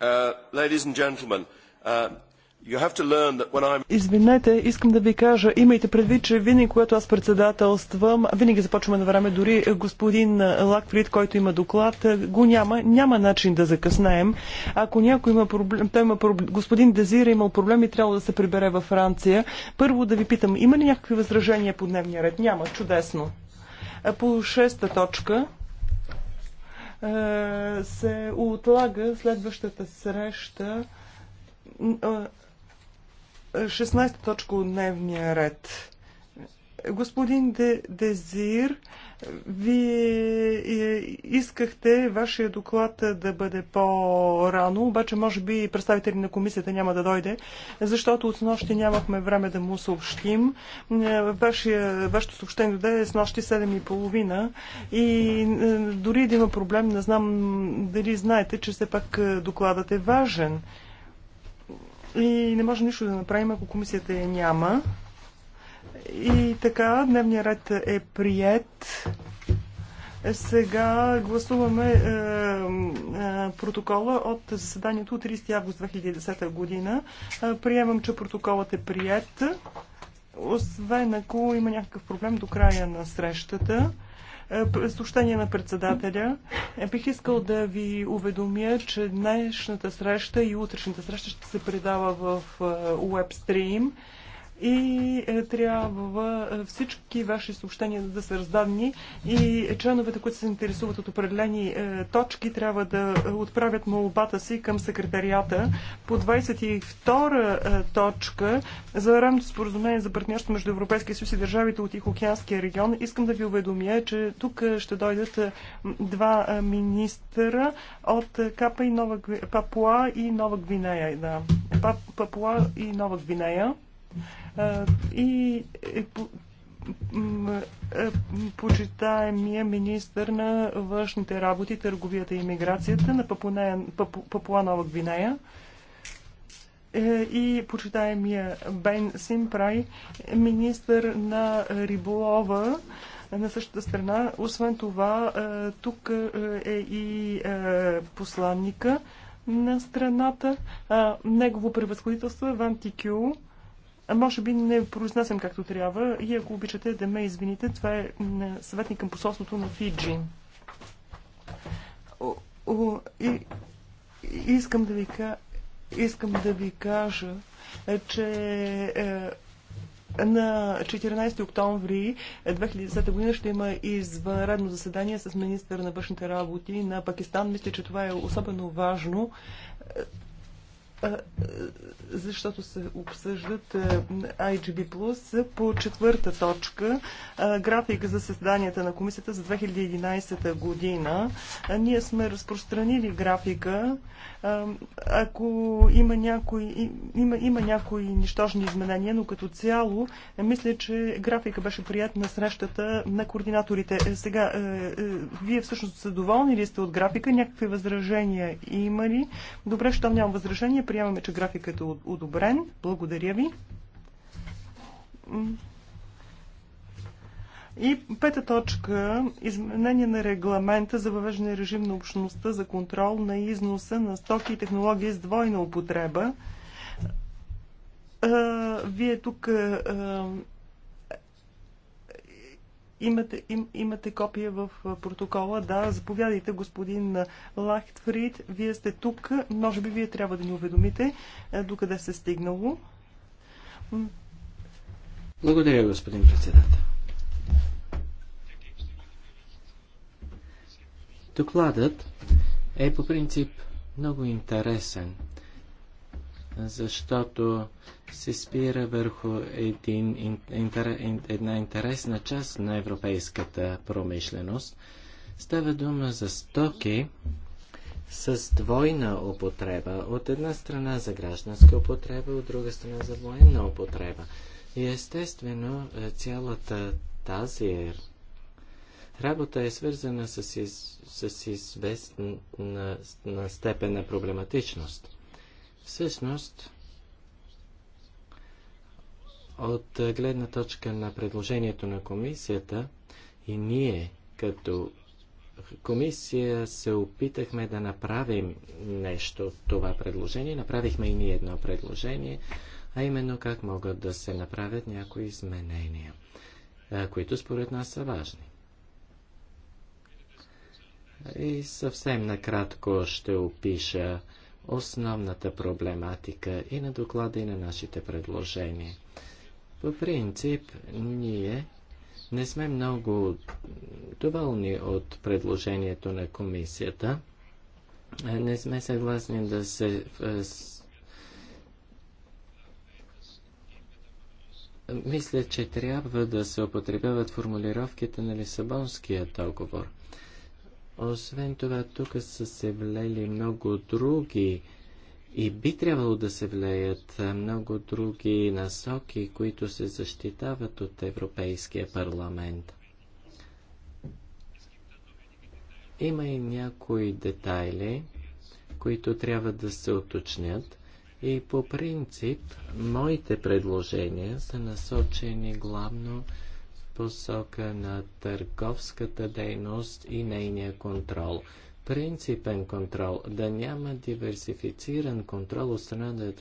Uh, ladies and gentlemen, uh, Извинете, искам да ви кажа, имайте предвид, че винаги, когато аз председателствам, винаги започваме на време, дори господин Лакфрид, който има доклад, го няма, няма начин да закъснаем. Ако някой има проблем, той има проблем, господин Дезир е имал проблем и трябва да се прибере във Франция, първо да ви питам, има ли някакви възражения по дневния ред? Няма, чудесно. По шеста точка, е, се отлага следващата среща 16 е, точка от дневния ред. Господин Де, Дезир, вие е, искахте вашия доклад да бъде по-рано, обаче може би представители на комисията няма да дойде, защото от снощи нямахме време да му съобщим. Е, вашия, вашето съобщение дойде с нощи 7.30 и е, дори да има проблем, не знам дали знаете, че все пак докладът е важен. И не може нищо да направим, ако комисията я няма. И така, дневният ред е прият. Сега гласуваме е, е, протокола от заседанието от 30 август 2010 година. Е, приемам, че протоколът е прият. Освен ако има някакъв проблем до края на срещата е, съобщение на председателя. Е, бих искал да ви уведомя, че днешната среща и утрешната среща ще се предава в е, уебстрим и е, трябва е, всички ваши съобщения да са раздадени и членовете, които се интересуват от определени е, точки, трябва да е, отправят молбата си към секретарията по 22 е, точка за рамното споразумение за партньорство между Европейския съюз и държавите от Тихоокеанския регион. Искам да ви уведомя, че тук е, ще дойдат два министра от Капа и Нова Папуа и Нова Гвинея. Да. Папуа и Нова Гвинея и почитаемия министр на външните работи, търговията и миграцията на Папуа Нова Гвинея е, и почитаемия Бен Симпрай, министр на риболова на същата страна. Освен това, е, тук е, е и посланника на страната. Негово превъзходителство е Ван Тикю може би не произнасям както трябва и ако обичате да ме извините, това е съветник към посолството на Фиджи. О, о, и, искам да ви кажа, искам да ви кажа, че е, на 14 октомври 2010 е, година ще има извънредно заседание с министър на външните работи на Пакистан. Мисля, че това е особено важно защото се обсъждат IGB+, по четвърта точка, график за създанията на комисията за 2011 година. Ние сме разпространили графика ако има някои, има, има някои нищожни изменения, но като цяло е, мисля, че графика беше прият на срещата на координаторите. Е, сега, е, вие всъщност са доволни ли сте от графика? Някакви възражения има ли? Добре, щом нямам възражения, приемаме, че графикът е одобрен. Благодаря ви. И пета точка – изменение на регламента за въвеждане режим на общността за контрол на износа на стоки и технологии с двойна употреба. Вие тук Имате, им, имате копия в протокола. Да, заповядайте, господин Лахтфрид. Вие сте тук. Може би вие трябва да ни уведомите докъде се е стигнало. Благодаря, господин председател. Докладът е по принцип много интересен, защото се спира върху един, интер, една интересна част на европейската промишленост. Става дума за стоки с двойна употреба. От една страна за гражданска употреба, от друга страна за военна употреба. И естествено, е, цялата тази Работа е свързана с, из, с известна на степен на проблематичност. Всъщност, от гледна точка на предложението на комисията и ние като комисия се опитахме да направим нещо от това предложение. Направихме и ние едно предложение, а именно как могат да се направят някои изменения, които според нас са важни и съвсем накратко ще опиша основната проблематика и на доклада и на нашите предложения. По принцип, ние не сме много доволни от предложението на комисията. Не сме съгласни да се мисля, че трябва да се употребяват формулировките на Лисабонския договор – освен това, тук са се влели много други и би трябвало да се влеят много други насоки, които се защитават от Европейския парламент. Има и някои детайли, които трябва да се уточнят и по принцип моите предложения са насочени главно посока на търговската дейност и нейния контрол. Принципен контрол, да няма диверсифициран контрол от страна на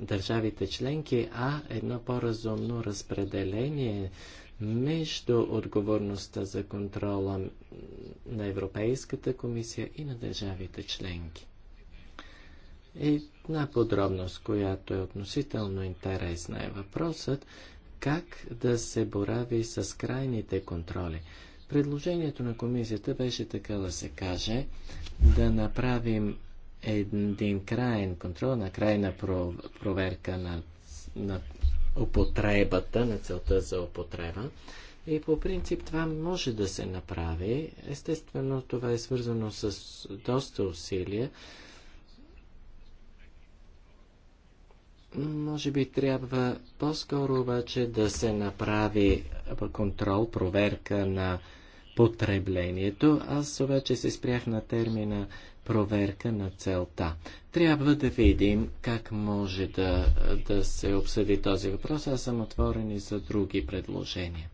държавите членки, а едно по-разумно разпределение между отговорността за контрола на Европейската комисия и на държавите членки. Една подробност, която е относително интересна е въпросът как да се борави с крайните контроли. Предложението на комисията беше така да се каже, да направим един крайен контрол, на крайна проверка на, на употребата, на целта за употреба. И по принцип това може да се направи. Естествено, това е свързано с доста усилия, Може би трябва по-скоро обаче да се направи контрол, проверка на потреблението. Аз обаче се спрях на термина проверка на целта. Трябва да видим как може да, да се обсъди този въпрос. Аз съм отворен и за други предложения.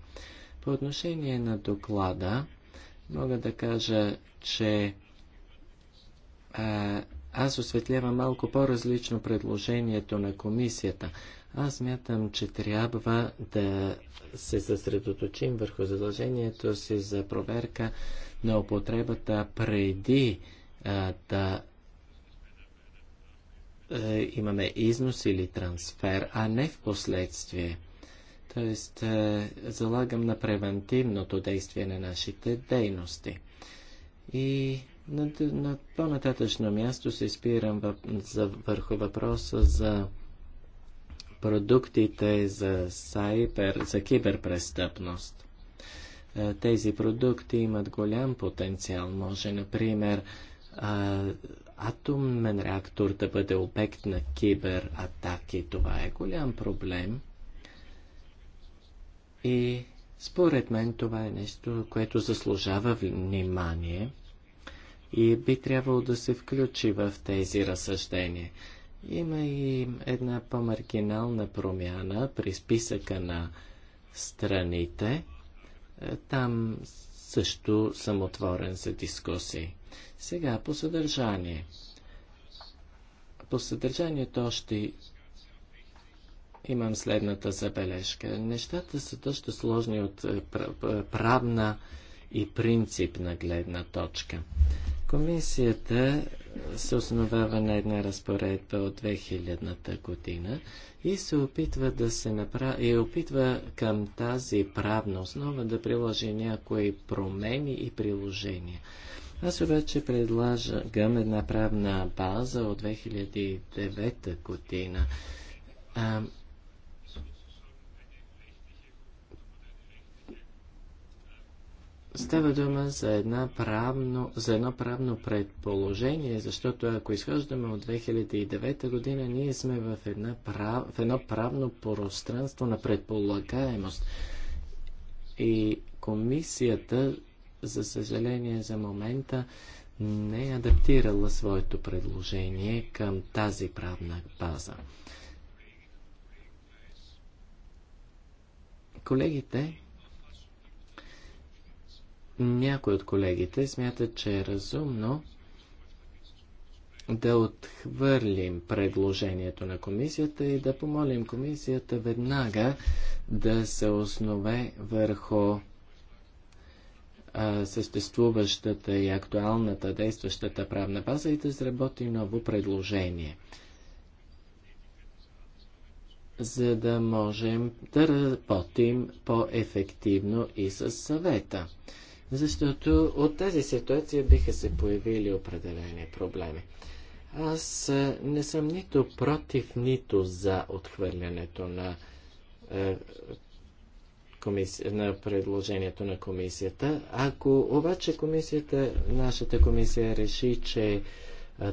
По отношение на доклада, мога да кажа, че а, аз осветлявам малко по-различно предложението на комисията. Аз мятам, че трябва да се съсредоточим върху задължението си за проверка на употребата преди а, да а, е, имаме износ или трансфер, а не в последствие. Тоест, а, е, залагам на превентивното действие на нашите дейности. И на, на по-нататъчно място се спирам въп, за, върху въпроса за продуктите за, сайбер, за киберпрестъпност. Е, тези продукти имат голям потенциал. Може, например, атомен реактор да бъде обект на кибератаки. Това е голям проблем. И според мен това е нещо, което заслужава внимание – и би трябвало да се включи в тези разсъждения. Има и една по-маргинална промяна при списъка на страните. Е, там също съм отворен за дискусии. Сега по съдържание. По съдържанието още имам следната забележка. Нещата са доста сложни от е, е, правна и принципна гледна точка. Комисията се основава на една разпоредба от 2000-та година и се опитва да се направи и опитва към тази правна основа да приложи някои промени и приложения. Аз обаче предлагам една правна база от 2009 година. Става дума за, една правно, за едно правно предположение, защото ако изхождаме от 2009 година, ние сме в, една прав, в едно правно пространство на предполагаемост. И комисията, за съжаление за момента, не е адаптирала своето предложение към тази правна база. Колегите някои от колегите смятат, че е разумно да отхвърлим предложението на комисията и да помолим комисията веднага да се основе върху а, съществуващата и актуалната действащата правна база и да изработи ново предложение, за да можем да работим по-ефективно и с съвета защото от тази ситуация биха се появили определени проблеми. Аз не съм нито против, нито за отхвърлянето на, е, на предложението на комисията. Ако обаче комисията, нашата комисия реши, че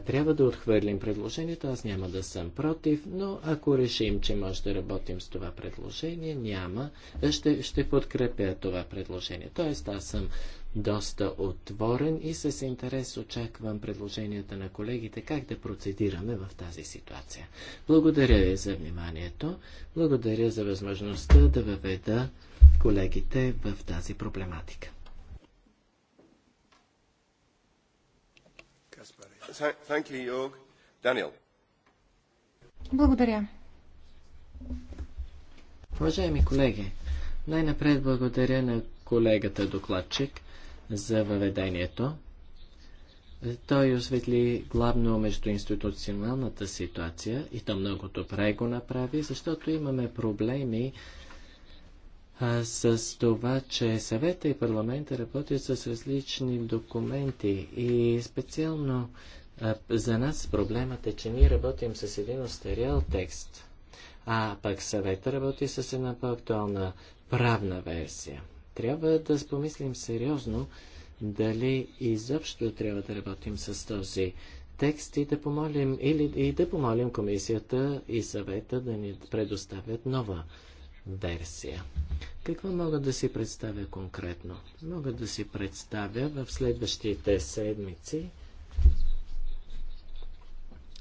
трябва да отхвърлим предложението. Аз няма да съм против, но ако решим, че може да работим с това предложение, няма. Ще, ще подкрепя това предложение. Тоест, аз съм доста отворен и с интерес очаквам предложенията на колегите как да процедираме в тази ситуация. Благодаря ви за вниманието. Благодаря за възможността да въведа колегите в тази проблематика. You, Благодаря. Уважаеми колеги, най-напред благодаря на колегата докладчик за въведението. Той осветли главно между институционалната ситуация и то много добре го направи, защото имаме проблеми а, с това, че съвета и парламента работят с различни документи и специално за нас проблемът е, че ние работим с един остарял текст, а пък съвета работи с една по-актуална правна версия. Трябва да помислим сериозно дали изобщо трябва да работим с този текст и да помолим, или, и да помолим комисията и съвета да ни предоставят нова версия. Какво мога да си представя конкретно? Мога да си представя в следващите седмици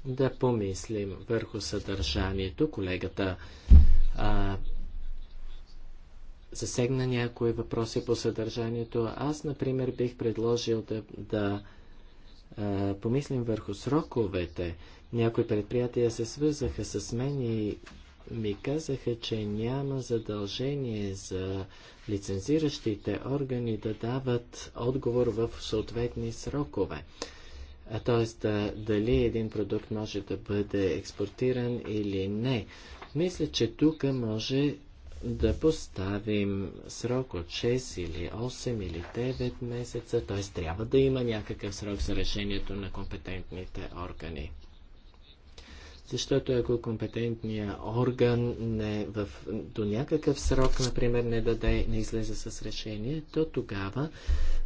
да помислим върху съдържанието. Колегата а, засегна някои въпроси по съдържанието. Аз, например, бих предложил да, да а, помислим върху сроковете. Някои предприятия се свързаха с мен и ми казаха, че няма задължение за лицензиращите органи да дават отговор в съответни срокове т.е. дали един продукт може да бъде експортиран или не. Мисля, че тук може да поставим срок от 6 или 8 или 9 месеца, т.е. трябва да има някакъв срок за решението на компетентните органи. Защото ако компетентният орган не в, до някакъв срок, например, не даде, не излезе с решение, то тогава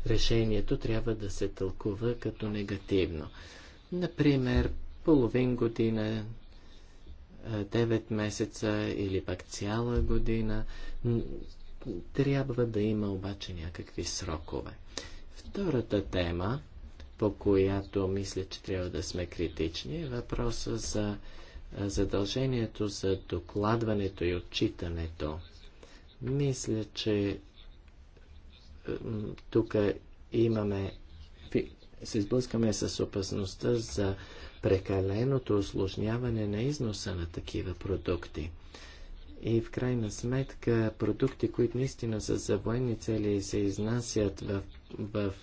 решението трябва да се тълкува като негативно. Например, половин година, 9 месеца или пък цяла година. Трябва да има обаче някакви срокове. Втората тема по която мисля, че трябва да сме критични, е въпроса за задължението за докладването и отчитането. Мисля, че тук имаме се сблъскаме с опасността за прекаленото осложняване на износа на такива продукти. И в крайна сметка продукти, които наистина са за военни цели и се изнасят в, в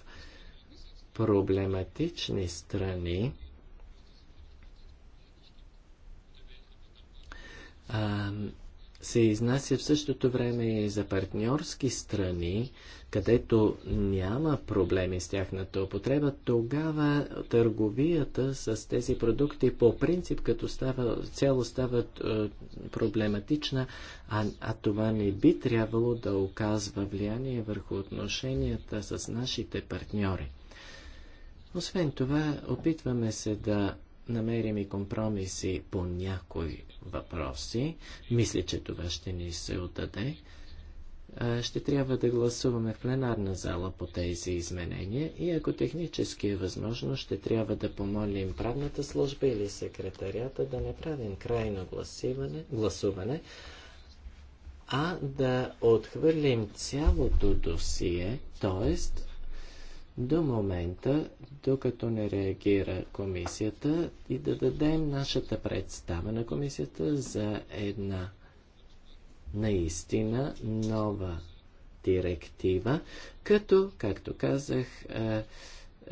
проблематични страни, а, се изнася в същото време и за партньорски страни, където няма проблеми с тяхната употреба, тогава търговията с тези продукти по принцип като става, цяло става е, проблематична, а, а това не би трябвало да оказва влияние върху отношенията с нашите партньори. Освен това, опитваме се да намерим и компромиси по някои въпроси. Мисля, че това ще ни се отдаде. Ще трябва да гласуваме в пленарна зала по тези изменения и ако технически е възможно, ще трябва да помолим правната служба или секретарията да не правим крайно гласуване, а да отхвърлим цялото досие, т.е до момента, докато не реагира комисията и да дадем нашата представа на комисията за една наистина нова директива, като, както казах, е,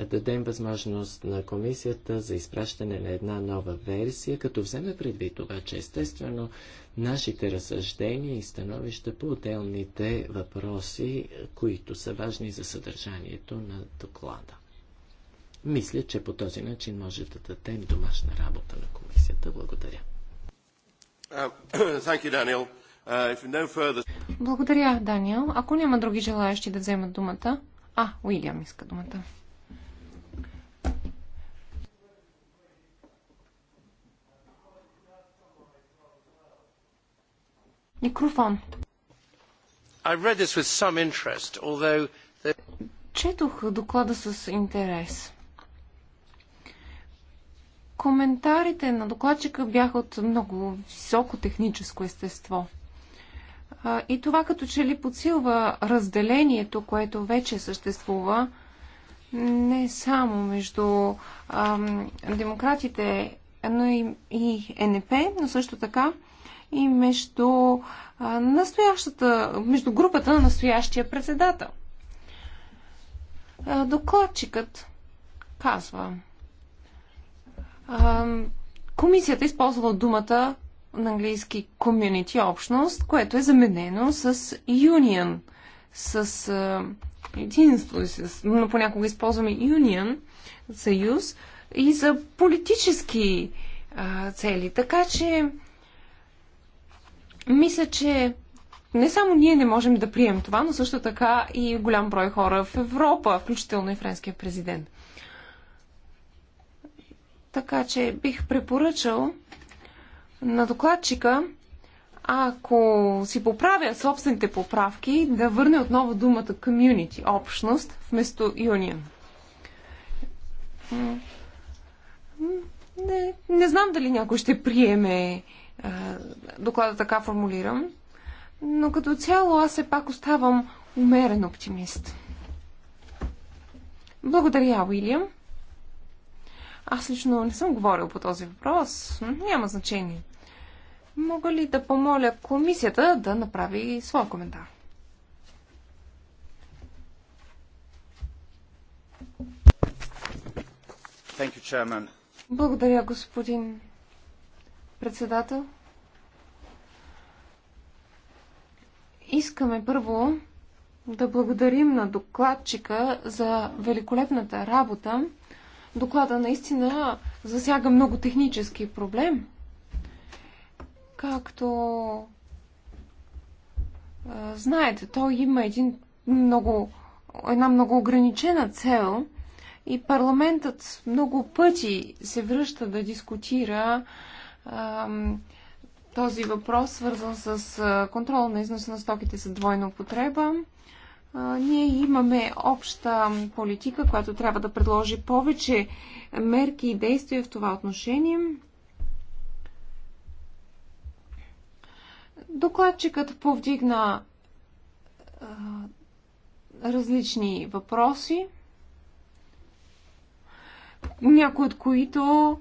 дадем възможност на комисията за изпращане на една нова версия, като вземе предвид това, че естествено нашите разсъждения и становища по отделните въпроси, които са важни за съдържанието на доклада. Мисля, че по този начин може да дадем домашна работа на комисията. Благодаря. Uh, uh, Благодаря, Даниел. Ако няма други желаящи да вземат думата... А, Уилям иска думата. Микрофон. Четох доклада с интерес. Коментарите на докладчика бяха от много високо техническо естество. И това като че ли подсилва разделението, което вече съществува не само между ам, демократите, но и, и НП, но също така и между, настоящата, между групата на настоящия председател. Докладчикът казва, комисията е използвала думата на английски community общност, което е заменено с union, с а, единство, с, но понякога използваме union, съюз, и за политически а, цели. Така че мисля, че не само ние не можем да прием това, но също така и голям брой хора в Европа, включително и френския президент. Така че бих препоръчал на докладчика, ако си поправя собствените поправки, да върне отново думата community, общност, вместо union. Не, не знам дали някой ще приеме доклада така формулирам. Но като цяло аз все пак оставам умерен оптимист. Благодаря, Уилям. Аз лично не съм говорил по този въпрос. но Няма значение. Мога ли да помоля комисията да направи своя коментар? You, Благодаря, господин председател. Искаме първо да благодарим на докладчика за великолепната работа. Доклада наистина засяга много технически проблем, както знаете, той има един много, една много ограничена цел и парламентът много пъти се връща да дискутира този въпрос, свързан с контрол на износ на стоките за двойна употреба. Ние имаме обща политика, която трябва да предложи повече мерки и действия в това отношение. Докладчикът повдигна различни въпроси, някои от които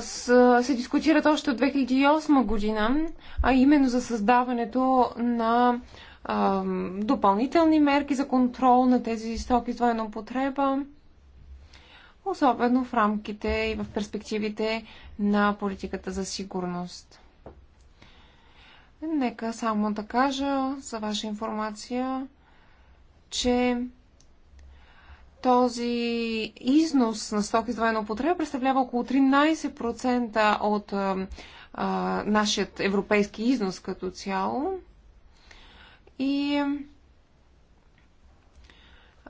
се дискутират още от 2008 година, а именно за създаването на а, допълнителни мерки за контрол на тези стоки с двойна употреба, особено в рамките и в перспективите на политиката за сигурност. Нека само да кажа за ваша информация, че този износ на стоки с двойна употреба представлява около 13% от а, а, нашият европейски износ като цяло. И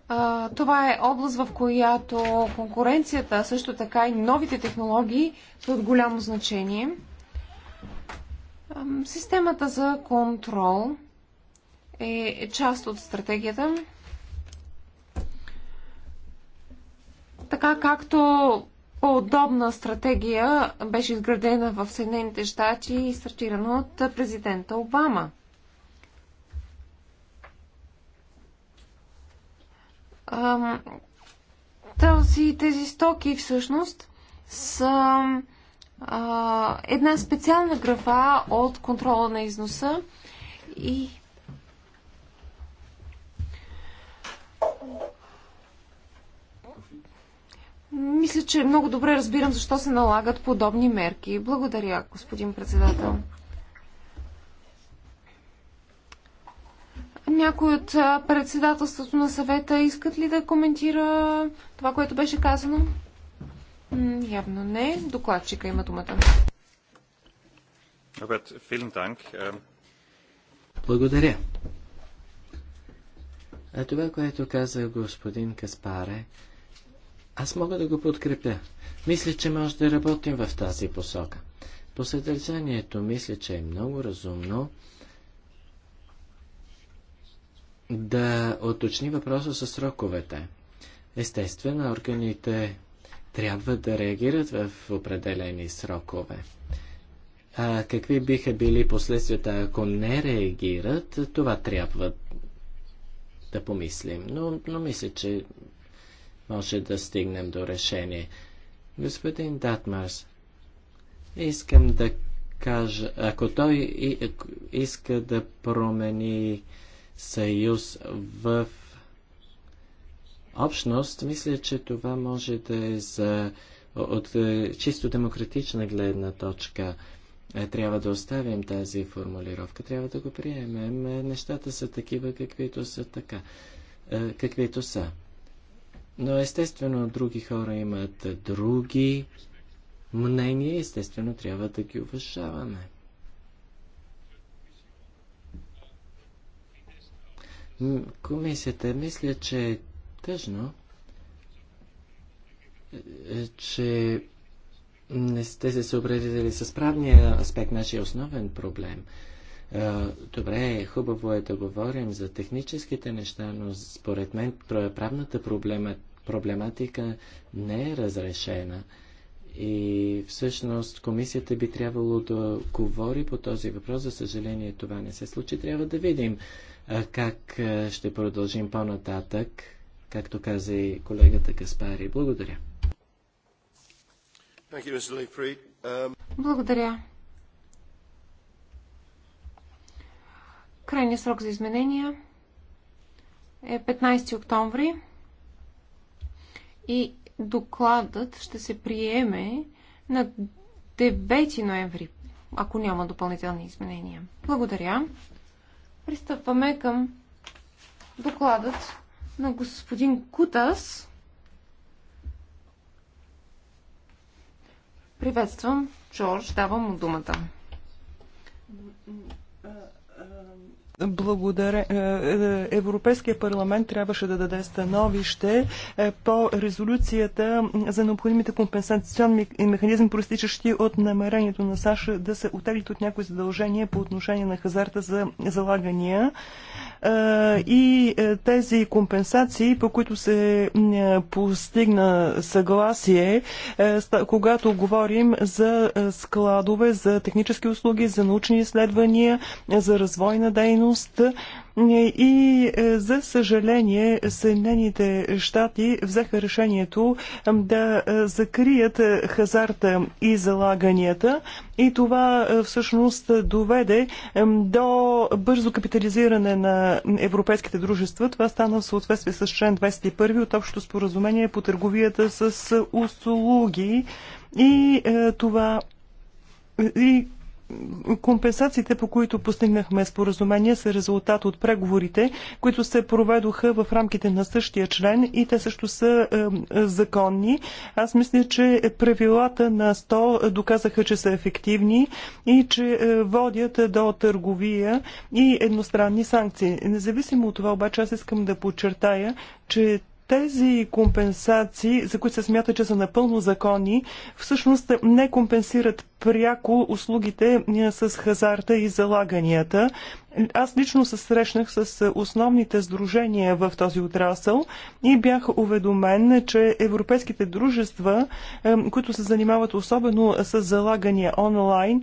а, това е област, в която конкуренцията, също така и новите технологии са от голямо значение. А, системата за контрол е част от стратегията така както подобна стратегия беше изградена в Съединените щати и стартирана от президента Обама. Този, тези стоки всъщност са една специална графа от контрола на износа и мисля, че е много добре разбирам защо се налагат подобни мерки. Благодаря, господин председател. Някой от председателството на съвета искат ли да коментира това, което беше казано? Явно не. Докладчика има думата. Благодаря. А това, което каза господин Каспаре, аз мога да го подкрепя. Мисля, че може да работим в тази посока. По съдържанието мисля, че е много разумно да оточни въпроса с сроковете. Естествено, органите трябва да реагират в определени срокове. А какви биха били последствията, ако не реагират, това трябва да помислим. Но, но мисля, че може да стигнем до решение. Господин Датмарс, искам да кажа, ако той иска да промени съюз в общност, мисля, че това може да е за от е, чисто демократична гледна точка е, трябва да оставим тази формулировка, трябва да го приемем. Е, нещата са такива, каквито са така. Каквито са. Но естествено други хора имат други мнения, естествено трябва да ги уважаваме. Комисията мисля, че е тъжно, е, че не сте се съобразили с правния аспект, нашия основен проблем. Е, добре, хубаво е да говорим за техническите неща, но според мен правната проблема проблематика не е разрешена. И всъщност комисията би трябвало да говори по този въпрос. За съжаление това не се случи. Трябва да видим как ще продължим по-нататък, както каза и колегата Каспари. Благодаря. Um, Благодаря. Крайният срок за изменения е 15 октомври и докладът ще се приеме на 9 ноември, ако няма допълнителни изменения. Благодаря. Пристъпваме към докладът на господин Кутас. Приветствам, Джордж, давам му думата. Благодаря. Е, е, Европейския парламент трябваше да даде становище е, по резолюцията за необходимите компенсационни механизми, проистичащи от намерението на САЩ да се отеглят от някои задължения по отношение на хазарта за залагания. И тези компенсации, по които се постигна съгласие, когато говорим за складове, за технически услуги, за научни изследвания, за развойна дейност, сигурност и е, за съжаление Съединените щати взеха решението да е, закрият е, хазарта и залаганията и това всъщност доведе до бързо капитализиране на европейските дружества. Това стана в съответствие с член 21 от общото споразумение по търговията с услуги и това и компенсациите, по които постигнахме споразумение, са резултат от преговорите, които се проведоха в рамките на същия член и те също са е, законни. Аз мисля, че правилата на 100 доказаха, че са ефективни и че е, водят до търговия и едностранни санкции. Независимо от това, обаче, аз искам да подчертая, че тези компенсации, за които се смята, че са напълно закони, всъщност не компенсират пряко услугите е, с хазарта и залаганията. Аз лично се срещнах с е, основните сдружения в този отрасъл и бях уведомен, че европейските дружества, е, които се занимават особено с залагания онлайн,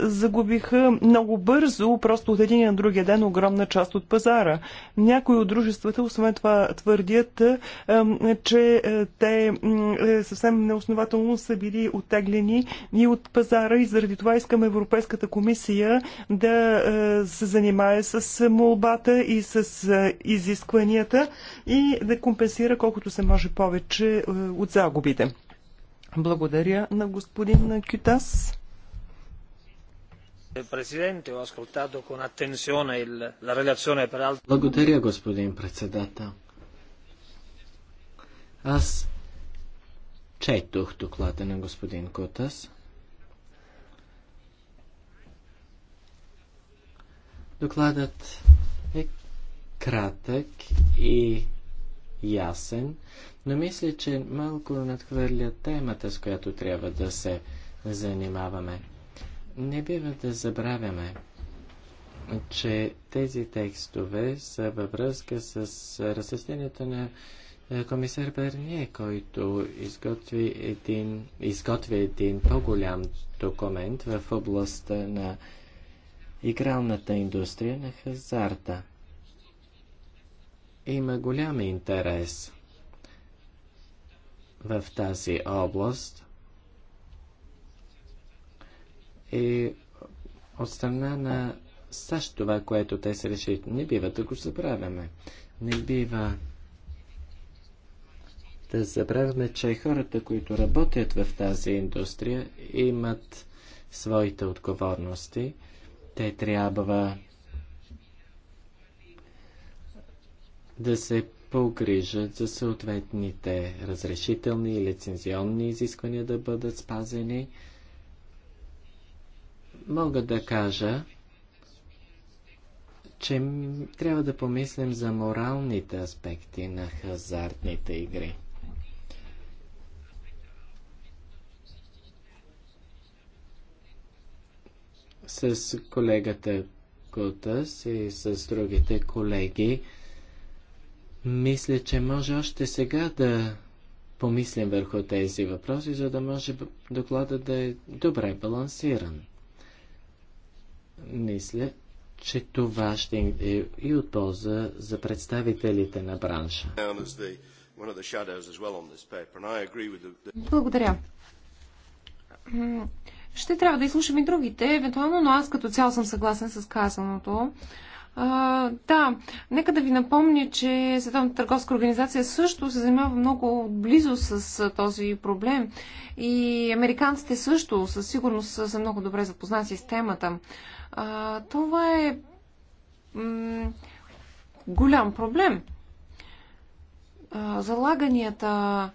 загубиха много бързо, просто от един на другия ден, огромна част от пазара. Някои от дружествата, освен това, твърдят, е, че е, те е, съвсем неоснователно са били оттеглени и от пазара и заради това искам Европейската комисия да се занимае с молбата и с изискванията и да компенсира колкото се може повече от загубите. Благодаря на господин Кютас. Благодаря, господин председател. Аз четох доклада на господин Кутас. Докладът е кратък и ясен, но мисля, че малко надхвърля темата, с която трябва да се занимаваме. Не бива да забравяме, че тези текстове са във връзка с разсъщението на комисар Берние, който изготви един, изготви един по-голям документ в областта на игралната индустрия на хазарта. Има голям интерес в тази област и от страна на САЩ това, което те се решили, не бива да го забравяме. Не бива да забравяме, че хората, които работят в тази индустрия, имат своите отговорности. Те трябва да се погрижат за съответните разрешителни и лицензионни изисквания да бъдат спазени. Мога да кажа, че трябва да помислим за моралните аспекти на хазартните игри. с колегата Кутас и с другите колеги. Мисля, че може още сега да помислим върху тези въпроси, за да може доклада да е добре балансиран. Мисля, че това ще е и от полза за представителите на бранша. Благодаря. Ще трябва да изслушам и другите, евентуално, но аз като цяло съм съгласен с казаното. А, да, нека да ви напомня, че Световната търговска организация също се занимава много близо с този проблем и американците също със сигурност са много добре запознати с темата. А, това е голям проблем. А, залаганията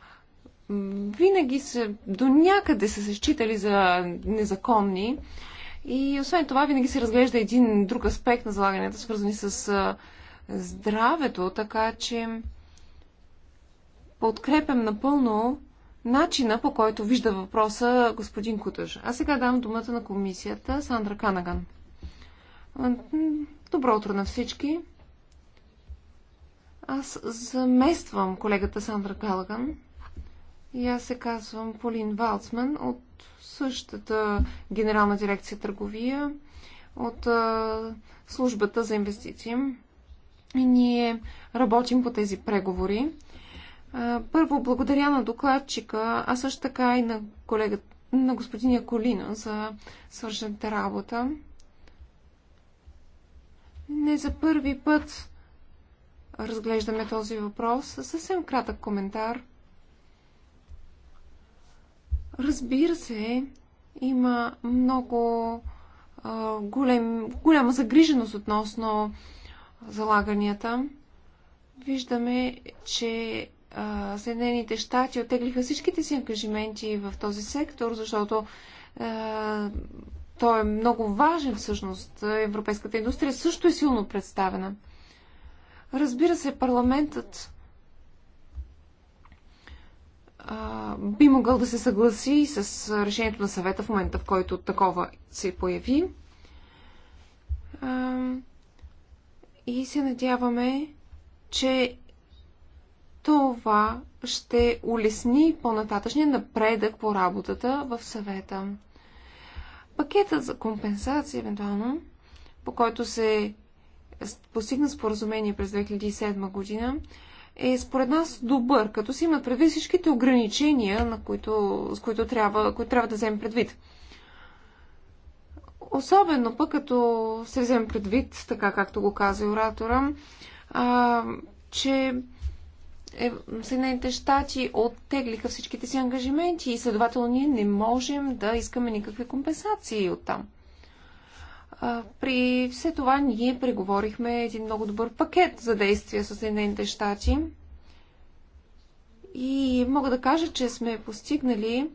винаги се, до някъде са се считали за незаконни. И освен това, винаги се разглежда един друг аспект на залаганията, свързани с здравето, така че подкрепям напълно начина по който вижда въпроса господин Кутъж. А сега дам думата на комисията Сандра Канаган. Добро утро на всички. Аз замествам колегата Сандра Калаган. И аз се казвам Полин Валцман от същата генерална дирекция търговия от а, службата за инвестиции. И ние работим по тези преговори. А, първо, благодаря на докладчика, а също така и на колегата, на господин Яколина за свършената работа. Не за първи път разглеждаме този въпрос. Съвсем кратък коментар – Разбира се, има много а, голем, голяма загриженост относно залаганията. Виждаме, че а, Съединените щати отеглиха всичките си ангажименти в този сектор, защото а, той е много важен всъщност. Европейската индустрия също е силно представена. Разбира се, парламентът би могъл да се съгласи с решението на съвета в момента, в който такова се появи. И се надяваме, че това ще улесни по-нататъчния напредък по работата в съвета. Пакетът за компенсация, евентуално, по който се постигна споразумение през 2007 година, е според нас добър, като си имат предвид всичките ограничения, на които, с които трябва, които трябва да вземем предвид. Особено пък, като се вземе предвид, така както го каза и оратора, а, че е, Съединените щати оттеглиха всичките си ангажименти и следователно ние не можем да искаме никакви компенсации от там. При все това ние преговорихме един много добър пакет за действия с Съединените щати и мога да кажа, че сме постигнали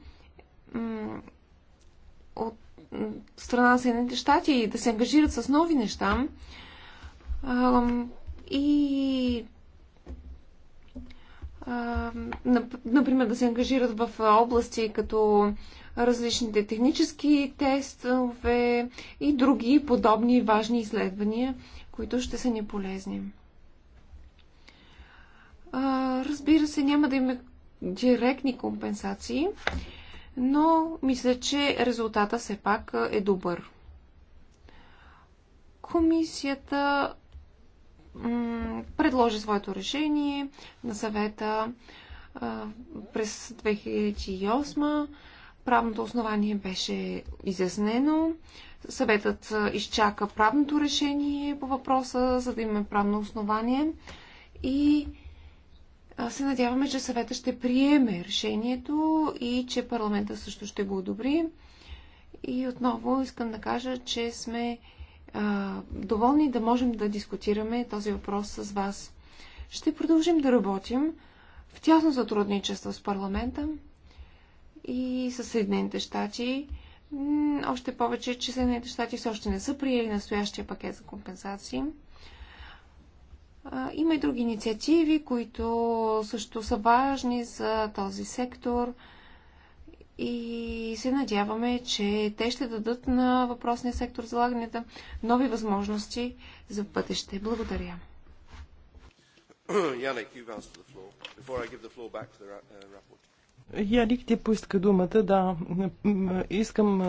от страна на Съединените щати да се ангажират с нови неща. И например да се ангажират в области като различните технически тестове и други подобни важни изследвания, които ще са ни полезни. Разбира се, няма да има директни компенсации, но мисля, че резултата все пак е добър. Комисията предложи своето решение на съвета през 2008 Правното основание беше изяснено. Съветът изчака правното решение по въпроса, за да имаме правно основание. И се надяваме, че съветът ще приеме решението и че парламента също ще го одобри. И отново искам да кажа, че сме а, доволни да можем да дискутираме този въпрос с вас. Ще продължим да работим в тясно сътрудничество с парламента и със Съединените щати. Още повече, че Съединените щати все още не са приели настоящия пакет за компенсации. Има и други инициативи, които също са важни за този сектор и се надяваме, че те ще дадат на въпросния сектор залаганията нови възможности за бъдеще. Благодаря. Yannick, you've asked the floor. Before I give the floor back to the uh, rapporteur. Ярик ти поиска думата, да. Искам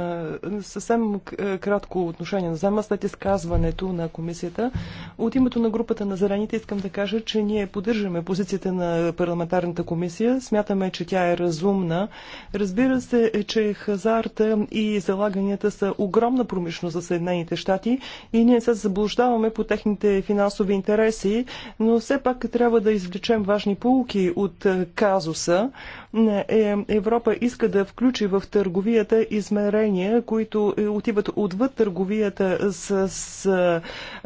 съвсем кратко отношение на взема след изказването на комисията. От името на групата на Зелените искам да кажа, че ние поддържаме позицията на парламентарната комисия. Смятаме, че тя е разумна. Разбира се, че хазарта и залаганията са огромна промишленост за Съединените щати и ние се заблуждаваме по техните финансови интереси, но все пак трябва да извлечем важни полуки от казуса. Е, е, Европа иска да включи в търговията измерения, които е, отиват отвъд търговията с, с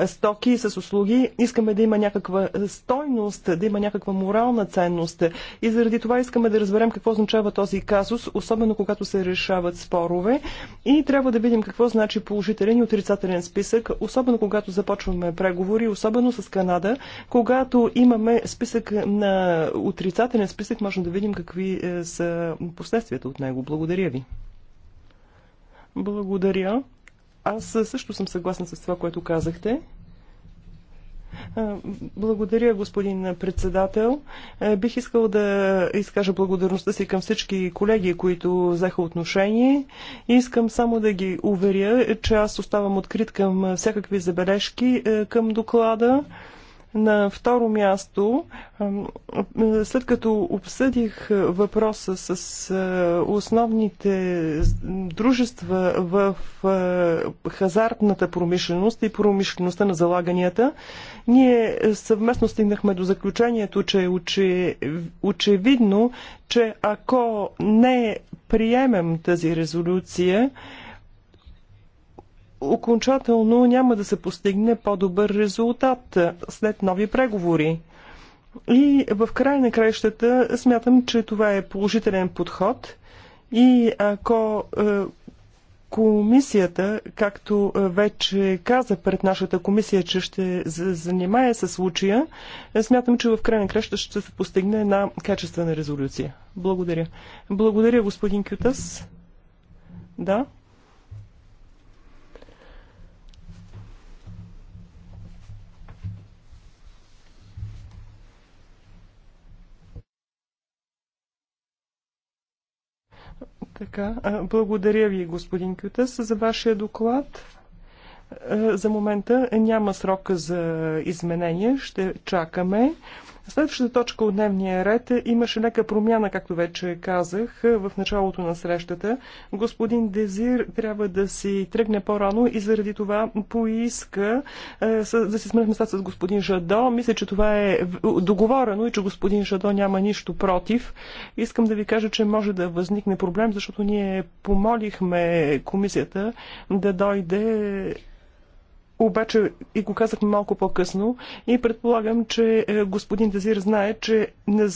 стоки, с услуги. Искаме да има някаква стойност, да има някаква морална ценност. И заради това искаме да разберем какво означава този казус, особено когато се решават спорове. И трябва да видим какво значи положителен и отрицателен списък, особено когато започваме преговори, особено с Канада. Когато имаме списък на отрицателен списък, можем да видим какви за е, последствията от него. Благодаря ви. Благодаря. Аз също съм съгласна с това, което казахте. Е, благодаря, господин председател. Е, бих искал да изкажа благодарността си към всички колеги, които взеха отношение. Искам само да ги уверя, че аз оставам открит към всякакви забележки към доклада. На второ място, след като обсъдих въпроса с основните дружества в хазартната промишленост и промишлеността на залаганията, ние съвместно стигнахме до заключението, че е очевидно, че ако не приемем тази резолюция, окончателно няма да се постигне по-добър резултат след нови преговори. И в края на краищата смятам, че това е положителен подход и ако е, комисията, както вече каза пред нашата комисия, че ще занимае с случая, е, смятам, че в край на краща ще се постигне една качествена резолюция. Благодаря. Благодаря, господин Кютас. Да. Така, благодаря ви, господин Кютес, за вашия доклад. За момента няма срока за изменения. Ще чакаме. Следващата точка от дневния ред имаше лека промяна, както вече казах, в началото на срещата. Господин Дезир трябва да си тръгне по-рано и заради това поиска е, да си сменят местата с господин Жадо. Мисля, че това е договорено и че господин Жадо няма нищо против. Искам да ви кажа, че може да възникне проблем, защото ние помолихме комисията да дойде обаче и го казахме малко по-късно и предполагам, че е, господин Дезир знае, че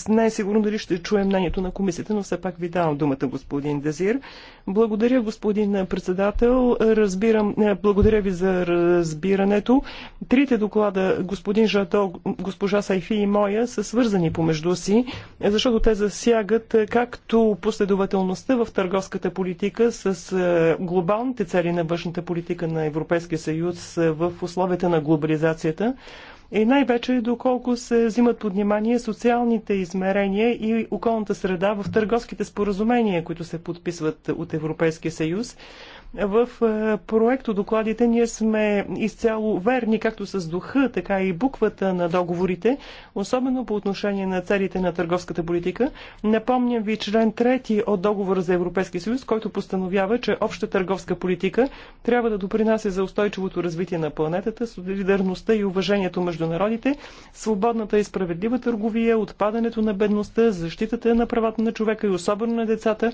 не е сигурно дали ще чуем мнението на комисията, но все пак ви давам думата, господин Дезир. Благодаря, господин председател. Разбирам, е, благодаря ви за разбирането. Трите доклада, господин Жадо, госпожа Сайфи и моя, са свързани помежду си, защото те засягат е, както последователността в търговската политика с е, глобалните цели на външната политика на Европейския съюз в условията на глобализацията, и е, най-вече доколко се взимат под внимание социалните измерения и околната среда в търговските споразумения, които се подписват от Европейския съюз. В е, проекто докладите ние сме изцяло верни както с духа, така и буквата на договорите, особено по отношение на целите на търговската политика. Напомням ви член 3 от договора за Европейски съюз, който постановява, че обща търговска политика трябва да допринася за устойчивото развитие на планетата, солидарността и уважението между народите, свободната и справедлива търговия, отпадането на бедността, защитата на правата на човека и особено на децата,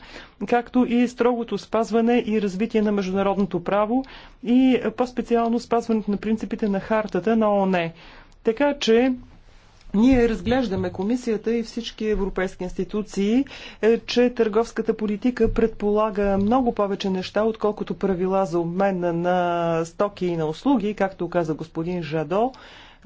както и строгото спазване и развитие на международното право и по-специално спазването на принципите на хартата на ООН. Така че ние разглеждаме комисията и всички европейски институции, е, че търговската политика предполага много повече неща, отколкото правила за обмен на стоки и на услуги, както каза господин Жадо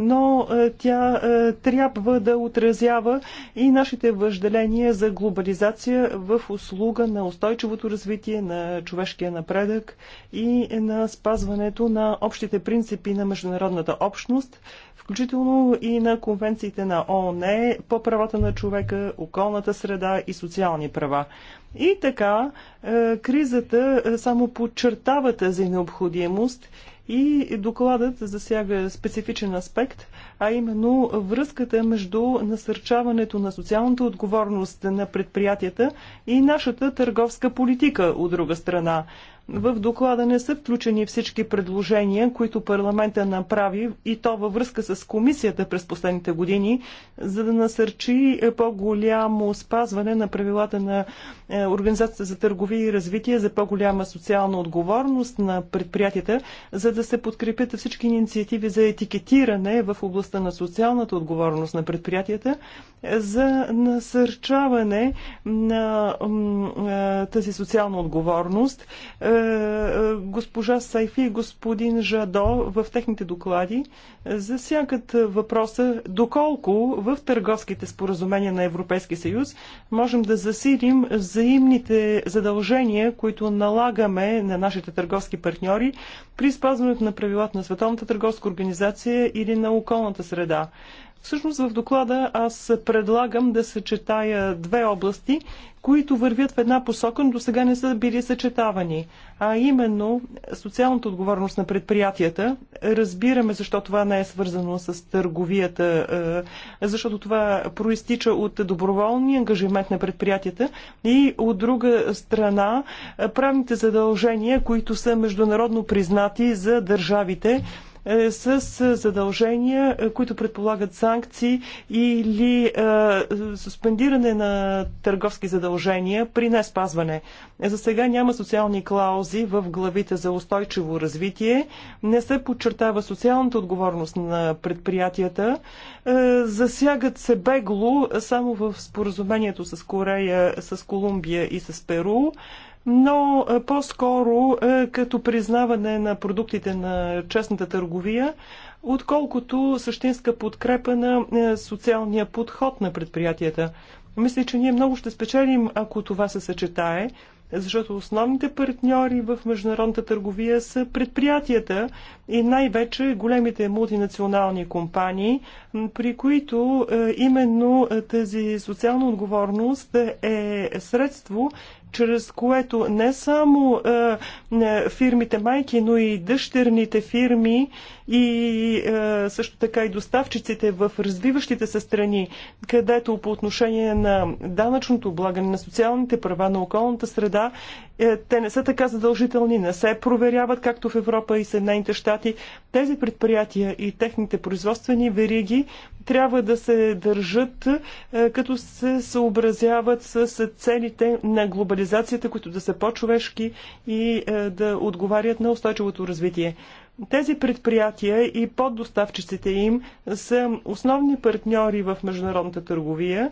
но е, тя е, трябва да отразява и нашите въжделения за глобализация в услуга на устойчивото развитие, на човешкия напредък и на спазването на общите принципи на международната общност, включително и на конвенциите на ООН по правата на човека, околната среда и социални права. И така, е, кризата само подчертава тази необходимост и докладът засяга специфичен аспект, а именно връзката между насърчаването на социалната отговорност на предприятията и нашата търговска политика от друга страна. В доклада не са включени всички предложения, които парламента направи и то във връзка с комисията през последните години, за да насърчи по-голямо спазване на правилата на е, Организацията за търговия и развитие за по-голяма социална отговорност на предприятията, за да се подкрепят всички инициативи за етикетиране в областта на социалната отговорност на предприятията, за насърчаване на е, тази социална отговорност е, е, госпожа Сайфи и господин Жадо в техните доклади засягат въпроса доколко в търговските споразумения на Европейския съюз можем да засилим взаимните задължения, които налагаме на нашите търговски партньори при спазването на правилата на Световната търговска организация или на околната среда. Всъщност в доклада аз предлагам да съчетая две области, които вървят в една посока, но до сега не са били съчетавани. А именно социалната отговорност на предприятията. Разбираме защо това не е свързано с търговията, е, защото това проистича от доброволния ангажимент на предприятията и от друга страна правните задължения, които са международно признати за държавите, е, с е, задължения, е, които предполагат санкции или суспендиране на търговски задължения при не спазване. За сега няма социални клаузи в главите за устойчиво развитие. Не се подчертава социалната отговорност на предприятията. Засягат се бегло само в споразумението с Корея, с Колумбия и с Перу но е, по-скоро е, като признаване на продуктите на честната търговия, отколкото същинска подкрепа на е, социалния подход на предприятията. Мисля, че ние много ще спечелим, ако това се съчетае, защото основните партньори в международната търговия са предприятията и най-вече големите мултинационални компании, при които именно тази социална отговорност е средство, чрез което не само е, е, фирмите майки, но и дъщерните фирми и е, също така и доставчиците в развиващите се страни, където по отношение на данъчното облагане, на социалните права, на околната среда, е, те не са така задължителни, не се проверяват, както в Европа и Съединените щати. Тези предприятия и техните производствени вериги трябва да се държат е, като се съобразяват с, с целите на глобализацията, които да са по-човешки и е, да отговарят на устойчивото развитие. Тези предприятия и поддоставчиците им са основни партньори в международната търговия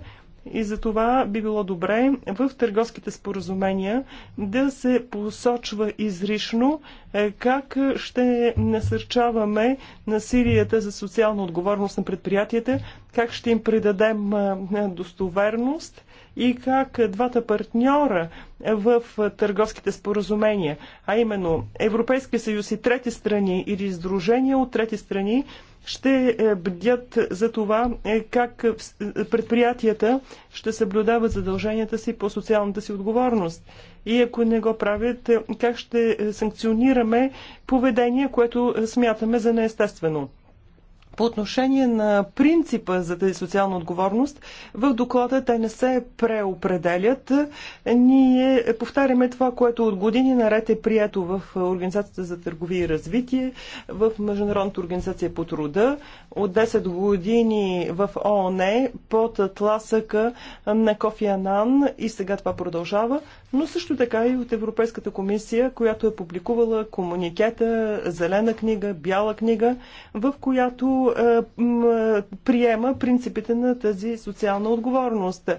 и за това би било добре в търговските споразумения да се посочва изрично е, как ще насърчаваме насилията за социална отговорност на предприятията, как ще им придадем е, е, достоверност и как двата партньора в търговските споразумения, а именно Европейския съюз и трети страни или издружения от трети страни, ще е, бдят за това е, как е, предприятията ще съблюдават задълженията си по социалната си отговорност. И ако не го правят, как ще санкционираме поведение, което смятаме за неестествено. По отношение на принципа за тази социална отговорност, в доклада те не се преопределят. Ние повтаряме това, което от години наред е прието в Организацията за търговия и развитие, в Международната организация по труда, от 10 години в ООН е под тласъка на Кофи Анан и сега това продължава но също така и от Европейската комисия, която е публикувала комуникета, зелена книга, бяла книга, в която е, м, е, приема принципите на тази социална отговорност.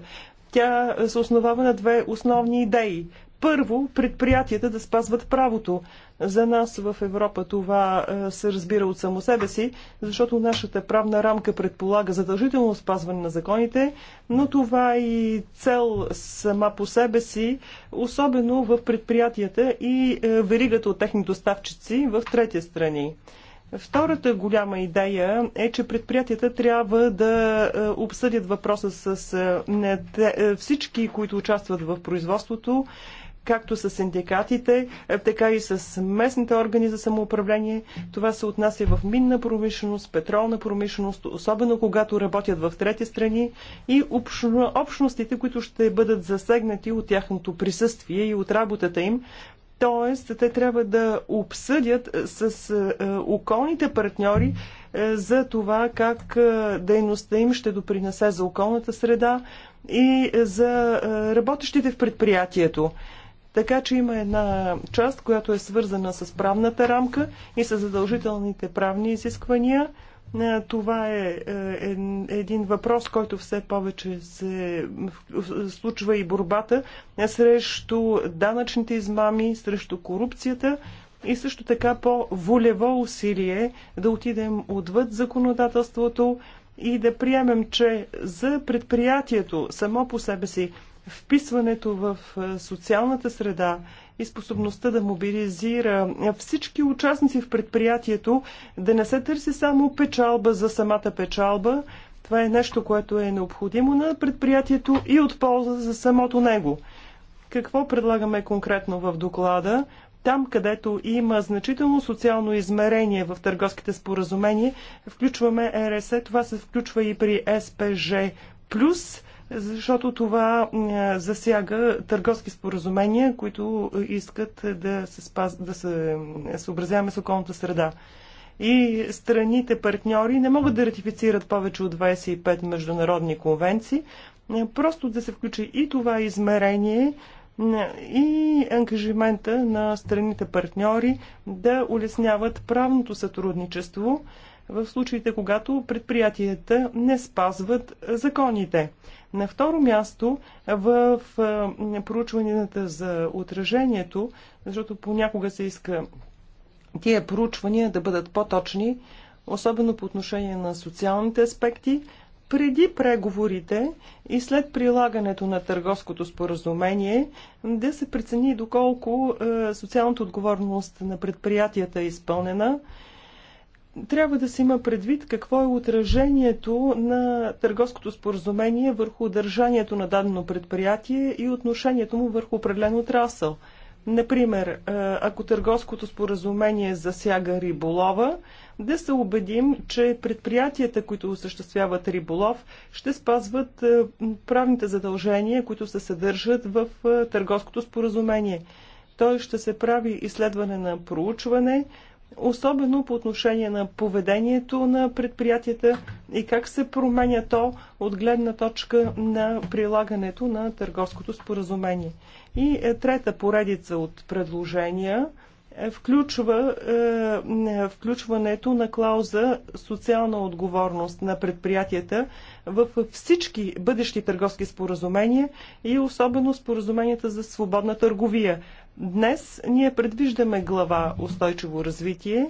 Тя се основава на две основни идеи първо предприятията да спазват правото. За нас в Европа това е, се разбира от само себе си, защото нашата правна рамка предполага задължително спазване на законите, но това е и цел сама по себе си, особено в предприятията и е, веригата от техни доставчици в трети страни. Втората голяма идея е, че предприятията трябва да е, обсъдят въпроса с всички, които участват в производството както с синдикатите, е, така и с местните органи за самоуправление. Това се отнася в минна промишленост, петролна промишленост, особено когато работят в трети страни и общностите, които ще бъдат засегнати от тяхното присъствие и от работата им, Тоест, те трябва да обсъдят е, с е, околните партньори за това как дейността им ще допринесе за околната среда и за работещите в предприятието. Така че има една част, която е свързана с правната рамка и с задължителните правни изисквания. Това е, е един въпрос, който все повече се случва и борбата срещу данъчните измами, срещу корупцията и също така по волево усилие да отидем отвъд законодателството и да приемем, че за предприятието само по себе си вписването в социалната среда и способността да мобилизира всички участници в предприятието, да не се търси само печалба за самата печалба. Това е нещо, което е необходимо на предприятието и от полза за самото него. Какво предлагаме конкретно в доклада? Там, където има значително социално измерение в търговските споразумения, включваме РСЕ, това се включва и при СПЖ+, защото това засяга търговски споразумения, които искат да се, спаз... да се съобразяваме с околната среда. И страните партньори не могат да ратифицират повече от 25 международни конвенции, просто да се включи и това измерение и ангажимента на страните партньори да улесняват правното сътрудничество, в случаите, когато предприятията не спазват законите. На второ място, в проучванията за отражението, защото понякога се иска тия проучвания да бъдат по-точни, особено по отношение на социалните аспекти, преди преговорите и след прилагането на търговското споразумение да се прецени доколко социалната отговорност на предприятията е изпълнена, трябва да се има предвид какво е отражението на търговското споразумение върху държанието на дадено предприятие и отношението му върху определен отрасъл. Например, е, ако търговското споразумение засяга риболова, да се убедим, че предприятията, които осъществяват риболов, ще спазват е, правните задължения, които се съдържат в е, търговското споразумение. Той ще се прави изследване на проучване, особено по отношение на поведението на предприятията и как се променя то от гледна точка на прилагането на търговското споразумение. И е, трета поредица от предложения е, включва е, е, включването на клауза социална отговорност на предприятията в всички бъдещи търговски споразумения и особено споразуменията за свободна търговия. Днес ние предвиждаме глава устойчиво развитие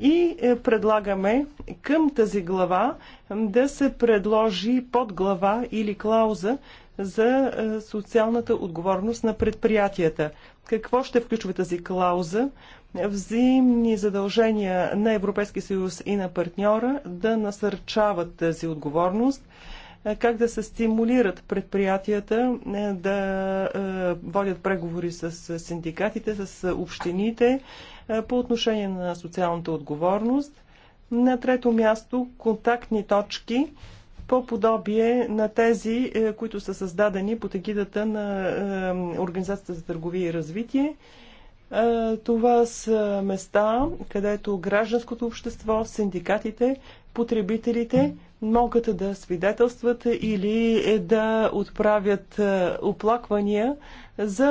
и е, предлагаме към тази глава да се предложи подглава или клауза за е, социалната отговорност на предприятията. Какво ще включва тази клауза? Взаимни задължения на Европейския съюз и на партньора да насърчават тази отговорност – е, как да се стимулират предприятията е, да е, водят преговори с синдикатите, с общините по отношение на социалната отговорност. На трето място контактни точки по подобие на тези, които са създадени под егидата на Организацията за търговия и развитие. Това са места, където гражданското общество, синдикатите, потребителите могат да свидетелстват или да отправят е, оплаквания за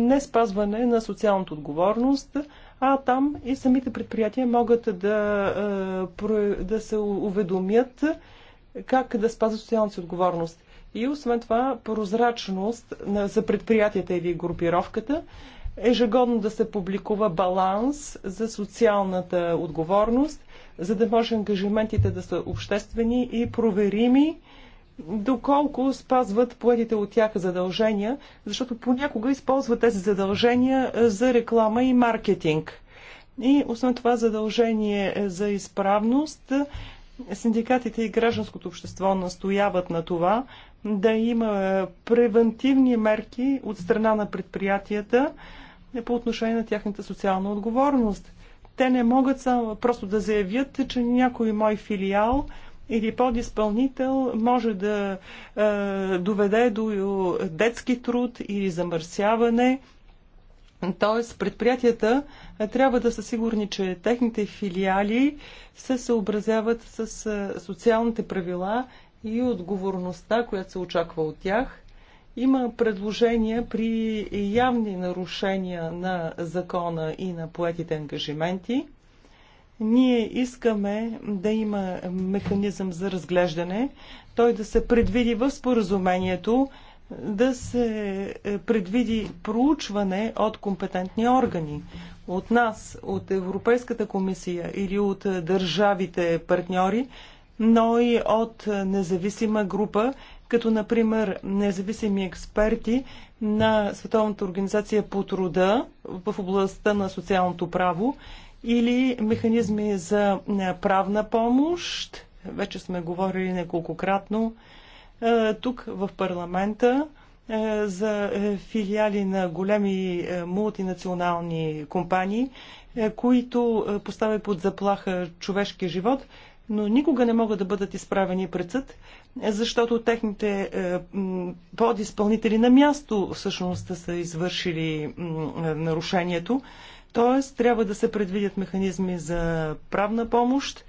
не спазване на социалната отговорност, а там и самите предприятия могат да, е, да се уведомят как да спазват социалната си отговорност. И освен това, прозрачност за предприятията или групировката ежегодно да се публикува баланс за социалната отговорност за да може ангажиментите да са обществени и проверими доколко спазват поетите от тях задължения, защото понякога използват тези задължения е, за реклама и маркетинг. И освен това задължение е за изправност, синдикатите и гражданското общество настояват на това да има е, превентивни мерки от страна на предприятията по отношение на тяхната социална отговорност. Те не могат само просто да заявят, че някой мой филиал или подизпълнител може да е, доведе до детски труд или замърсяване. Т.е. предприятията е, трябва да са сигурни, че техните филиали се съобразяват с е, социалните правила и отговорността, която се очаква от тях има предложения при явни нарушения на закона и на поетите ангажименти. Ние искаме да има механизъм за разглеждане, той да се предвиди в споразумението, да се предвиди проучване от компетентни органи, от нас, от Европейската комисия или от държавите партньори, но и от независима група, като например независими експерти на Световната организация по труда в областта на социалното право или механизми за е, правна помощ. Вече сме говорили неколкократно е, тук в парламента е, за филиали на големи мултинационални компании, които поставят под заплаха човешкия живот, но никога не могат да бъдат изправени пред съд, защото техните е, подизпълнители на място всъщност са извършили нарушението. Т.е. трябва да се предвидят механизми за правна помощ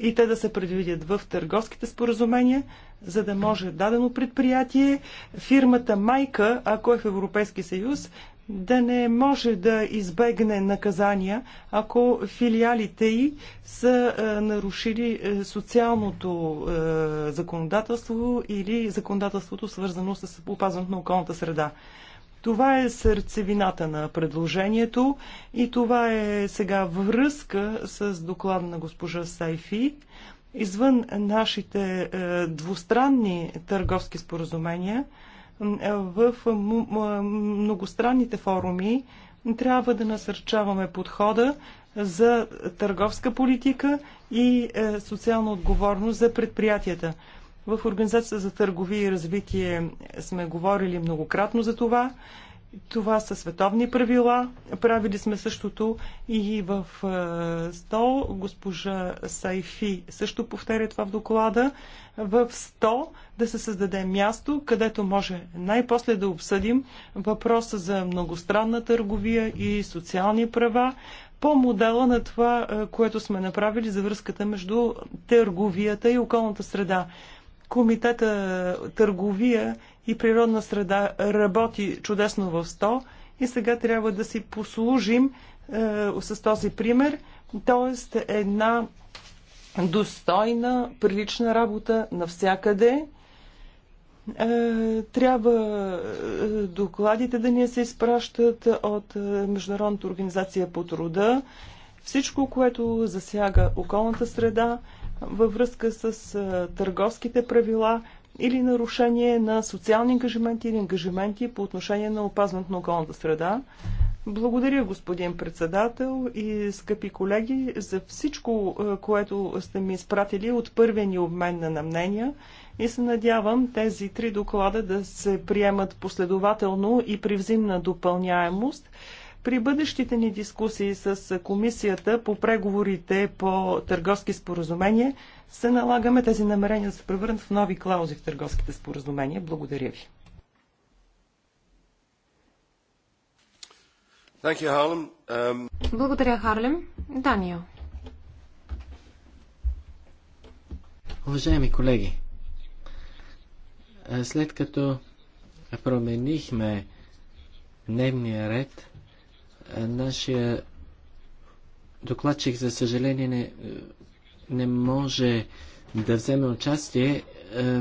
и те да се предвидят в търговските споразумения, за да може дадено предприятие, фирмата майка, ако е в Европейски съюз, да не може да избегне наказания, ако филиалите й са е, нарушили е, социалното е, законодателство или законодателството свързано с опазването на околната среда. Това е сърцевината на предложението и това е сега връзка с доклада на госпожа Сайфи. Извън нашите двустранни търговски споразумения, в многостранните форуми трябва да насърчаваме подхода за търговска политика и е, социална отговорност за предприятията. В Организацията за търговия и развитие сме говорили многократно за това. Това са световни правила. Правили сме същото и в е, СТО. Госпожа Сайфи също повтаря това в доклада. В стол да се създаде място, където може най-после да обсъдим въпроса за многостранна търговия и социални права по модела на това, е, което сме направили за връзката между търговията и околната среда комитета търговия и природна среда работи чудесно в 100 и сега трябва да си послужим е, с този пример, т.е. една достойна, прилична работа навсякъде. Е, трябва е, докладите да ни се изпращат от е, Международната организация по труда. Всичко, което засяга околната среда, във връзка с е, търговските правила, или нарушение на социални ангажименти или ангажименти по отношение на опазването на околната среда. Благодаря, господин председател и скъпи колеги, за всичко, е, което сте ми изпратили от първия ни обмен на мнения и се надявам тези три доклада да се приемат последователно и при взимна допълняемост. При бъдещите ни дискусии с комисията по преговорите по търговски споразумения се налагаме тези намерения да се превърнат в нови клаузи в търговските споразумения. Благодаря ви. Um, Благодаря, Харлем. Даниел. Уважаеми колеги, след като променихме дневния ред, Нашия докладчик, за съжаление, не, не може да вземе участие. Е,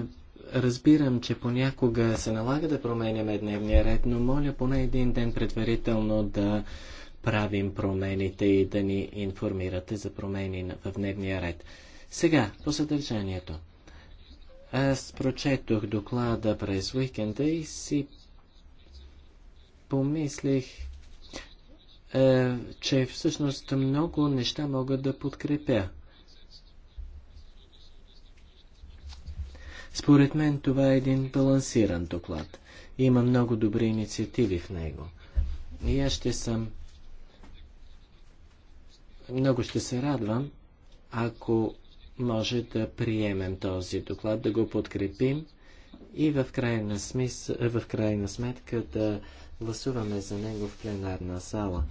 разбирам, че понякога се налага да променяме дневния ред, но моля поне един ден предварително да правим промените и да ни информирате за промени в дневния ред. Сега, по съдържанието. Аз прочетох доклада през уикенда и си помислих е, че всъщност много неща могат да подкрепя. Според мен това е един балансиран доклад. Има много добри инициативи в него. И аз ще съм... Много ще се радвам, ако може да приемем този доклад, да го подкрепим и в крайна, смис... в крайна сметка да гласуваме за него в пленарна зала,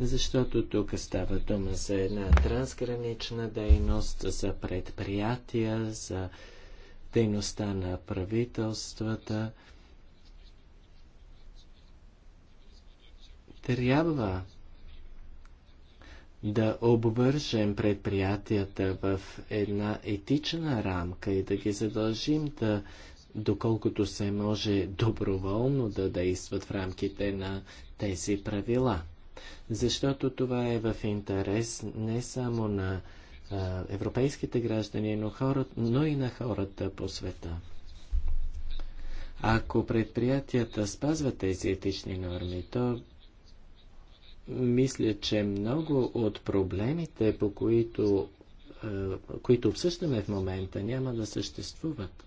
защото тук става дума за една трансгранична дейност, за предприятия, за дейността на правителствата. Трябва да обвържем предприятията в една етична рамка и да ги задължим да доколкото се може доброволно да действат в рамките на тези правила. Защото това е в интерес не само на а, европейските граждани, но, хора, но и на хората по света. Ако предприятията спазват тези етични норми, то мисля, че много от проблемите, по които, които обсъждаме в момента, няма да съществуват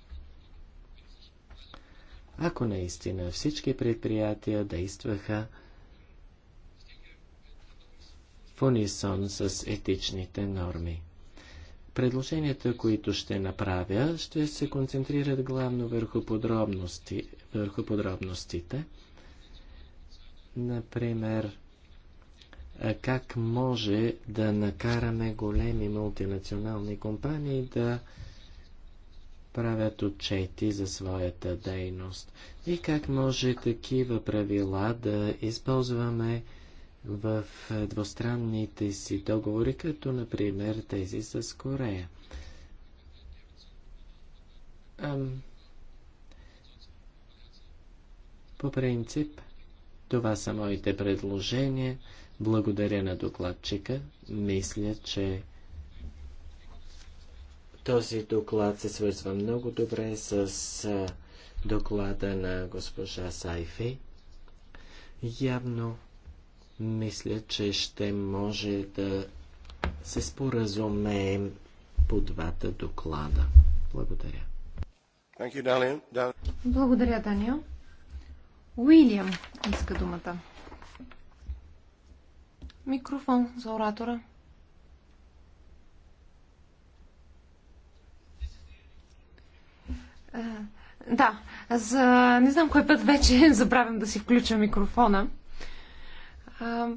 ако наистина всички предприятия действаха в унисон с етичните норми. Предложенията, които ще направя, ще се концентрират главно върху, подробности, върху подробностите. Например, как може да накараме големи мултинационални компании да правят отчети за своята дейност и как може такива правила да използваме в е, двустранните си договори, като например тези с Корея. Ам... По принцип, това са моите предложения. Благодаря на докладчика. Мисля, че този доклад се свързва много добре с доклада на госпожа Сайфи. Явно мисля, че ще може да се споразумеем по двата доклада. Благодаря. Благодаря, Даниел. Уилям иска думата. Микрофон за оратора. Е, да, за не знам кой път вече забравям да си включа микрофона. А,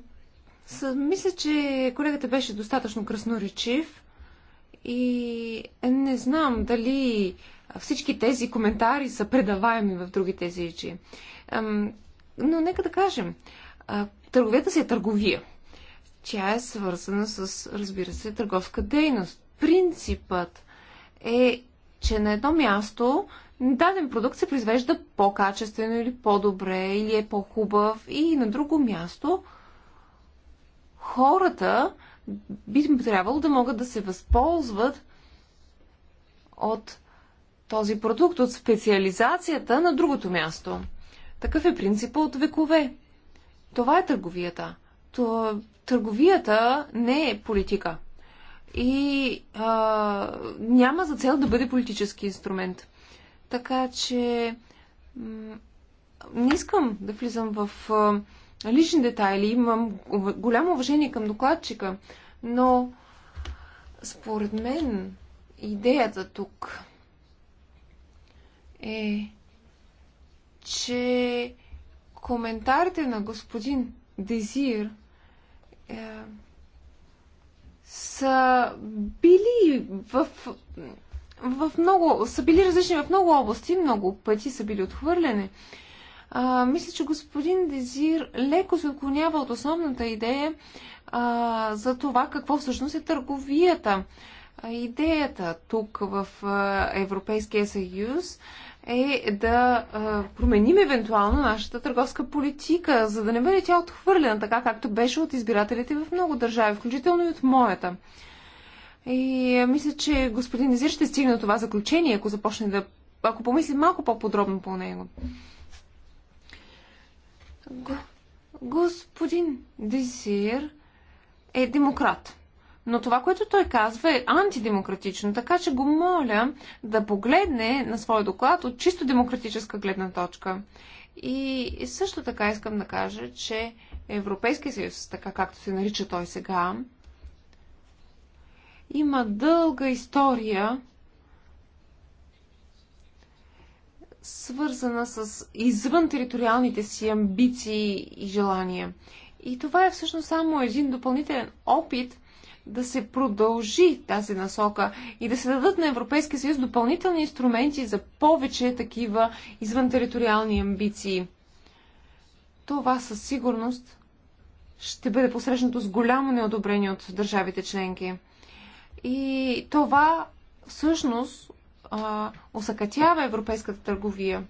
с... Мисля, че колегата беше достатъчно красноречив и не знам дали всички тези коментари са предаваеми в другите езици. Но нека да кажем, търговията си е търговия. Тя е свързана с, разбира се, търговска дейност. Принципът е че на едно място даден продукт се произвежда по-качествено или по-добре, или е по-хубав, и на друго място хората би трябвало да могат да се възползват от този продукт, от специализацията на другото място. Такъв е принципът от векове. Това е търговията. търговията не е политика и а, няма за цел да бъде политически инструмент. Така че не искам да влизам в а, лични детайли. Имам голямо уважение към докладчика, но според мен идеята тук е, че коментарите на господин Дезир е, са били в, в много, са били различни в много области, много пъти са били отхвърлени. А, мисля, че господин Дезир леко се отклонява от основната идея а, за това какво всъщност е търговията. А, идеята тук в а, Европейския съюз е да променим евентуално нашата търговска политика, за да не бъде тя отхвърлена така, както беше от избирателите в много държави, включително и от моята. И мисля, че господин Изир ще стигне до това заключение, ако започне да. ако помисли малко по-подробно по него. господин Дезир е демократ. Но това, което той казва е антидемократично, така че го моля да погледне на своя доклад от чисто демократическа гледна точка. И също така искам да кажа, че Европейския съюз, така както се нарича той сега, има дълга история, свързана с извън териториалните си амбиции и желания. И това е всъщност само един допълнителен опит да се продължи тази насока и да се дадат на Европейския съюз допълнителни инструменти за повече такива извънтериториални амбиции. Това със сигурност ще бъде посрещнато с голямо неодобрение от държавите членки. И това всъщност а, европейската търговия.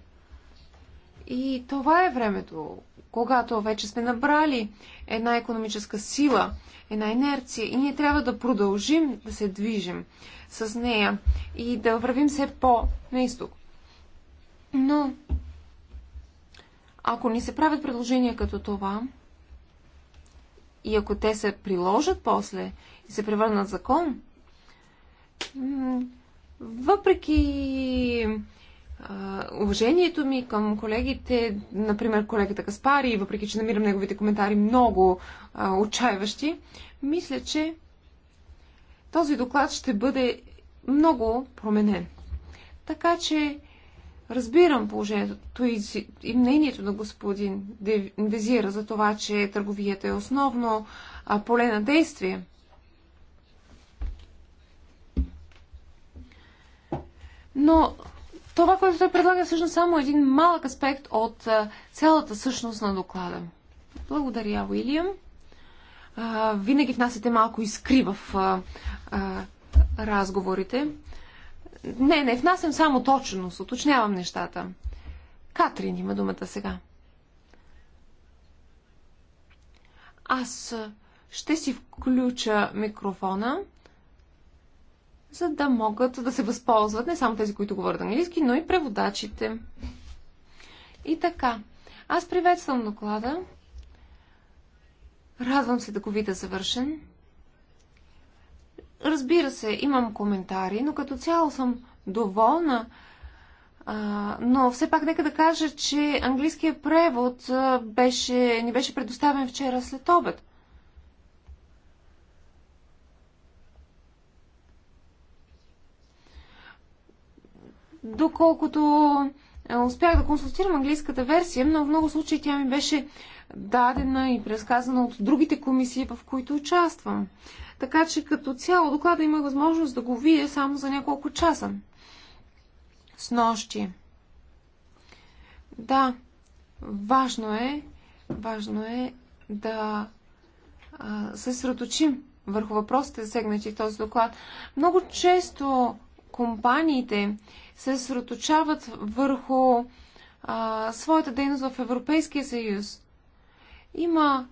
И това е времето, когато вече сме набрали една економическа сила, една инерция и ние трябва да продължим да се движим с нея и да вървим все по на изток. Но ако ни се правят предложения като това, и ако те се приложат после и се превърнат закон, въпреки уважението ми към колегите, например колегата Каспари, въпреки че намирам неговите коментари много а, отчаиващи, мисля, че този доклад ще бъде много променен. Така че разбирам положението и, и мнението на господин Дезира за това, че търговията е основно а, поле на действие. Но това, което той предлага, е всъщност само един малък аспект от цялата същност на доклада. Благодаря, Уилиям. А, винаги внасяте малко искри в а, а, разговорите. Не, не, внасям само точност, уточнявам нещата. Катрин има думата сега. Аз ще си включа микрофона за да могат да се възползват не само тези, които говорят английски, но и преводачите. И така, аз приветствам доклада. Радвам се да го видя завършен. Разбира се, имам коментари, но като цяло съм доволна. А, но все пак нека да кажа, че английският превод беше, ни беше предоставен вчера след обед. Доколкото е, успях да консултирам английската версия, но в много случаи тя ми беше дадена и разказана от другите комисии, в които участвам. Така че като цяло доклада имах възможност да го видя само за няколко часа. С нощи. Да, важно е, важно е да а, се средочим върху въпросите, засегнати в този доклад. Много често компаниите, се съсредоточават върху а, своята дейност в Европейския съюз. Има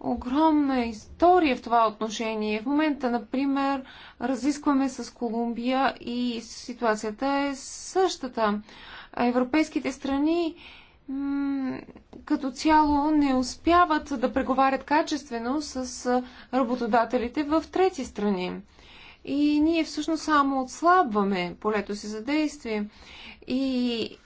огромна история в това отношение. В момента, например, разискваме с Колумбия и ситуацията е същата. Европейските страни като цяло не успяват да преговарят качествено с работодателите в трети страни. И ние всъщност само отслабваме полето си за действие. И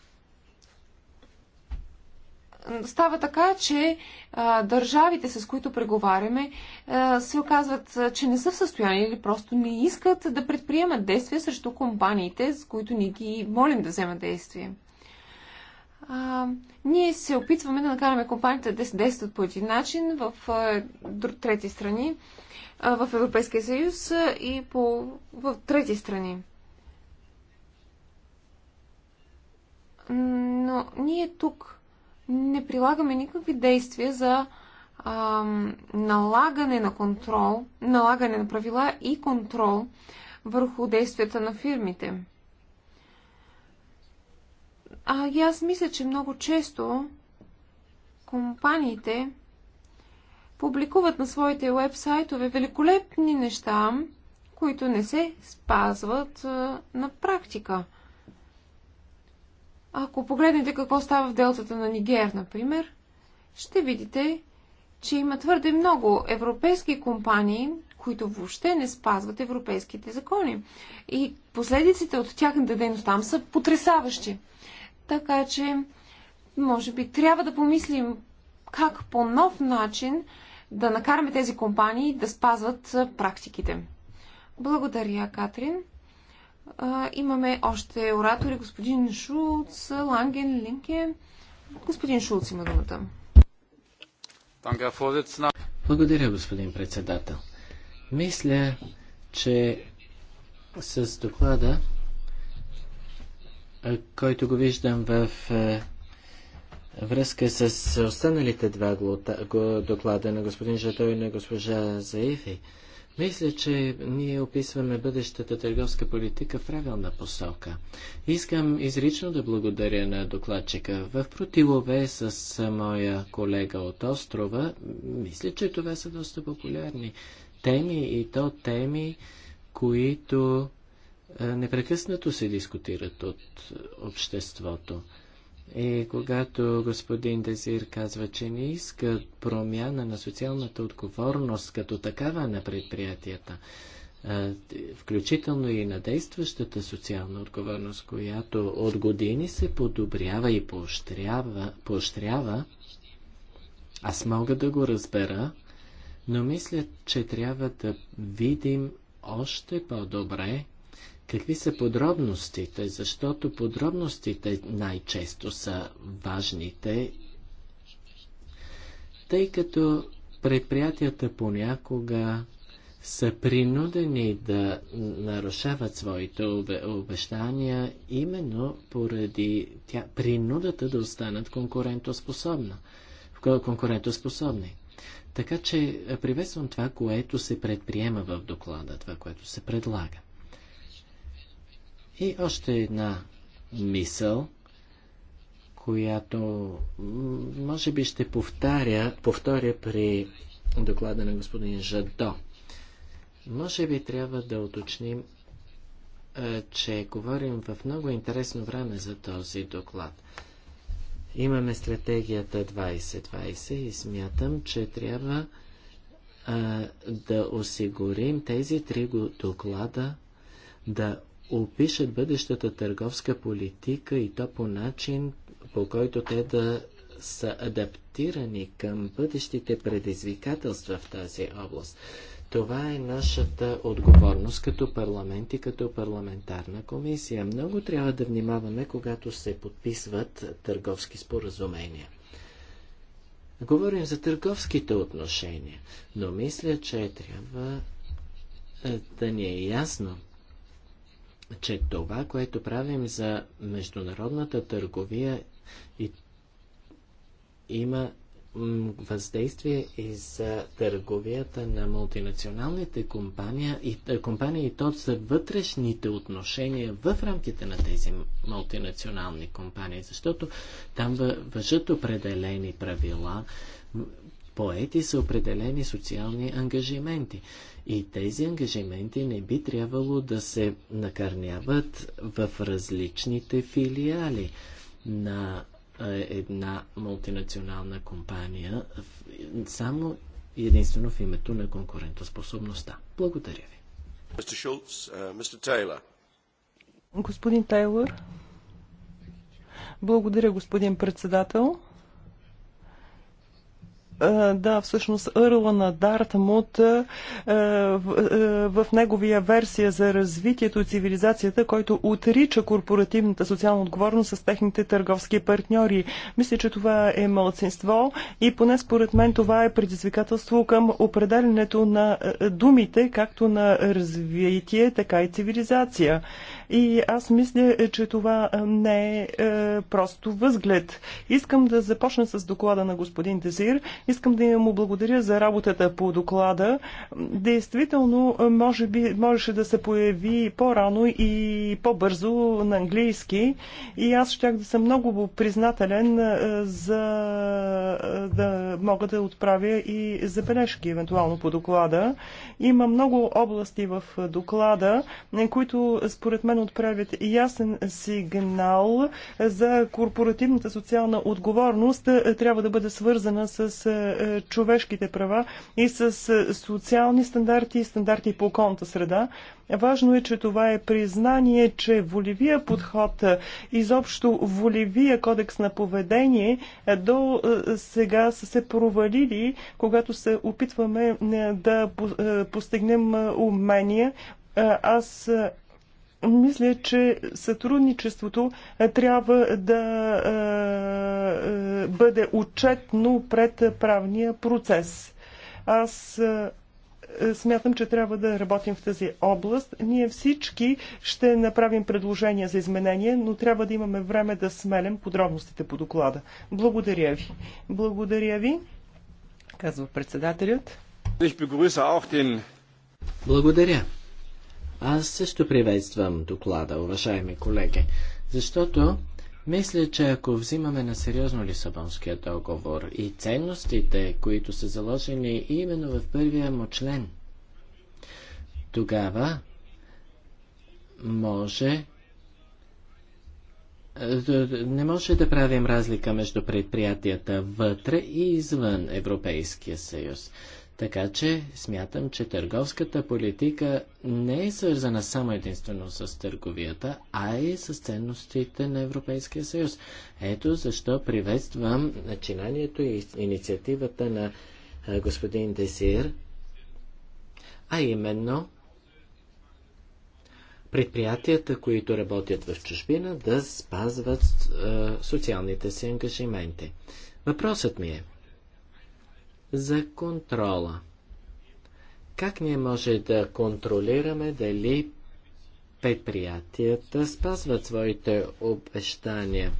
става така, че а, държавите, с които преговаряме, а, се оказват, че не са в състояние или просто не искат да предприемат действия срещу компаниите, с които ние ги молим да вземат действие. А, ние се опитваме да накараме компаниите да се действат по един начин в а, трети страни в Европейския съюз и по, в трети страни. Но ние тук не прилагаме никакви действия за а, налагане на контрол, налагане на правила и контрол върху действията на фирмите. А и аз мисля, че много често компаниите публикуват на своите уебсайтове великолепни неща, които не се спазват на практика. Ако погледнете какво става в делтата на Нигер, например, ще видите, че има твърде много европейски компании, които въобще не спазват европейските закони. И последиците от тяхната дейност там са потрясаващи. Така че, може би, трябва да помислим как по нов начин да накараме тези компании да спазват практиките. Благодаря, Катрин. Имаме още оратори. Господин Шулц, Ланген, Линке. Господин Шулц има думата. Благодаря, господин председател. Мисля, че с доклада, който го виждам в връзка с останалите два доклада на господин Жато и на госпожа Заефи, Мисля, че ние описваме бъдещата търговска политика в правилна посока. Искам изрично да благодаря на докладчика. В противове с моя колега от острова, мисля, че това са доста популярни теми и то теми, които непрекъснато се дискутират от обществото. И е, когато господин Дезир казва, че не иска промяна на социалната отговорност като такава на предприятията, включително и на действащата социална отговорност, която от години се подобрява и поощрява, поощрява аз мога да го разбера, но мисля, че трябва да видим още по-добре Какви са подробностите? Защото подробностите най-често са важните, тъй като предприятията понякога са принудени да нарушават своите обещания именно поради тя, принудата да останат конкурентоспособна, конкурентоспособни. Така че е, приветствам това, което се предприема в доклада, това, което се предлага. И още една мисъл, която може би ще повтаря, повторя при доклада на господин Жадо. Може би трябва да уточним, че говорим в много интересно време за този доклад. Имаме стратегията 2020 и смятам, че трябва а, да осигурим тези три доклада да опишат бъдещата търговска политика и то по начин, по който те да са адаптирани към бъдещите предизвикателства в тази област. Това е нашата отговорност като парламент и като парламентарна комисия. Много трябва да внимаваме, когато се подписват търговски споразумения. Говорим за търговските отношения, но мисля, че трябва е, да ни е ясно, че това, което правим за международната търговия и има въздействие и за търговията на мултинационалните и, е, компании и то за вътрешните отношения в рамките на тези мултинационални компании, защото там въжат определени правила, поети са определени социални ангажименти. И тези ангажименти не би трябвало да се накърняват в различните филиали на е, една мултинационална компания само единствено в името на конкурентоспособността. Благодаря ви. Е, господин Тейлър. Благодаря, господин председател. Е, да, всъщност Ерла на Дартмут е, е, в неговия версия за развитието и цивилизацията, който отрича корпоративната социална отговорност с техните търговски партньори. Мисля, че това е младсинство и поне според мен това е предизвикателство към определенето на думите, както на развитие, така и цивилизация. И аз мисля, е, че това е, не е, е, просто възглед. Искам да започна с доклада на господин Дезир. Искам да му благодаря за работата по доклада. Действително, може би, можеше да се появи по-рано и по-бързо на английски. И аз щях да съм много признателен за да мога да отправя и забележки, евентуално по доклада. Има много области в доклада, които според мен мен отправят ясен сигнал за корпоративната социална отговорност е, трябва да бъде свързана с е, човешките права и с е, социални стандарти и стандарти по околната среда. Важно е, че това е признание, че волевия подход, изобщо волевия кодекс на поведение до сега са се провалили, когато се опитваме да постигнем умения. Аз мисля, че сътрудничеството е, трябва да е, е, бъде отчетно пред правния процес. Аз смятам, че трябва да работим в тази област. Ние всички ще направим предложения за изменения, но трябва да имаме време да смелем подробностите по доклада. Благодаря ви. Благодаря ви, казва председателят. Благодаря. Аз също приветствам доклада, уважаеми колеги, защото мисля, че ако взимаме на сериозно Лисабонския договор и ценностите, които са заложени именно в първия му член, тогава може не може да правим разлика между предприятията вътре и извън Европейския съюз. Така че смятам, че търговската политика не е свързана само единствено с търговията, а и с ценностите на Европейския съюз. Ето защо приветствам начинанието и инициативата на господин Десир, а именно предприятията, които работят в чужбина, да спазват е, социалните си ангажименти. Въпросът ми е, за контрола. Как ние може да контролираме дали предприятията спазват своите обещания?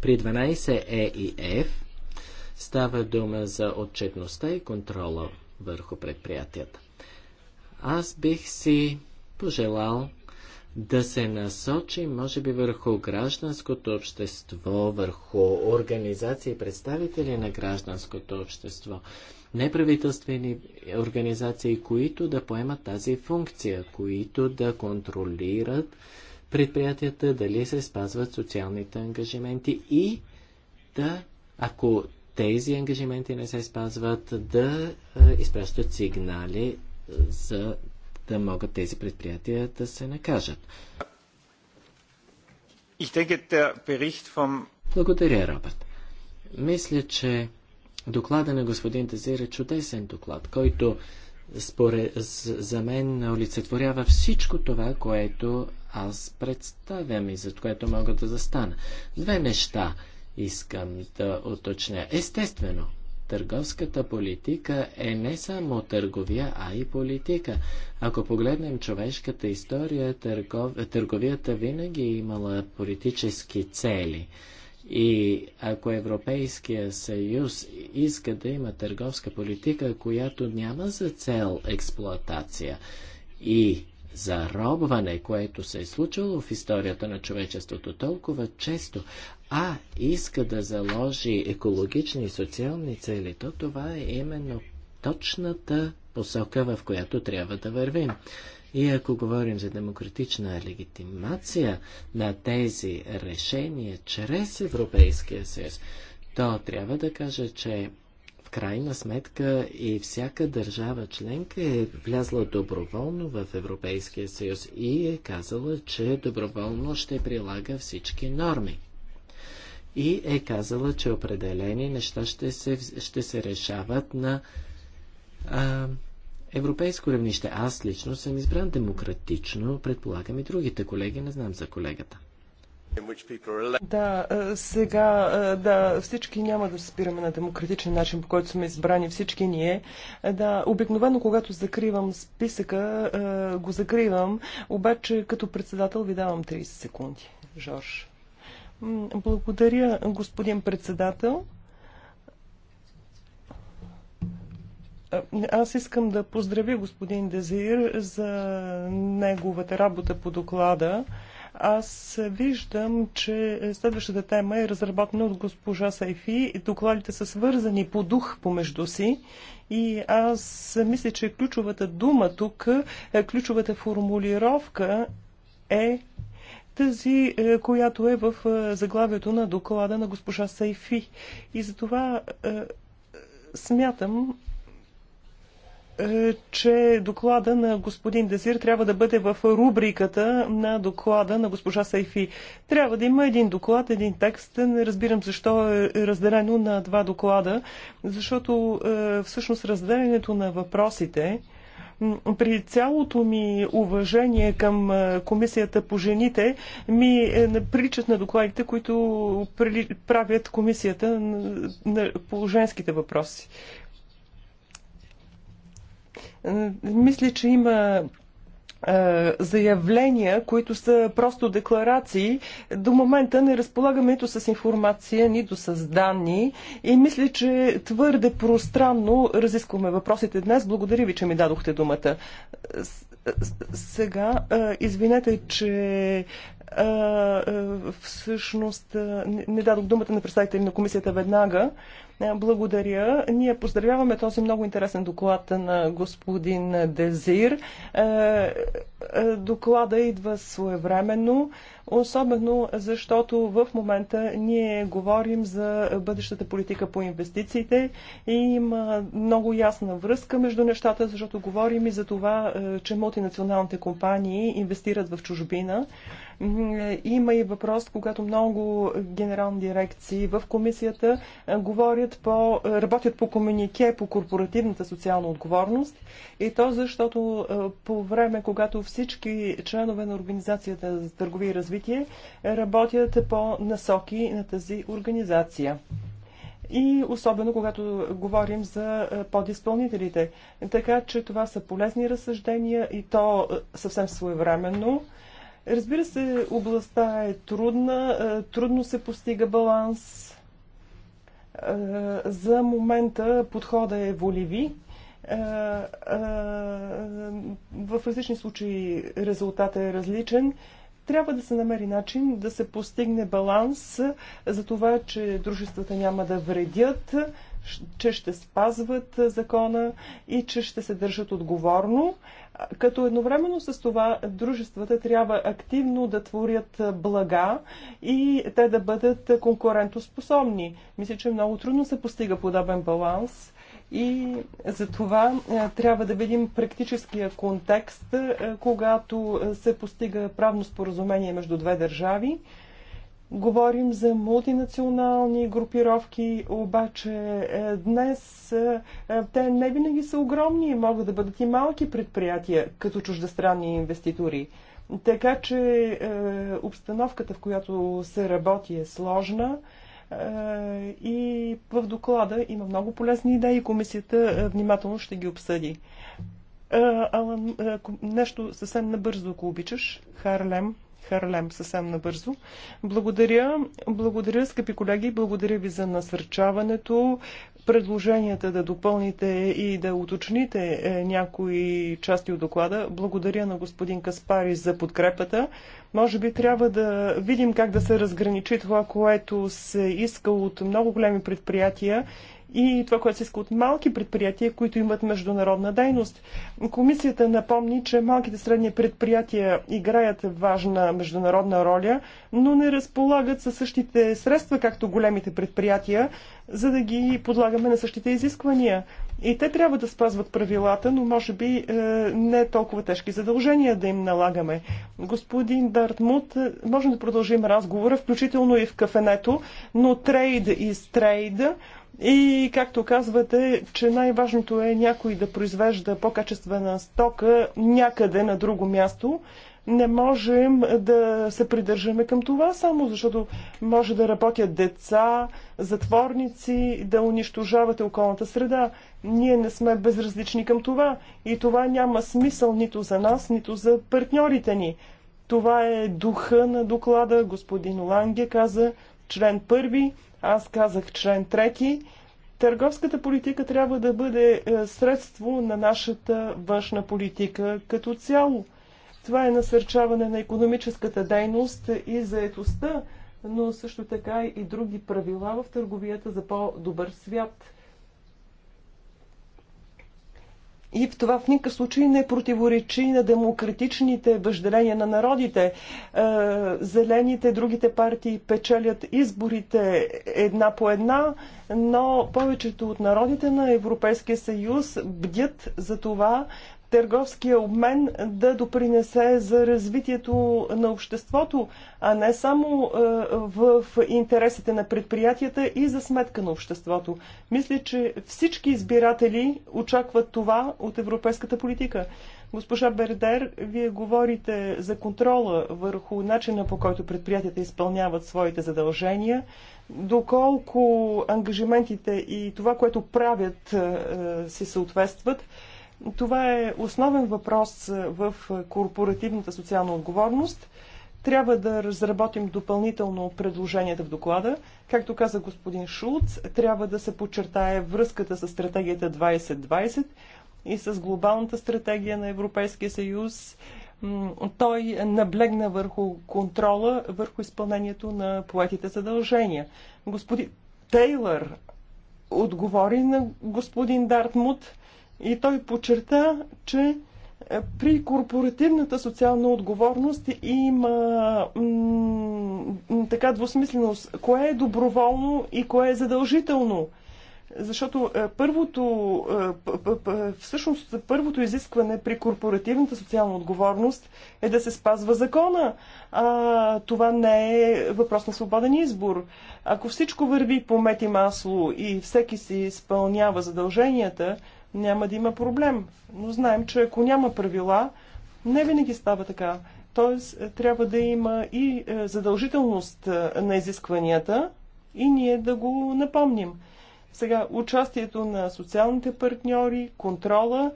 При 12 Е и Ф става дума за отчетността и контрола върху предприятията. Аз бих си пожелал да се насочи, може би, върху гражданското общество, върху организации и представители на гражданското общество, неправителствени организации, които да поемат тази функция, които да контролират предприятията, дали се спазват социалните ангажименти и да, ако тези ангажименти не се спазват, да е, изпращат сигнали за да могат тези предприятия да се накажат. Благодаря, Робърт. Мисля, че доклада на господин Дезир е чудесен доклад, който според, за мен олицетворява всичко това, което аз представям и за което мога да застана. Две неща искам да уточня. Естествено, Търговската политика е не само търговия, а и политика. Ако погледнем човешката история, търгов... търговията винаги е имала политически цели. И ако Европейския съюз иска да има търговска политика, която няма за цел експлоатация и заробване, което се е случило в историята на човечеството толкова често, а иска да заложи екологични и социални цели, то това е именно точната посока, в която трябва да вървим. И ако говорим за демократична легитимация на тези решения чрез Европейския съюз, то трябва да кажа, че в крайна сметка и всяка държава членка е влязла доброволно в Европейския съюз и е казала, че доброволно ще прилага всички норми и е казала, че определени неща ще се, ще се решават на а, европейско равнище. Аз лично съм избран демократично, предполагам и другите колеги, не знам за колегата. Да, сега да, всички няма да се спираме на демократичен начин, по който сме избрани всички ние. Да, обикновено, когато закривам списъка, го закривам, обаче като председател ви давам 30 секунди, Жорж. Благодаря, господин председател. Аз искам да поздравя господин Дезир за неговата работа по доклада. Аз виждам, че следващата тема е разработена от госпожа Сайфи. Докладите са свързани по дух помежду си. И аз мисля, че ключовата дума тук, е, ключовата формулировка е тази, е, която е в е, заглавието на доклада на госпожа Сайфи. И затова е, смятам, че доклада на господин Дезир трябва да бъде в рубриката на доклада на госпожа Сайфи. Трябва да има един доклад, един текст. Не разбирам защо е разделено на два доклада, защото всъщност разделянето на въпросите при цялото ми уважение към Комисията по жените ми е, приличат на докладите, които правят Комисията по женските въпроси. Мисля, че има е, заявления, които са просто декларации. До момента не разполагаме нито с информация, нито с данни и мисля, че твърде пространно разискваме въпросите днес. Благодаря ви, че ми дадохте думата. Сега, е, извинете, че е, всъщност не дадох думата на представители на комисията веднага. Е, благодаря. Ние поздравяваме този много интересен доклад на господин Дезир. Е, е, доклада идва своевременно, особено защото в момента ние говорим за бъдещата политика по инвестициите и има много ясна връзка между нещата, защото говорим и за това, че мултинационалните компании инвестират в чужбина. Има и въпрос, когато много генерални дирекции в комисията говорят работят по, работят по комунике по корпоративната социална отговорност и то защото е, по време, когато всички членове на Организацията за търговия и развитие работят по насоки на тази организация и особено когато говорим за е, подиспълнителите. Така че това са полезни разсъждения и то е, съвсем своевременно. Разбира се, областта е трудна, трудно се постига баланс. Е, за момента подхода е волеви. Е, е, в различни случаи резултатът е различен трябва да се намери начин да се постигне баланс за това, че дружествата няма да вредят, че ще спазват закона и че ще се държат отговорно, като едновременно с това дружествата трябва активно да творят блага и те да бъдат конкурентоспособни. Мисля, че много трудно се постига подобен баланс. И за това е, трябва да видим практическия контекст, е, когато се постига правно споразумение между две държави. Говорим за мултинационални групировки, обаче е, днес е, е, те не винаги са огромни, могат да бъдат и малки предприятия, като чуждестранни инвеститори. Така че обстановката, в която се работи, е сложна и в доклада има много полезни идеи. Комисията внимателно ще ги обсъди. Алан, нещо съвсем набързо, ако обичаш. Харлем. Харлем съвсем набързо. Благодаря, благодаря, скъпи колеги, благодаря ви за насърчаването, предложенията да допълните и да уточните е, някои части от доклада. Благодаря на господин Каспари за подкрепата. Може би трябва да видим как да се разграничи това, което се иска от много големи предприятия и това, което се иска от малки предприятия, които имат международна дейност. Комисията напомни, че малките средни предприятия играят важна международна роля, но не разполагат със същите средства, както големите предприятия, за да ги подлагаме на същите изисквания. И те трябва да спазват правилата, но може би е, не толкова тежки задължения да им налагаме. Господин Дартмут, е, можем да продължим разговора, включително и в кафенето, но трейд и стрейд, и както казвате, че най-важното е някой да произвежда по-качествена стока някъде на друго място. Не можем да се придържаме към това само, защото може да работят деца, затворници, да унищожавате околната среда. Ние не сме безразлични към това и това няма смисъл нито за нас, нито за партньорите ни. Това е духа на доклада. Господин Ланге каза, член първи, аз казах член трети. Търговската политика трябва да бъде е, средство на нашата външна политика като цяло. Това е насърчаване на економическата дейност и заетостта, но също така и други правила в търговията за по-добър свят – И в това в никакъв случай не противоречи на демократичните въжделения на народите. Е, зелените, другите партии печелят изборите една по една, но повечето от народите на Европейския съюз бдят за това търговския обмен да допринесе за развитието на обществото, а не само е, в интересите на предприятията и за сметка на обществото. Мисля, че всички избиратели очакват това от европейската политика. Госпожа Бердер, вие говорите за контрола върху начина по който предприятията изпълняват своите задължения, доколко ангажиментите и това, което правят, е, си съответстват. Това е основен въпрос е, в е, корпоративната социална отговорност. Трябва да разработим допълнително предложенията в доклада. Както каза господин Шулц, трябва да се подчертае връзката с стратегията 2020 и с глобалната стратегия на Европейския съюз. Той наблегна върху контрола, върху изпълнението на поетите задължения. Господин Тейлър отговори на господин Дартмут и той подчерта, че е, при корпоративната социална отговорност има така двусмисленост. Кое е доброволно и кое е задължително? Защото е, първото, е, всъщност първото изискване при корпоративната социална отговорност е да се спазва закона. А, това не е въпрос на свободен избор. Ако всичко върви по мет и масло и всеки си изпълнява задълженията, няма да има проблем. Но знаем, че ако няма правила, не винаги става така. Тоест, е, трябва да има и е, задължителност е, на изискванията и ние да го напомним. Сега, участието на социалните партньори, контрола,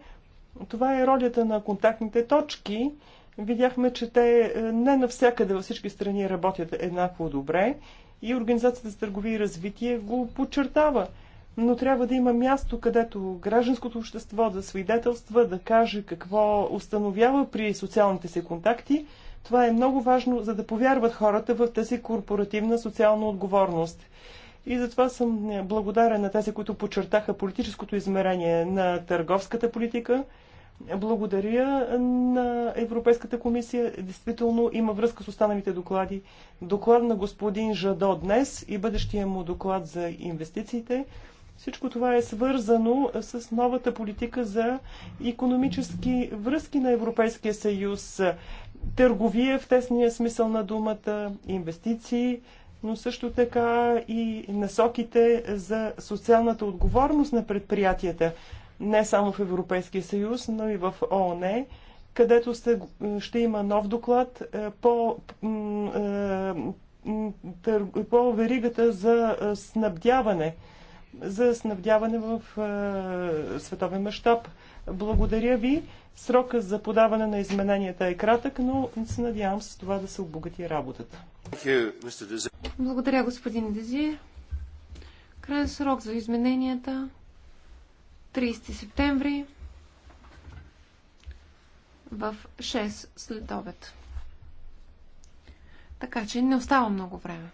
това е ролята на контактните точки. Видяхме, че те не навсякъде във всички страни работят еднакво добре и Организацията за търговия и развитие го подчертава но трябва да има място, където гражданското общество да свидетелства, да каже какво установява при социалните си контакти. Това е много важно, за да повярват хората в тази корпоративна социална отговорност. И затова съм благодарен на тези, които подчертаха политическото измерение на търговската политика. Благодаря на Европейската комисия. Действително има връзка с останалите доклади. Доклад на господин Жадо днес и бъдещия му доклад за инвестициите. Всичко това е свързано с новата политика за економически връзки на Европейския съюз. Търговия в тесния смисъл на думата, инвестиции, но също така и насоките за социалната отговорност на предприятията, не само в Европейския съюз, но и в ООН, където ще има нов доклад е, по, е, по веригата за е, снабдяване за снабдяване в е, световен мащаб. Благодаря ви. Срока за подаване на измененията е кратък, но се надявам с това да се обогати работата. Благодаря, господин Дези. Крайен срок за измененията 30 септември в 6 следобед. Така че не остава много време.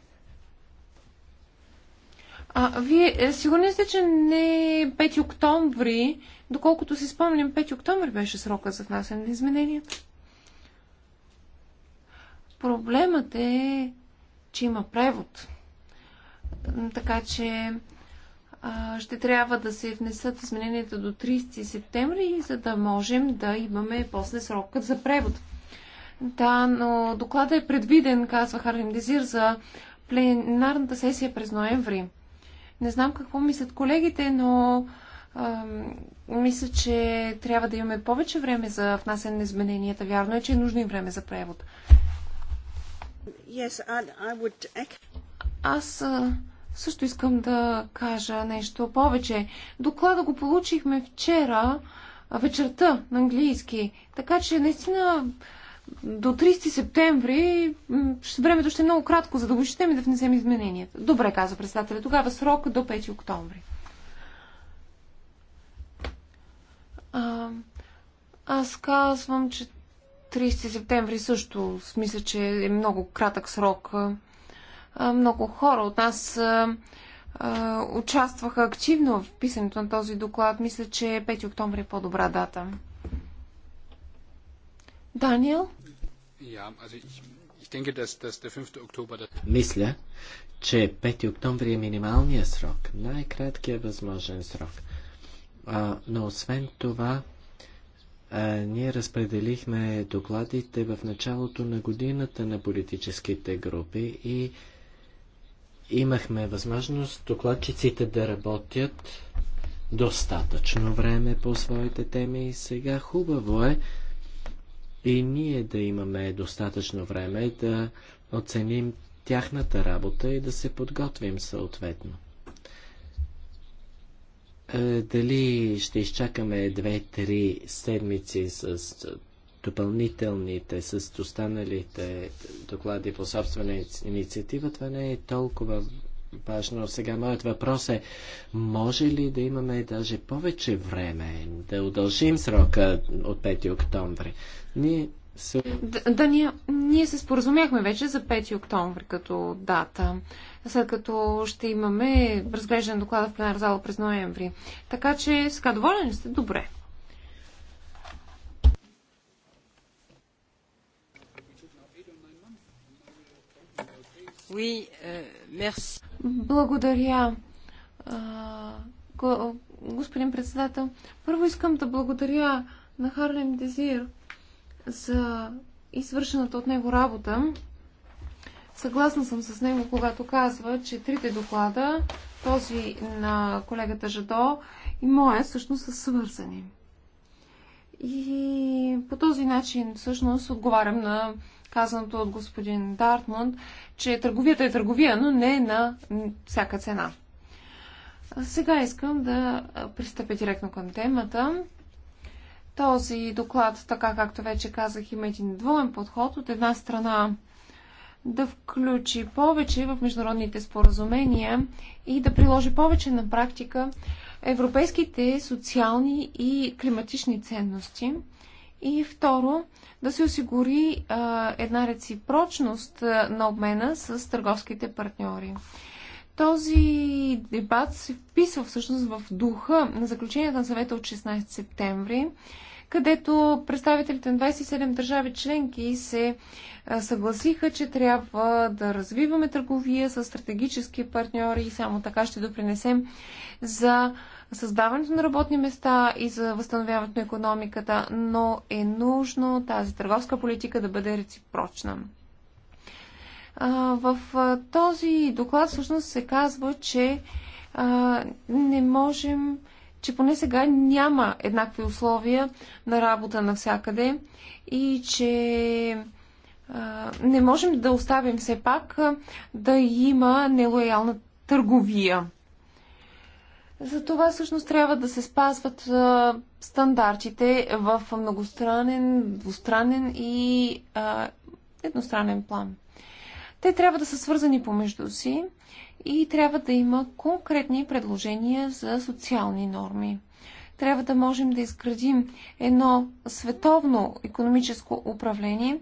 А, вие е, сигурни сте, че не 5 е октомври, доколкото си спомням, 5 октомври беше срока за внасяне на изменения. Проблемът е, че има превод. Така че а, ще трябва да се внесат измененията до 30 септември, за да можем да имаме после срокът за превод. Да, но докладът е предвиден, казва Харлин Дезир, за пленарната сесия през ноември. Не знам какво мислят колегите, но а, мисля, че трябва да имаме повече време за внасяне на измененията. Вярно е, че е нужно и време за превод. Yes, I, I would... Аз а, също искам да кажа нещо повече. Доклада го получихме вчера вечерта на английски. Така че наистина до 30 септември времето ще е много кратко, за да го изчетем и да внесем измененията. Добре, каза председателя. Тогава срок до 5 октомври. А, аз казвам, че 30 септември също, смисля, че е много кратък срок. А, много хора от нас а, а, участваха активно в писането на този доклад. Мисля, че 5 октомври е по-добра дата. Даниел? Мисля, че 5 октомври е минималният срок, най-краткият възможен срок. А, но освен това, а, ние разпределихме докладите в началото на годината на политическите групи и имахме възможност докладчиците да работят достатъчно време по своите теми и сега хубаво е и ние да имаме достатъчно време да оценим тяхната работа и да се подготвим съответно. Е, дали ще изчакаме 2-3 седмици с допълнителните, с останалите доклади по собствена инициатива, това не е толкова важно. Сега моят въпрос е, може ли да имаме даже повече време, да удължим срока от 5 октомври? Ние се... Да, да ние, ние се споразумяхме вече за 5 октомври като дата, след като ще имаме разглеждан доклада в пленар зала през ноември. Така че сега доволен сте? Добре. Oui, euh, merci. Благодаря, господин председател. Първо искам да благодаря на Харлем Дезир за извършената от него работа. Съгласна съм с него, когато казва, че трите доклада, този на колегата Жадо и моя, всъщност са свързани. И по този начин всъщност отговарям на казаното от господин Дартмунд, че търговията е търговия, но не е на всяка цена. Сега искам да пристъпя директно към темата. Този доклад, така както вече казах, има един двоен подход. От една страна да включи повече в международните споразумения и да приложи повече на практика европейските социални и климатични ценности – и второ, да се осигури а, една реципрочност а, на обмена с търговските партньори. Този дебат се вписва всъщност в духа на заключенията на съвета от 16 септември, където представителите на 27 държави членки се съгласиха, че трябва да развиваме търговия с стратегически партньори и само така ще допринесем за създаването на работни места и за възстановяването на економиката, но е нужно тази търговска политика да бъде реципрочна. В този доклад всъщност се казва, че не можем че поне сега няма еднакви условия на работа навсякъде и че а, не можем да оставим все пак да има нелоялна търговия. За това всъщност трябва да се спазват а, стандартите в многостранен, двустранен и а, едностранен план. Те трябва да са свързани помежду си и трябва да има конкретни предложения за социални норми. Трябва да можем да изградим едно световно економическо управление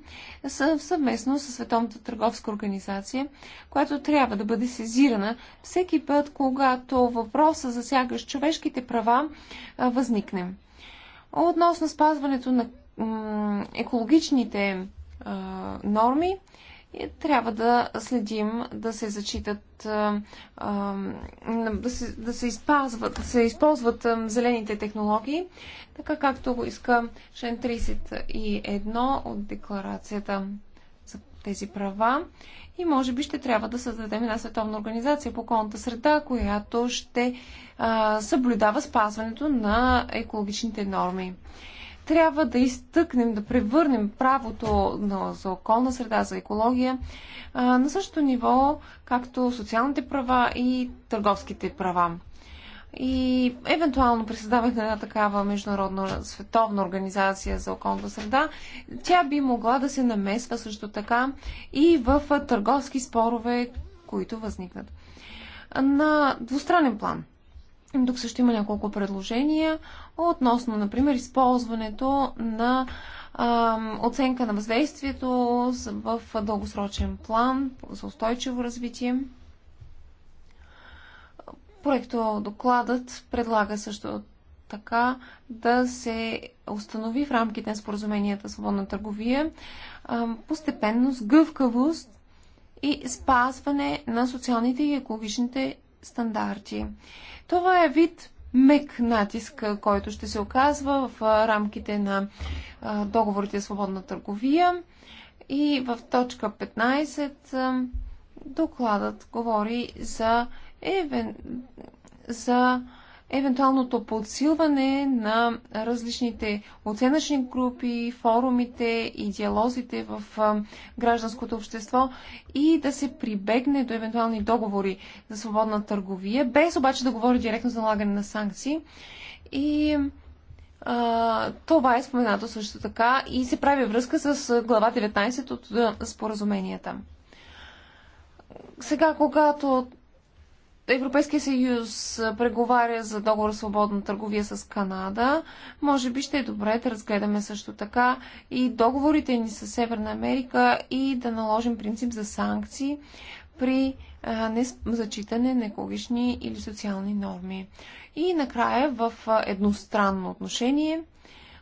съвместно с Световната търговска организация, която трябва да бъде сезирана всеки път, когато въпроса засягащ човешките права възникне. Относно спазването на екологичните норми, трябва да следим да се зачитат, да се, да се, изпазват, да се използват зелените технологии, така както го иска член 31 от декларацията за тези права. И може би ще трябва да създадем една световна организация по околната среда, която ще съблюдава спазването на екологичните норми трябва да изтъкнем, да превърнем правото на, за околна среда, за екология а, на същото ниво, както социалните права и търговските права. И евентуално при създаването на една такава международна световна организация за околната среда, тя би могла да се намесва също така и в търговски спорове, които възникнат. На двустранен план – тук също има няколко предложения относно, например, използването на а, оценка на въздействието в дългосрочен план за устойчиво развитие. Проекто докладът предлага също така да се установи в рамките на споразуменията свободна търговия постепенност, гъвкавост и спазване на социалните и екологичните стандарти. Това е вид мек натиск, който ще се оказва в рамките на договорите за свободна търговия. И в точка 15 докладът говори за, евен... за евентуалното подсилване на различните оценъчни групи, форумите и диалозите в гражданското общество и да се прибегне до евентуални договори за свободна търговия, без обаче да говори директно за налагане на санкции. И а, това е споменато също така и се прави връзка с глава 19 от споразуменията. Сега, когато Европейския съюз преговаря за договор свободна търговия с Канада, може би ще е добре да разгледаме също така и договорите ни с Северна Америка и да наложим принцип за санкции при незачитане на екологични или социални норми. И накрая в едностранно отношение,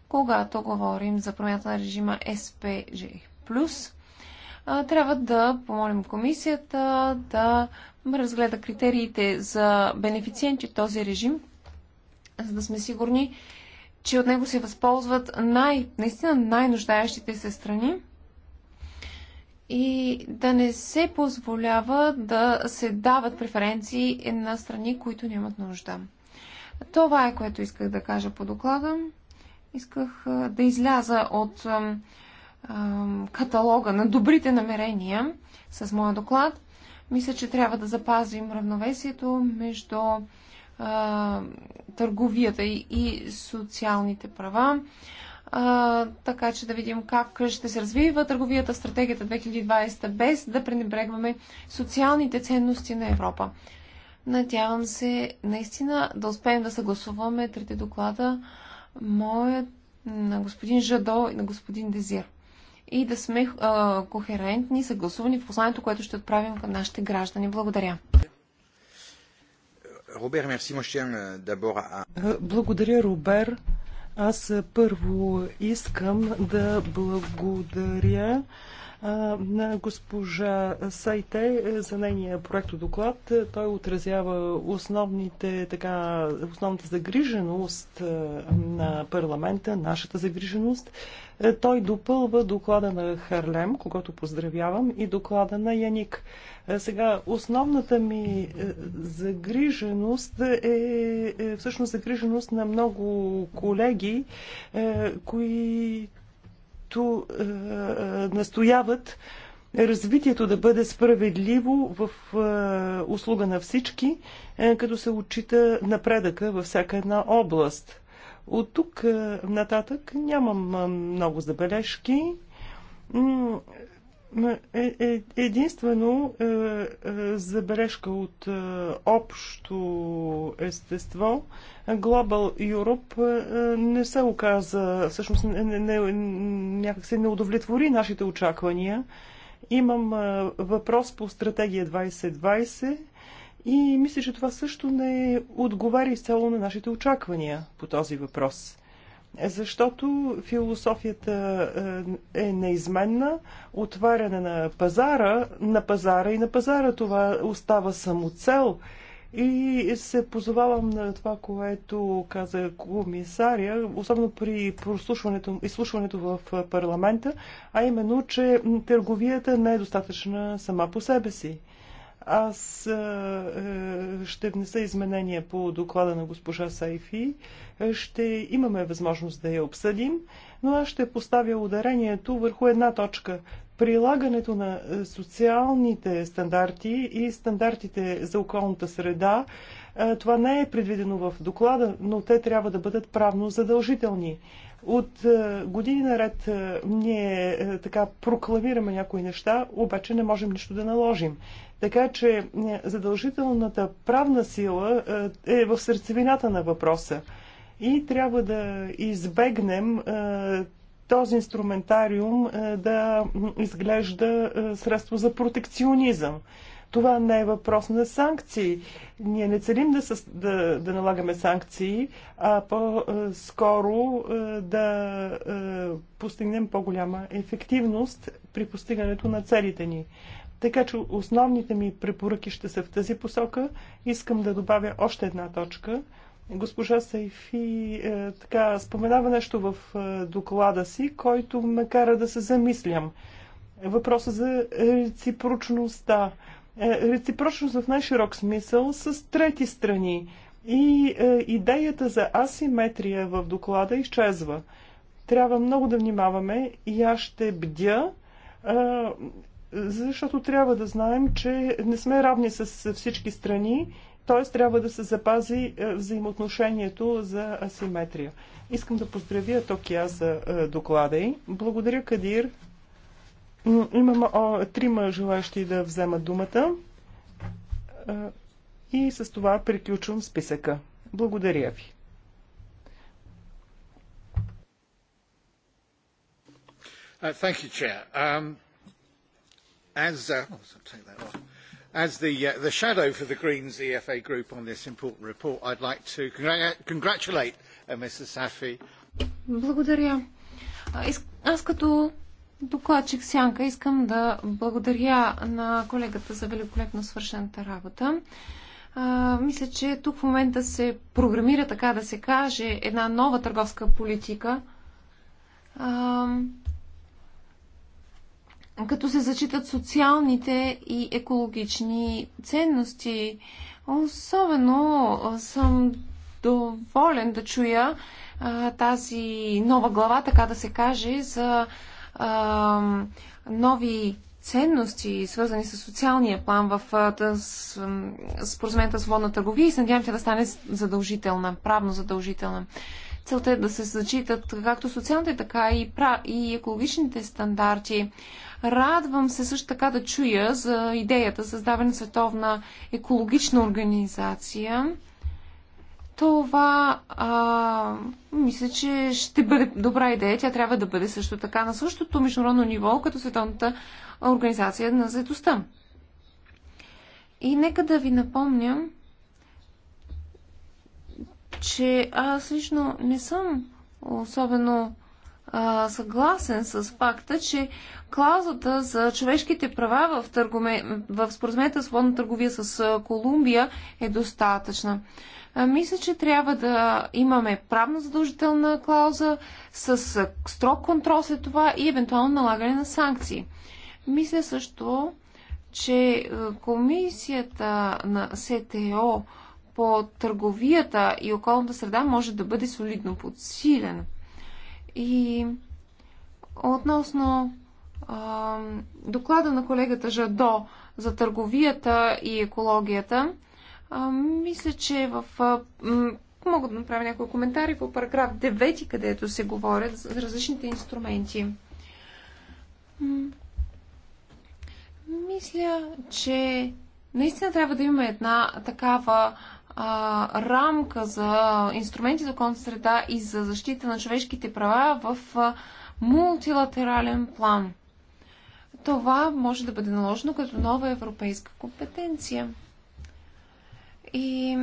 когато говорим за промяната на режима SPG+, трябва да помолим комисията да разгледа критериите за бенефициенти този режим, за да сме сигурни, че от него се възползват най, наистина най-нуждаещите се страни и да не се позволява да се дават преференции на страни, които нямат нужда. Това е което исках да кажа по доклада. Исках да изляза от каталога на добрите намерения с моя доклад, мисля, че трябва да запазим равновесието между търговията и, социалните права. така че да видим как ще се развива търговията в стратегията 2020, без да пренебрегваме социалните ценности на Европа. Надявам се наистина да успеем да съгласуваме трите доклада, моят на господин Жадо и на господин Дезир и да сме а, кохерентни, съгласувани в посланието, което ще отправим към нашите граждани. Благодаря. Робер, мерси, Благодаря, Робер. Аз първо искам да благодаря на госпожа Сайте е, за нейния проект доклад. Е, той отразява основните, така, основната загриженост е, на парламента, нашата загриженост. Той допълва доклада на Харлем, когато поздравявам, и доклада на Яник. Сега, основната ми загриженост е всъщност загриженост на много колеги, които които е, е, настояват развитието да бъде справедливо в е, услуга на всички, е, като се отчита напредъка във всяка една област. От тук е, нататък нямам е, много забележки. Е, е, единствено е, забележка от общо естество. Global Europe не се оказа, всъщност не, не, някак се не удовлетвори нашите очаквания. Имам въпрос по стратегия 2020 и мисля, че това също не отговаря изцяло на нашите очаквания по този въпрос защото философията е, е неизменна. Отваряне на пазара, на пазара и на пазара това остава само цел. И се позовавам на това, което каза комисаря, особено при прослушването, изслушването в парламента, а именно, че търговията не е достатъчна сама по себе си. Аз е, ще внеса изменения по доклада на госпожа Сайфи. Е, ще имаме възможност да я обсъдим, но аз ще поставя ударението върху една точка прилагането на е, социалните стандарти и стандартите за околната среда. Това не е предвидено в доклада, но те трябва да бъдат правно задължителни. От години наред ние така прокламираме някои неща, обаче не можем нищо да наложим. Така че е, задължителната правна сила е, е в сърцевината на въпроса. И трябва да избегнем е, този инструментариум да изглежда средство за протекционизъм. Това не е въпрос на санкции. Ние не целим да, със, да, да налагаме санкции, а по-скоро да постигнем по-голяма ефективност при постигането на целите ни. Така че основните ми препоръки ще са в тази посока. Искам да добавя още една точка. Госпожа Сайфи е, така, споменава нещо в е, доклада си, който ме кара да се замислям. Въпроса за реципрочността. Е, реципрочност в най-широк смисъл с трети страни. И е, идеята за асиметрия в доклада изчезва. Трябва много да внимаваме и аз ще бдя. Е, защото трябва да знаем, че не сме равни с всички страни, т.е. трябва да се запази е, взаимоотношението за асиметрия. Искам да поздравя Токия за е, доклада й. Благодаря, Кадир. Имам трима желащи да вземат думата. Е, и с това приключвам списъка. Благодаря ви. Uh, thank you, Chair. Um... As, uh, oh, take that off. As the, uh, the shadow for the Greens EFA group on this important report, I'd like to congr- congratulate uh, Safi. Благодаря. Аз като докладчик Сянка искам да благодаря на колегата за великолепно свършената работа. А, мисля, че тук в момента се програмира, така да се каже, една нова търговска политика. А, като се зачитат социалните и екологични ценности. Особено съм доволен да чуя а, тази нова глава, така да се каже, за а, нови ценности, свързани с социалния план в споразумението с водна търговия и се надявам тя да стане задължителна, правно задължителна. Целта е да се зачитат както социалните, така и, пра... и екологичните стандарти. Радвам се също така да чуя за идеята за създаване на световна екологична организация. Това а, мисля, че ще бъде добра идея. Тя трябва да бъде също така на същото международно ниво, като Световната организация на заедостта. И нека да ви напомням че аз лично не съм особено а, съгласен с факта, че клаузата за човешките права в, търгуме, в споразумението за свободна търговия с Колумбия е достатъчна. А, мисля, че трябва да имаме правно задължителна клауза с строг контрол след това и евентуално налагане на санкции. Мисля също, че комисията на СТО по търговията и околната среда може да бъде солидно подсилен. И относно а, доклада на колегата Жадо за търговията и екологията, а, мисля, че в. А, мога да направя някои коментари по параграф 9, където се говорят за различните инструменти. Мисля, че наистина трябва да имаме една такава а, рамка за инструменти за околната среда и за защита на човешките права в а, мултилатерален план. Това може да бъде наложено като нова европейска компетенция. И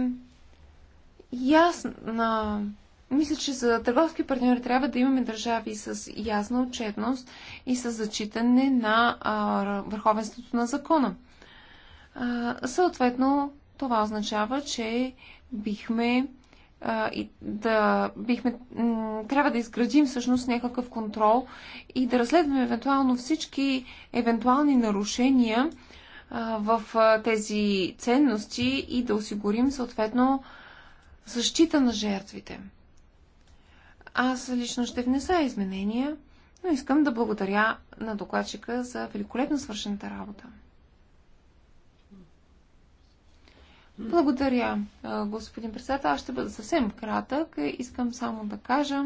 ясна. Мисля, че за търговски партньори трябва да имаме държави с ясна отчетност и с зачитане на а, върховенството на закона. А, съответно, това означава, че бихме и да бихме, трябва да изградим всъщност някакъв контрол и да разследваме евентуално всички евентуални нарушения в тези ценности и да осигурим съответно защита на жертвите. Аз лично ще внеса изменения, но искам да благодаря на докладчика за великолепно свършената работа. Благодаря, господин председател. Аз ще бъда съвсем кратък. Искам само да кажа,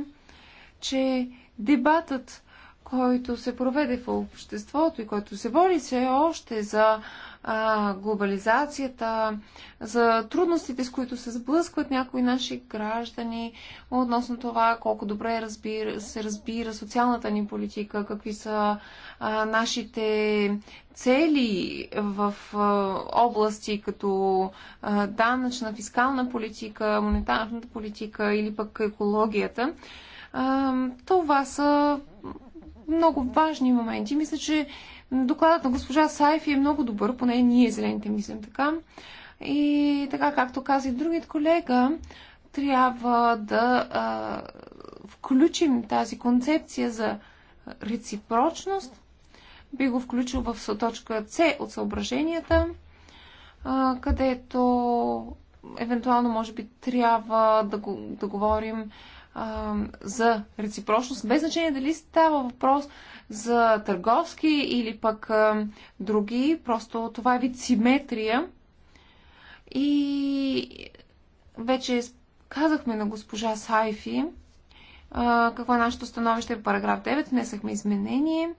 че дебатът, който се проведе в обществото и който се води все още за а, глобализацията, за трудностите, с които се сблъскват някои наши граждани, относно това колко добре разбира, се разбира социалната ни политика, какви са а, нашите цели в а, области като а, данъчна, фискална политика, монетарната политика или пък екологията, а, това са много важни моменти. Мисля, че докладът на госпожа Сайфи е много добър, поне ние зелените мислим така. И така, както каза и другият колега, трябва да а, включим тази концепция за реципрочност би го включил в точка С от съображенията, където евентуално може би трябва да, го, да говорим а, за реципрочност, без значение дали става въпрос за търговски или пък а, други, просто това е вид симетрия. И вече казахме на госпожа Сайфи а, какво е нашето становище в параграф 9, внесахме изменение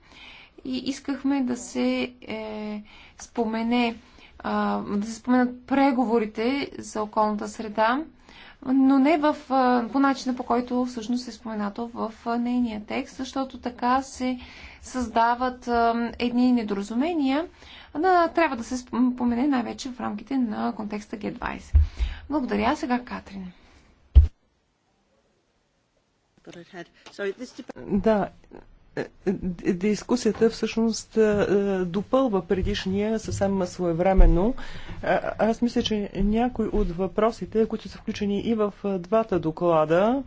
и искахме да се е, спомене, а, да се споменат преговорите за околната среда, но не в, а, по начина по който всъщност е споменато в нейния текст, защото така се създават а, едни недоразумения, да, трябва да се спомене най-вече в рамките на контекста G20. Благодаря. Сега Катрин. Да, Дискусията всъщност допълва предишния съвсем своевременно. Аз мисля, че някои от въпросите, които са включени и в двата доклада,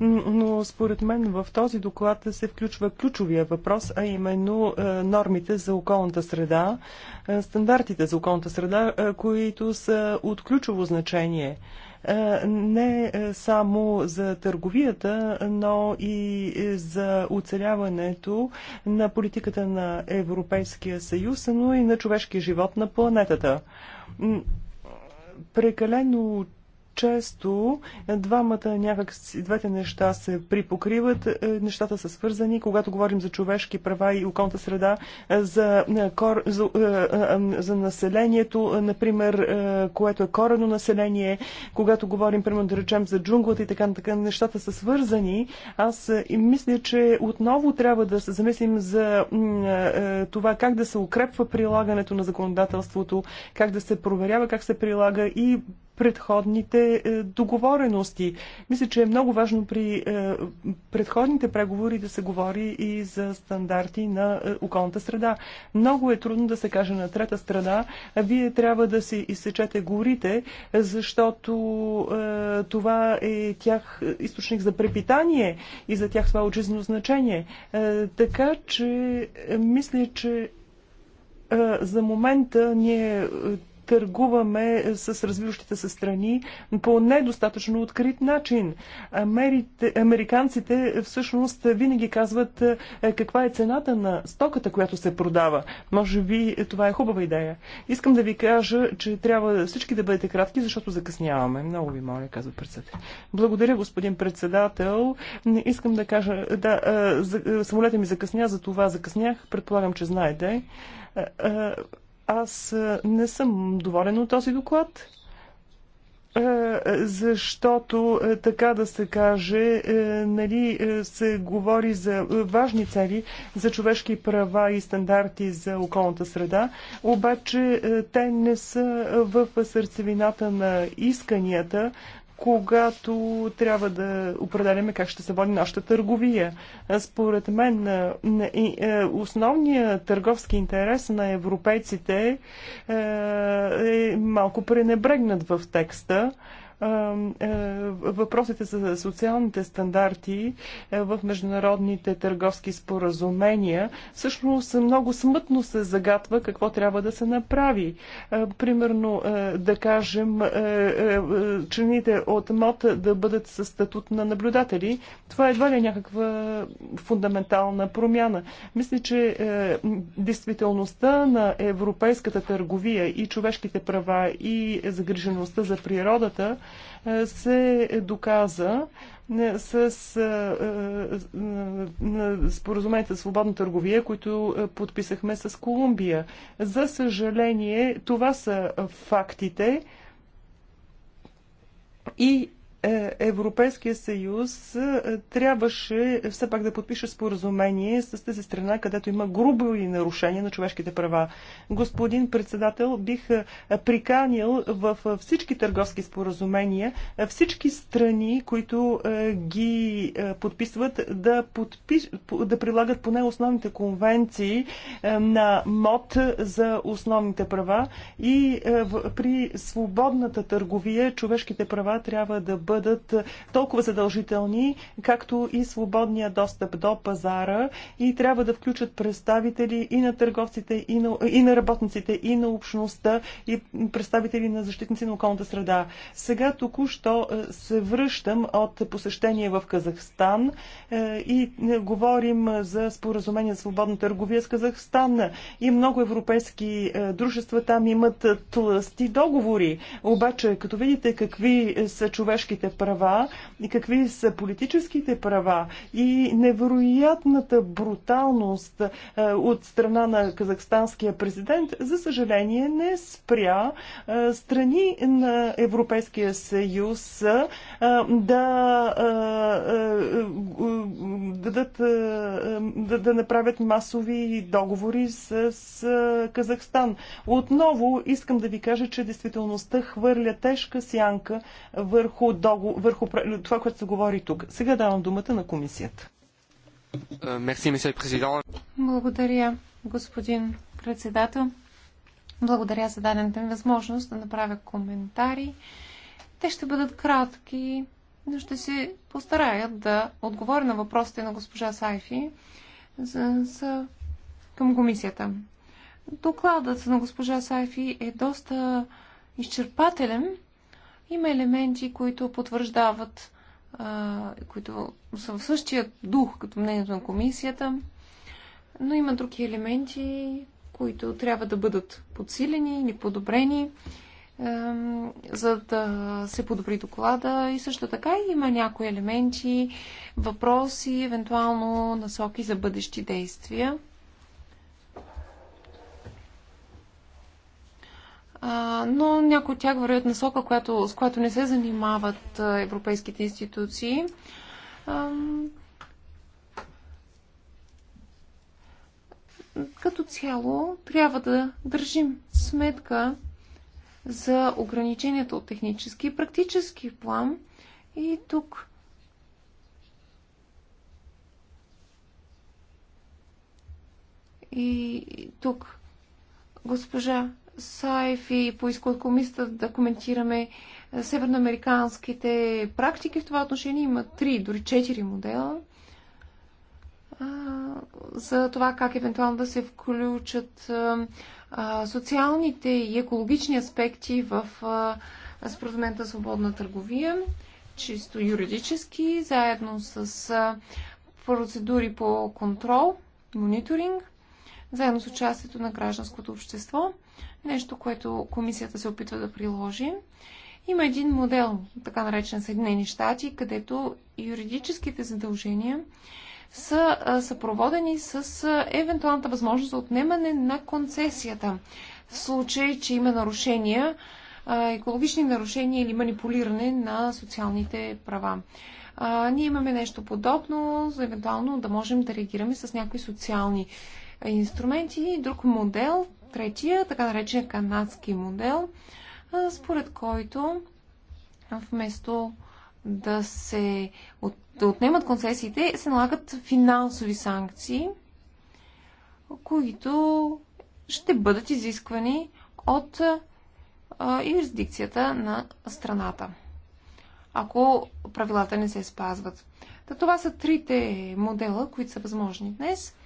но според мен в този доклад се включва ключовия въпрос, а именно нормите за околната среда, стандартите за околната среда, които са от ключово значение. Е, не само за търговията, но и за оцеляването на политиката на Европейския съюз, но и на човешкия живот на планетата. Прекалено често е, двамата някак, двете неща се припокриват, е, нещата са свързани. Когато говорим за човешки права и околната среда, е, за, кор, за, за населението, например, което е корено население, когато говорим, примерно, да речем за джунглата и така, така нещата са свързани. Аз мисля, че отново трябва да се замислим за това как да се укрепва прилагането на законодателството, как да се проверява, как се прилага и предходните е, договорености. Мисля, че е много важно при е, предходните преговори да се говори и за стандарти на е, околната среда. Много е трудно да се каже на трета страна, вие трябва да си изсечете горите, защото това е тях източник за препитание и за тях това е от значение. Така че мисля, че за момента ние търгуваме с развиващите се страни по недостатъчно открит начин. Америте, американците всъщност винаги казват е, каква е цената на стоката, която се продава. Може би това е хубава идея. Искам да ви кажа, че трябва всички да бъдете кратки, защото закъсняваме. Много ви моля, казва председател. Благодаря, господин председател. Искам да кажа, да, е, е, самолета ми закъсня, за това закъснях. Предполагам, че знаете. Аз не съм доволен от този доклад, защото, така да се каже, нали, се говори за важни цели, за човешки права и стандарти за околната среда, обаче те не са в сърцевината на исканията когато трябва да определяме как ще се води нашата търговия. Според мен основният търговски интерес на европейците е малко пренебрегнат в текста. Е, въпросите за социалните стандарти е, в международните търговски споразумения, всъщност много смътно се загатва какво трябва да се направи. Е, примерно, да кажем, члените от МОД да бъдат със статут на наблюдатели. Това едва ли е някаква фундаментална промяна. Мисля, че действителността на европейската търговия и човешките права и загрижеността за природата – се доказа е, с е, е, споразумението за свободна търговия, които подписахме с Колумбия. За съжаление, това са фактите. И е, Европейския съюз е, трябваше все пак да подпише споразумение с тази страна, където има грубо и нарушение на човешките права. Господин председател, бих е, приканил в всички търговски споразумения всички страни, които ги подписват, да, подпиш... да прилагат поне основните конвенции на МОД за основните права и при свободната търговия човешките права трябва да бъдат бъдат толкова задължителни, както и свободния достъп до пазара и трябва да включат представители и на търговците, и на, и на работниците, и на общността, и представители на защитници на околната среда. Сега току-що е, се връщам от посещение в Казахстан е, и е, говорим за споразумение за свободна търговия с Казахстан и много европейски дружества там имат тлъсти договори. Обаче, като видите какви са човешките човешките права и какви са политическите права и невероятната бруталност е, от страна на казахстанския президент, за съжаление не спря е, страни на Европейския съюз е, да дадат, да, да направят масови договори с, с Казахстан. Отново искам да ви кажа, че действителността хвърля тежка сянка върху догу, върху това, което се говори тук. Сега давам думата на комисията. Е, Благодаря, господин председател. Благодаря за дадената ми възможност да направя коментари. Те ще бъдат кратки, но ще се постарая да отговоря на въпросите на госпожа Сайфи за, за, към комисията. Докладът на госпожа Сайфи е доста изчерпателен има елементи, които потвърждават, които са в същия дух като мнението на комисията, но има други елементи, които трябва да бъдат подсилени или подобрени, за да се подобри доклада. И също така има някои елементи, въпроси, евентуално насоки за бъдещи действия. а, но някои от тях вървят насока, която, с която не се занимават европейските институции. А, като цяло трябва да държим сметка за ограниченията от технически и практически план. И тук И тук госпожа и поиска от комисията да коментираме е, северноамериканските практики. В това отношение има три, дори четири модела за това как евентуално да се включат е, социалните и екологични аспекти в е, споразумента свободна търговия, чисто юридически, заедно с процедури по контрол, мониторинг заедно с участието на гражданското общество, нещо, което комисията се опитва да приложи. Има един модел, така наречен Съединени щати, където юридическите задължения са съпроводени с евентуалната възможност за отнемане на концесията. В случай, че има нарушения, екологични нарушения или манипулиране на социалните права. А, ние имаме нещо подобно, за евентуално да можем да реагираме с някои социални инструменти, друг модел, третия, така наречен канадски модел, според който вместо да се от, да отнемат концесиите, се налагат финансови санкции, които ще бъдат изисквани от а, юрисдикцията на страната, ако правилата не се спазват. Та това са трите модела, които са възможни днес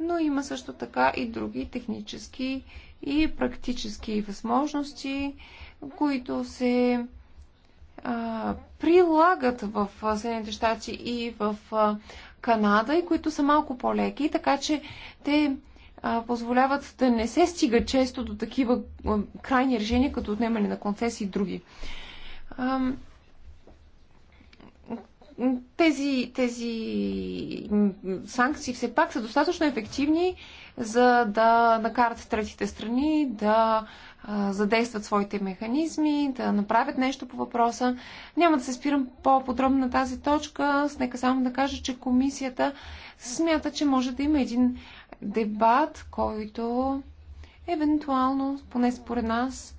но има също така и други технически и практически възможности, които се а, прилагат в Съединените щати и в а, Канада и които са малко по-леки, така че те а, позволяват да не се стига често до такива а, крайни решения, като отнемане на концесии и други. А, тези, тези санкции все пак са достатъчно ефективни, за да накарат третите страни да задействат своите механизми, да направят нещо по въпроса. Няма да се спирам по-подробно на тази точка. Нека само да кажа, че комисията смята, че може да има един дебат, който евентуално, поне според нас,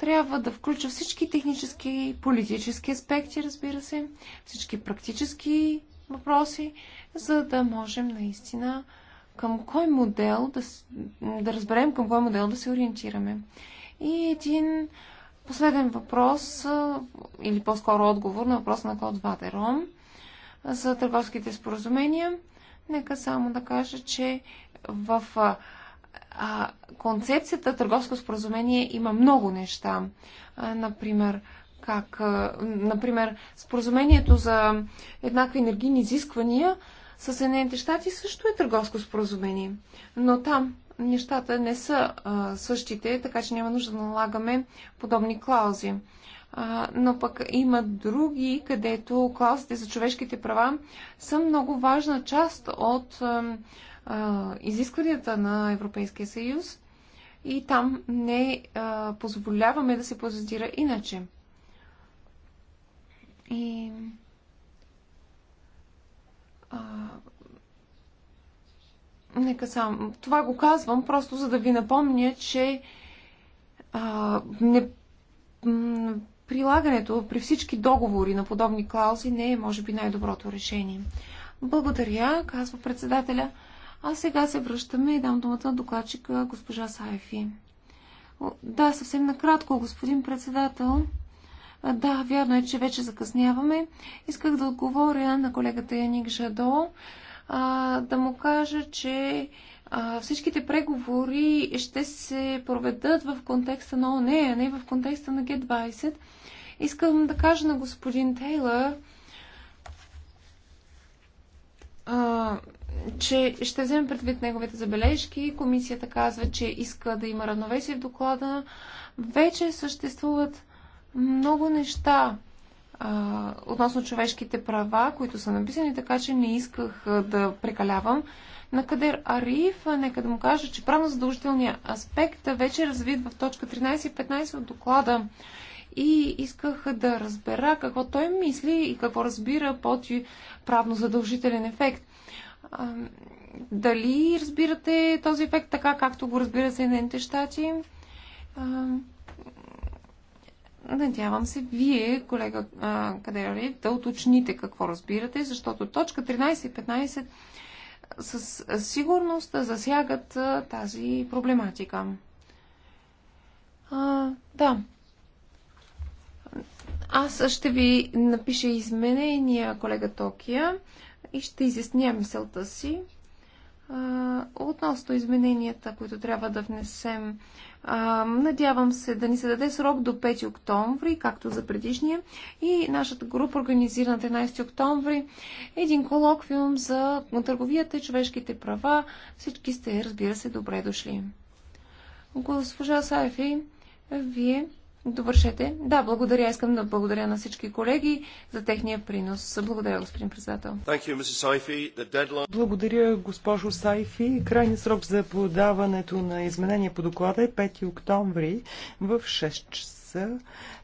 трябва да включа всички технически и политически аспекти, разбира се, всички практически въпроси, за да можем наистина към кой модел да, да разберем към кой модел да се ориентираме. И един последен въпрос, или по-скоро отговор на въпрос на Клод Вадерон за търговските споразумения. Нека само да кажа, че в а, концепцията търговско споразумение има много неща. А, например, как, а, например, споразумението за еднакви енергийни изисквания с Съединените щати също е търговско споразумение. Но там нещата не са а, същите, така че няма нужда да налагаме подобни клаузи. А, но пък има други, където клаузите за човешките права са много важна част от. А, изискванията на Европейския съюз и там не позволяваме да се позитира иначе. И а, нека сам. Това го казвам просто за да ви напомня, че а, не, прилагането при всички договори на подобни клаузи не е, може би, най-доброто решение. Благодаря, казва председателя. А сега се връщаме и дам думата на докладчика госпожа Сайфи. Да, съвсем накратко, господин председател. Да, вярно е, че вече закъсняваме. Исках да отговоря на колегата Яник Жадо, а, да му кажа, че а, всичките преговори ще се проведат в контекста на ОНЕ, а не в контекста на Г20. Искам да кажа на господин Тейлър, а, че ще вземе предвид неговите забележки. Комисията казва, че иска да има равновесие в доклада. Вече съществуват много неща а, относно човешките права, които са написани, така че не исках да прекалявам. На Кадер Ариф, нека да му кажа, че правно задължителният аспект вече е развит в точка 13 и 15 от доклада. И исках да разбера какво той мисли и какво разбира под правно задължителен ефект дали разбирате този ефект така, както го разбира Съединените щати? Надявам се вие, колега кадерали, да уточните какво разбирате, защото точка 13 и 15 със сигурност засягат тази проблематика. А, да. Аз ще ви напиша изменения, колега Токия и ще изясня мисълта си относно измененията, които трябва да внесем. Надявам се да ни се даде срок до 5 октомври, както за предишния. И нашата група организира на 13 октомври един колоквиум за търговията и човешките права. Всички сте, разбира се, добре дошли. Госпожа Сайфи, вие Довършете. Да, благодаря. Искам да благодаря на всички колеги за техния принос. Благодаря, господин председател. Благодаря, госпожо Сайфи. Крайният срок за подаването на изменения по доклада е 5 октомври в 6 часа часа.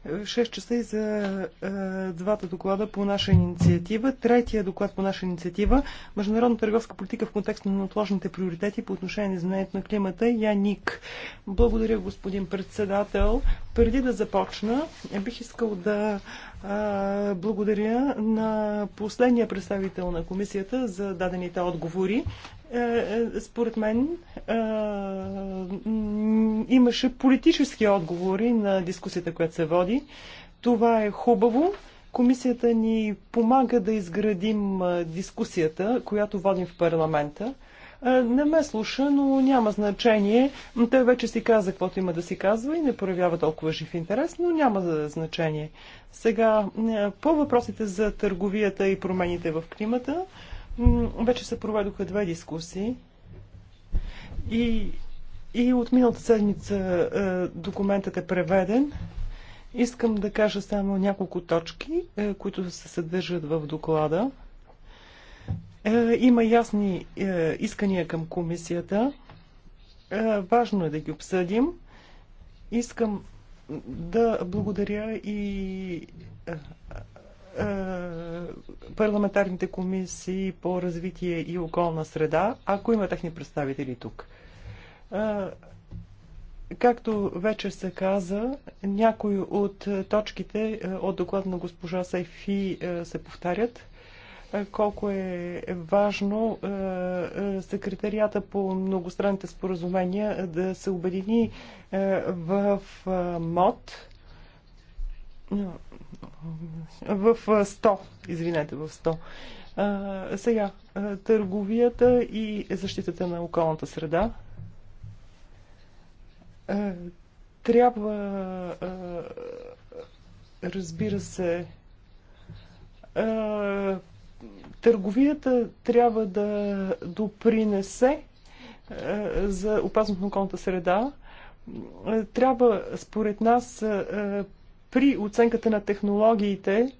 В 6 часа и за е, двата доклада по наша инициатива. Третия доклад по наша инициатива – Международна търговска политика в контекст на отложните приоритети по отношение на изменението на климата. Яник. Благодаря, господин председател. Преди да започна, бих искал да е, благодаря на последния представител на комисията за дадените отговори. Е, е, според мен е, имаше политически отговори на дискусията, която се води. Това е хубаво. Комисията ни помага да изградим дискусията, която водим в парламента. Не ме слуша, но няма значение. Той вече си каза каквото има да си казва и не проявява толкова жив интерес, но няма значение. Сега, по въпросите за търговията и промените в климата, вече се проведоха две дискусии и, и от миналата седмица е, документът е преведен. Искам да кажа само няколко точки, е, които се съдържат в доклада. Е, има ясни искания към комисията. Важно е да ги обсъдим. Искам да благодаря и е, парламентарните комисии по развитие и околна среда, ако има техни представители тук. Е, както вече се каза, някои от точките е, от доклад на госпожа Сайфи се повтарят. Колко е важно секретарията по многостранните споразумения да се обедини в МОД в 100, извинете, в 100. А, сега, търговията и защитата на околната среда. А, трябва, а, разбира се, а, търговията трябва да допринесе а, за опасност на околната среда. Трябва, според нас, при оценката на технологиите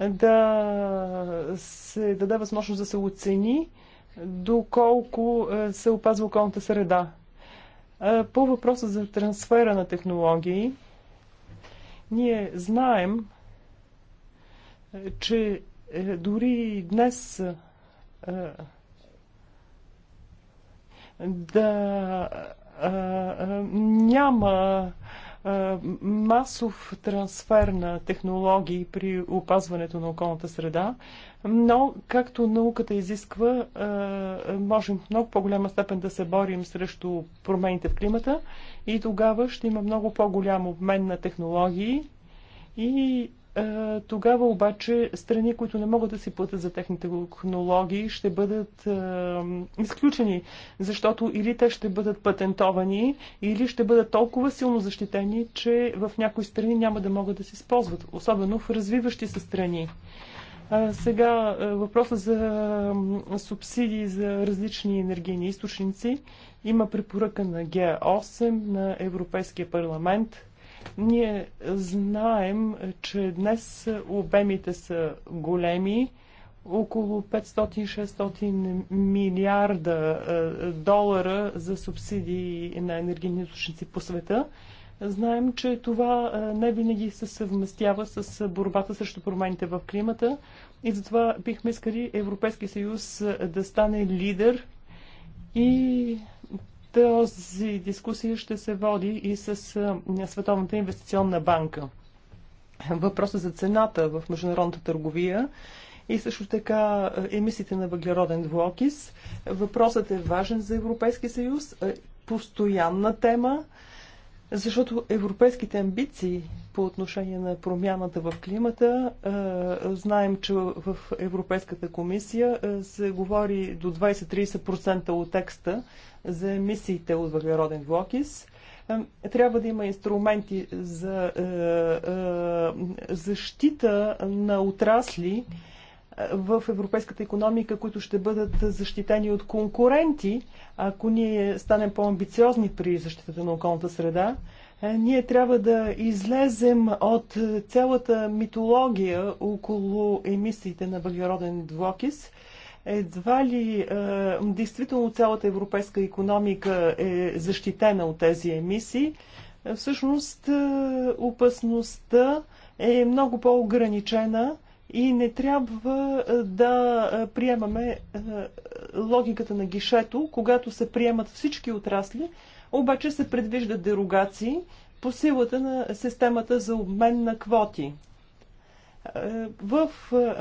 е, да се даде възможност да се оцени доколко е, се опазва околната среда. Е, по въпроса за трансфера на технологии, ние знаем, че дори днес да няма масов трансфер на технологии при опазването на околната среда, но както науката изисква, можем в много по-голяма степен да се борим срещу промените в климата и тогава ще има много по-голям обмен на технологии и е, тогава обаче страни, които не могат да си платят за техните технологии, ще бъдат е, изключени, защото или те ще бъдат патентовани, или ще бъдат толкова силно защитени, че в някои страни няма да могат да се използват, особено в развиващи се страни. А, е, сега е, въпроса за субсидии за различни енергийни източници. Има препоръка на Г8 на Европейския парламент – ние знаем, че днес обемите са големи около 500-600 милиарда е, долара за субсидии на енергийни източници по света. Знаем, че това е, не винаги се съвместява с борбата срещу промените в климата и затова бихме искали Европейския съюз е, да стане лидер и тази дискусия ще се води и с Световната инвестиционна банка. Въпросът за цената в международната търговия и също така емисиите на въглероден двуокис. Въпросът е важен за Европейски съюз, е, постоянна тема. Защото европейските амбиции по отношение на промяната в климата, знаем, че в Европейската комисия се говори до 20-30% от текста за емисиите от въглероден двуокис. Трябва да има инструменти за защита на отрасли, в европейската економика, които ще бъдат защитени от конкуренти, ако ние станем по-амбициозни при защитата на околната среда, е, ние трябва да излезем от цялата митология около емисиите на въглероден двокис. Едва ли е, действително цялата европейска економика е защитена от тези емисии. Всъщност е, опасността е много по-ограничена и не трябва е, да е, приемаме е, логиката на гишето, когато се приемат всички отрасли, обаче се предвиждат дерогации по силата на системата за обмен на квоти. В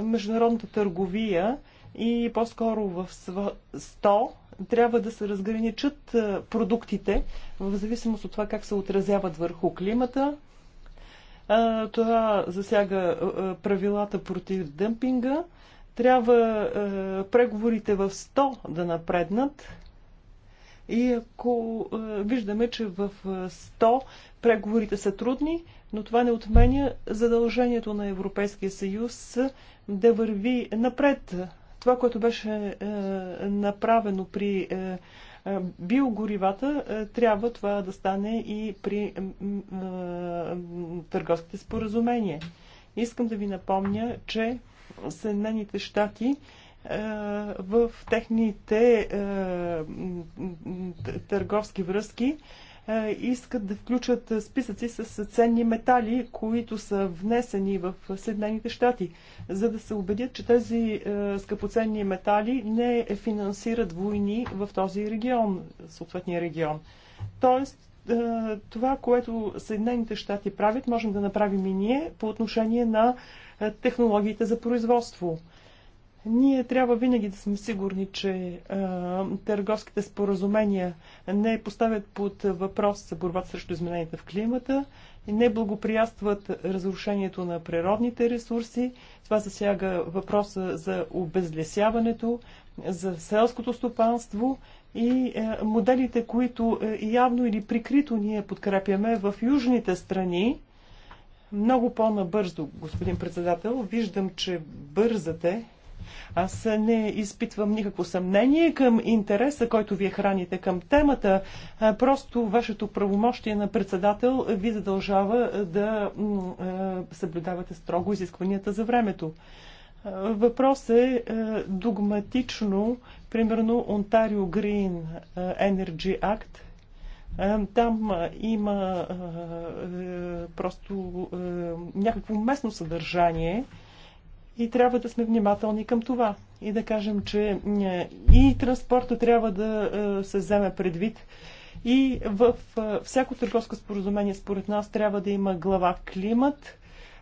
международната търговия и по-скоро в 100 трябва да се разграничат продуктите в зависимост от това как се отразяват върху климата, това засяга правилата против дъмпинга. Трябва преговорите в 100 да напреднат. И ако виждаме, че в 100 преговорите са трудни, но това не отменя задължението на Европейския съюз да върви напред. Това, което беше направено при биогоривата трябва това да стане и при търговските споразумения. Искам да ви напомня, че Съединените щати в техните търговски връзки е, искат да включат списъци с ценни метали, които са внесени в Съединените щати, за да се убедят, че тези е, скъпоценни метали не е финансират войни в този регион, съответния регион. Тоест, това, което Съединените щати правят, можем да направим и ние по отношение на технологиите за производство. Ние трябва винаги да сме сигурни, че а, търговските споразумения не поставят под въпрос за борбата срещу измененията в климата, не благоприятстват разрушението на природните ресурси. Това засяга въпроса за обезлесяването, за селското стопанство и а, моделите, които а, явно или прикрито ние подкрепяме в южните страни. Много по-набързо, господин председател, виждам, че бързате. Аз не изпитвам никакво съмнение към интереса, който вие храните към темата. Просто вашето правомощие на председател ви задължава да съблюдавате строго изискванията за времето. Въпрос е догматично, примерно Ontario Green Energy Act. Там има просто някакво местно съдържание – и трябва да сме внимателни към това. И да кажем, че е, и транспорта трябва да е, се вземе предвид. И в е, всяко търговско споразумение, според нас, трябва да има глава климат,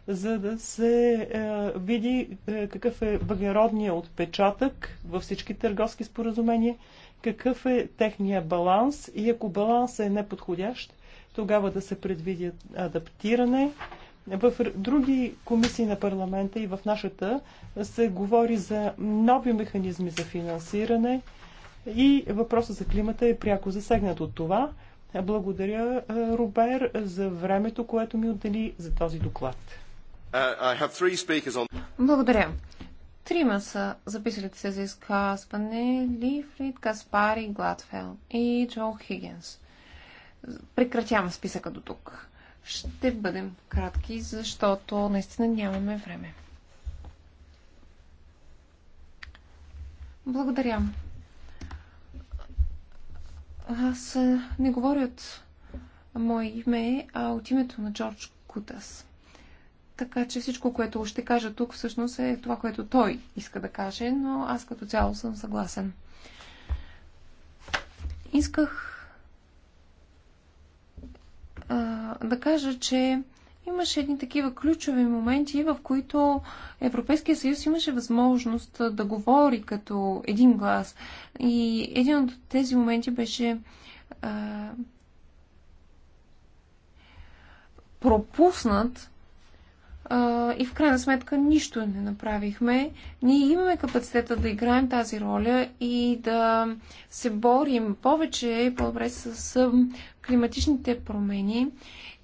за да се види какъв е въглеродният отпечатък във всички търговски споразумения, какъв е техния баланс и ако балансът е неподходящ, тогава да се предвиди адаптиране в други комисии на парламента и в нашата се говори за нови механизми за финансиране и въпросът за климата е пряко засегнат от това. Благодаря, е, Робер, за времето, което ми отдели за този доклад. Uh, Благодаря. Трима са записалите се за изказване Лифрид, Каспари, Гладфел и Джо Хигенс. Прекратявам списъка до тук. Ще бъдем кратки, защото наистина нямаме време. Благодаря. Аз не говоря от мое име, а от името на Джордж Кутас. Така че всичко, което ще кажа тук, всъщност е това, което той иска да каже, но аз като цяло съм съгласен. Исках да кажа, че имаше едни такива ключови моменти, в които Европейския съюз имаше възможност да говори като един глас. И един от тези моменти беше а, пропуснат а, и в крайна сметка нищо не направихме. Ние имаме капацитета да играем тази роля и да се борим повече по-добре с климатичните промени,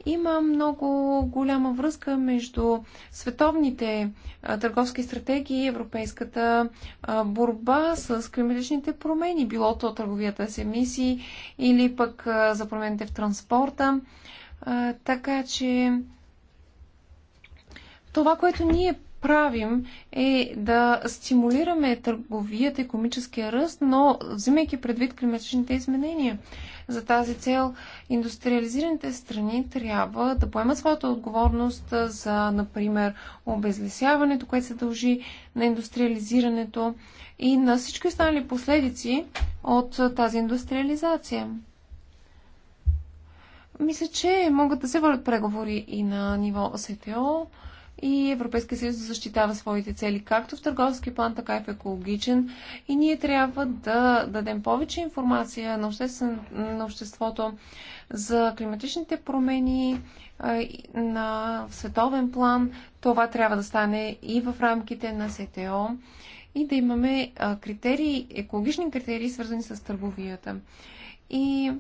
има много голяма връзка между световните търговски стратегии и европейската борба с климатичните промени, било то търговията с емисии или пък за промените в транспорта. Така че това, което ние правим е да стимулираме търговията, економическия ръст, но взимайки предвид климатичните изменения. За тази цел индустриализираните страни трябва да поемат своята отговорност за, например, обезлесяването, което се дължи на индустриализирането и на всички останали последици от тази индустриализация. Мисля, че могат да се водят преговори и на ниво СТО, и Европейския съюз защитава своите цели както в търговски план, така и в екологичен. И ние трябва да дадем повече информация на, обществен, на обществото за климатичните промени на световен план. Това трябва да стане и в рамките на СТО и да имаме критерии, екологични критерии, свързани с търговията. И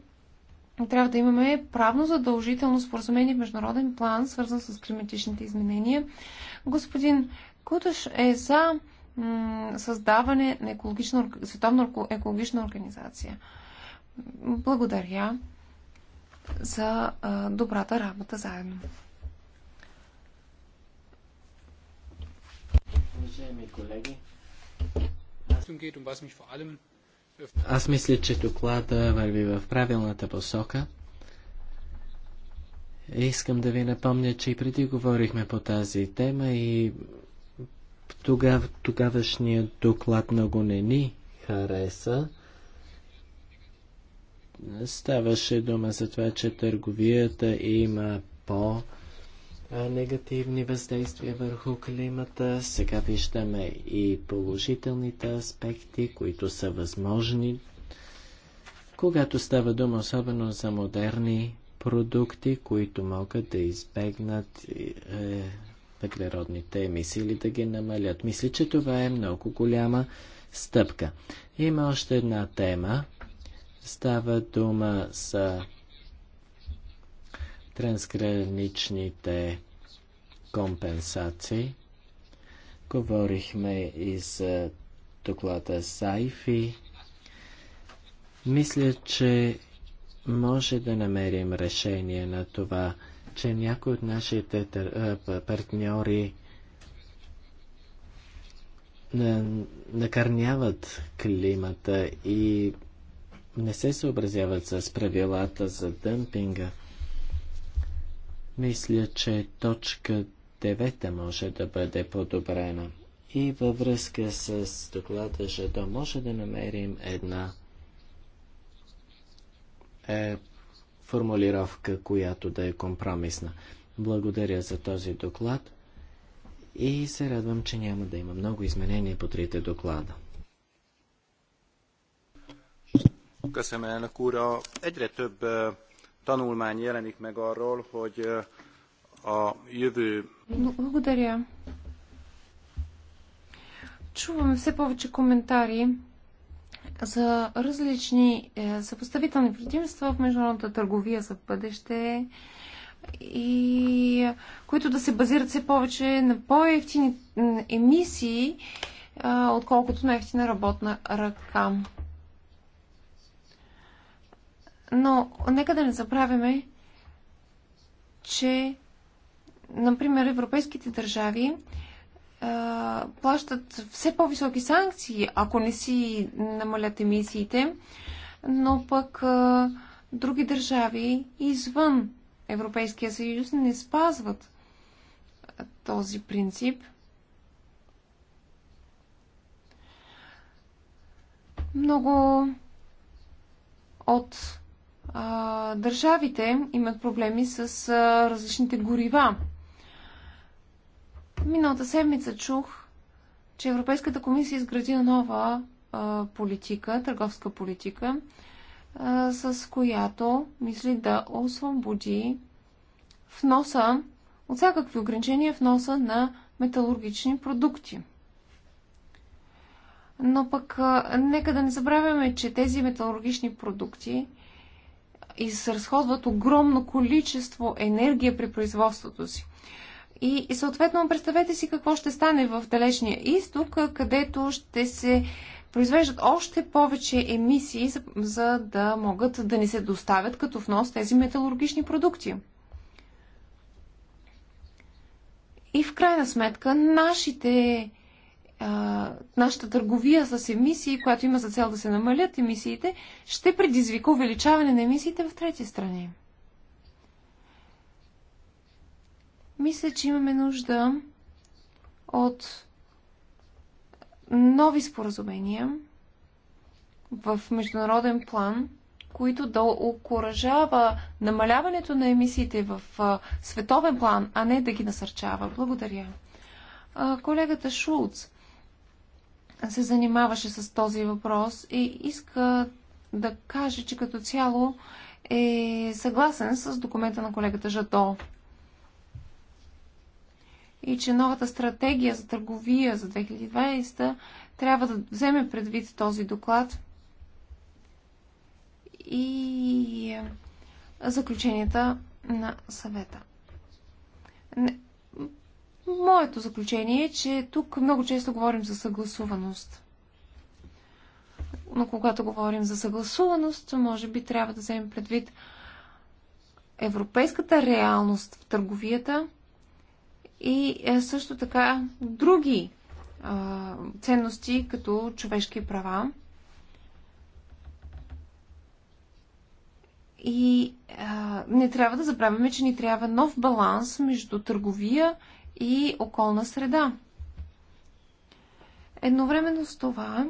трябва да имаме правно задължително споразумение в международен план, свързан с климатичните изменения. Господин Куташ е за създаване на екологична, световна екологична организация. Благодаря за добрата работа заедно. Уважаеми колеги, аз мисля, че доклада върви в правилната посока. Искам да ви напомня, че и преди говорихме по тази тема и тогав, тогавашният доклад много не ни хареса. Ставаше дума за това, че търговията има по- негативни въздействия върху климата. Сега виждаме и положителните аспекти, които са възможни, когато става дума особено за модерни продукти, които могат да избегнат е, въглеродните емисии или да ги намалят. Мисля, че това е много голяма стъпка. Има още една тема. Става дума за трансграничните компенсации. Говорихме и за доклада Сайфи. Мисля, че може да намерим решение на това, че някои от нашите партньори накърняват климата и не се съобразяват с правилата за дъмпинга. Мисля, че точка 9 може да бъде подобрена. И във връзка с доклада Жадо може да намерим една е, формулировка, която да е компромисна. Благодаря за този доклад и се радвам, че няма да има много изменения по трите доклада. Köszönöm, elnök úr. Egyre több tanulmány jelenik meg arról, hogy a jövő... Благодаря. Чуваме все повече коментари за различни е, съпоставителни предимства в международната търговия за бъдеще и които да се базират все повече на по-ефтини емисии, отколкото на ефтина работна ръка. Но нека да не забравяме, че, например, европейските държави а, плащат все по-високи санкции, ако не си намалят емисиите, но пък а, други държави извън Европейския съюз не спазват този принцип. Много от а, държавите имат проблеми с а, различните горива. Миналата седмица чух, че Европейската комисия изгради нова а, политика, търговска политика, а, с която мисли да освободи вноса от всякакви ограничения вноса на металургични продукти. Но пък а, нека да не забравяме, че тези металургични продукти изразходват огромно количество енергия при производството си. И, и съответно, представете си какво ще стане в далечния изток, където ще се произвеждат още повече емисии, за, за да могат да ни се доставят като внос тези металургични продукти. И в крайна сметка, нашите а, нашата търговия с емисии, която има за цел да се намалят емисиите, ще предизвика увеличаване на емисиите в трети страни. Мисля, че имаме нужда от нови споразумения в международен план, които да окоръжава намаляването на емисиите в световен план, а не да ги насърчава. Благодаря. Колегата Шулц се занимаваше с този въпрос и иска да каже, че като цяло е съгласен с документа на колегата Жадо. И че новата стратегия за търговия за 2020 трябва да вземе предвид този доклад и заключенията на съвета. Моето заключение е, че тук много често говорим за съгласуваност. Но когато говорим за съгласуваност, може би трябва да вземем предвид европейската реалност в търговията и е, също така други е, ценности, като човешки права. И а, е, не трябва да забравяме, че ни трябва нов баланс между търговия и околна среда. Едновременно с това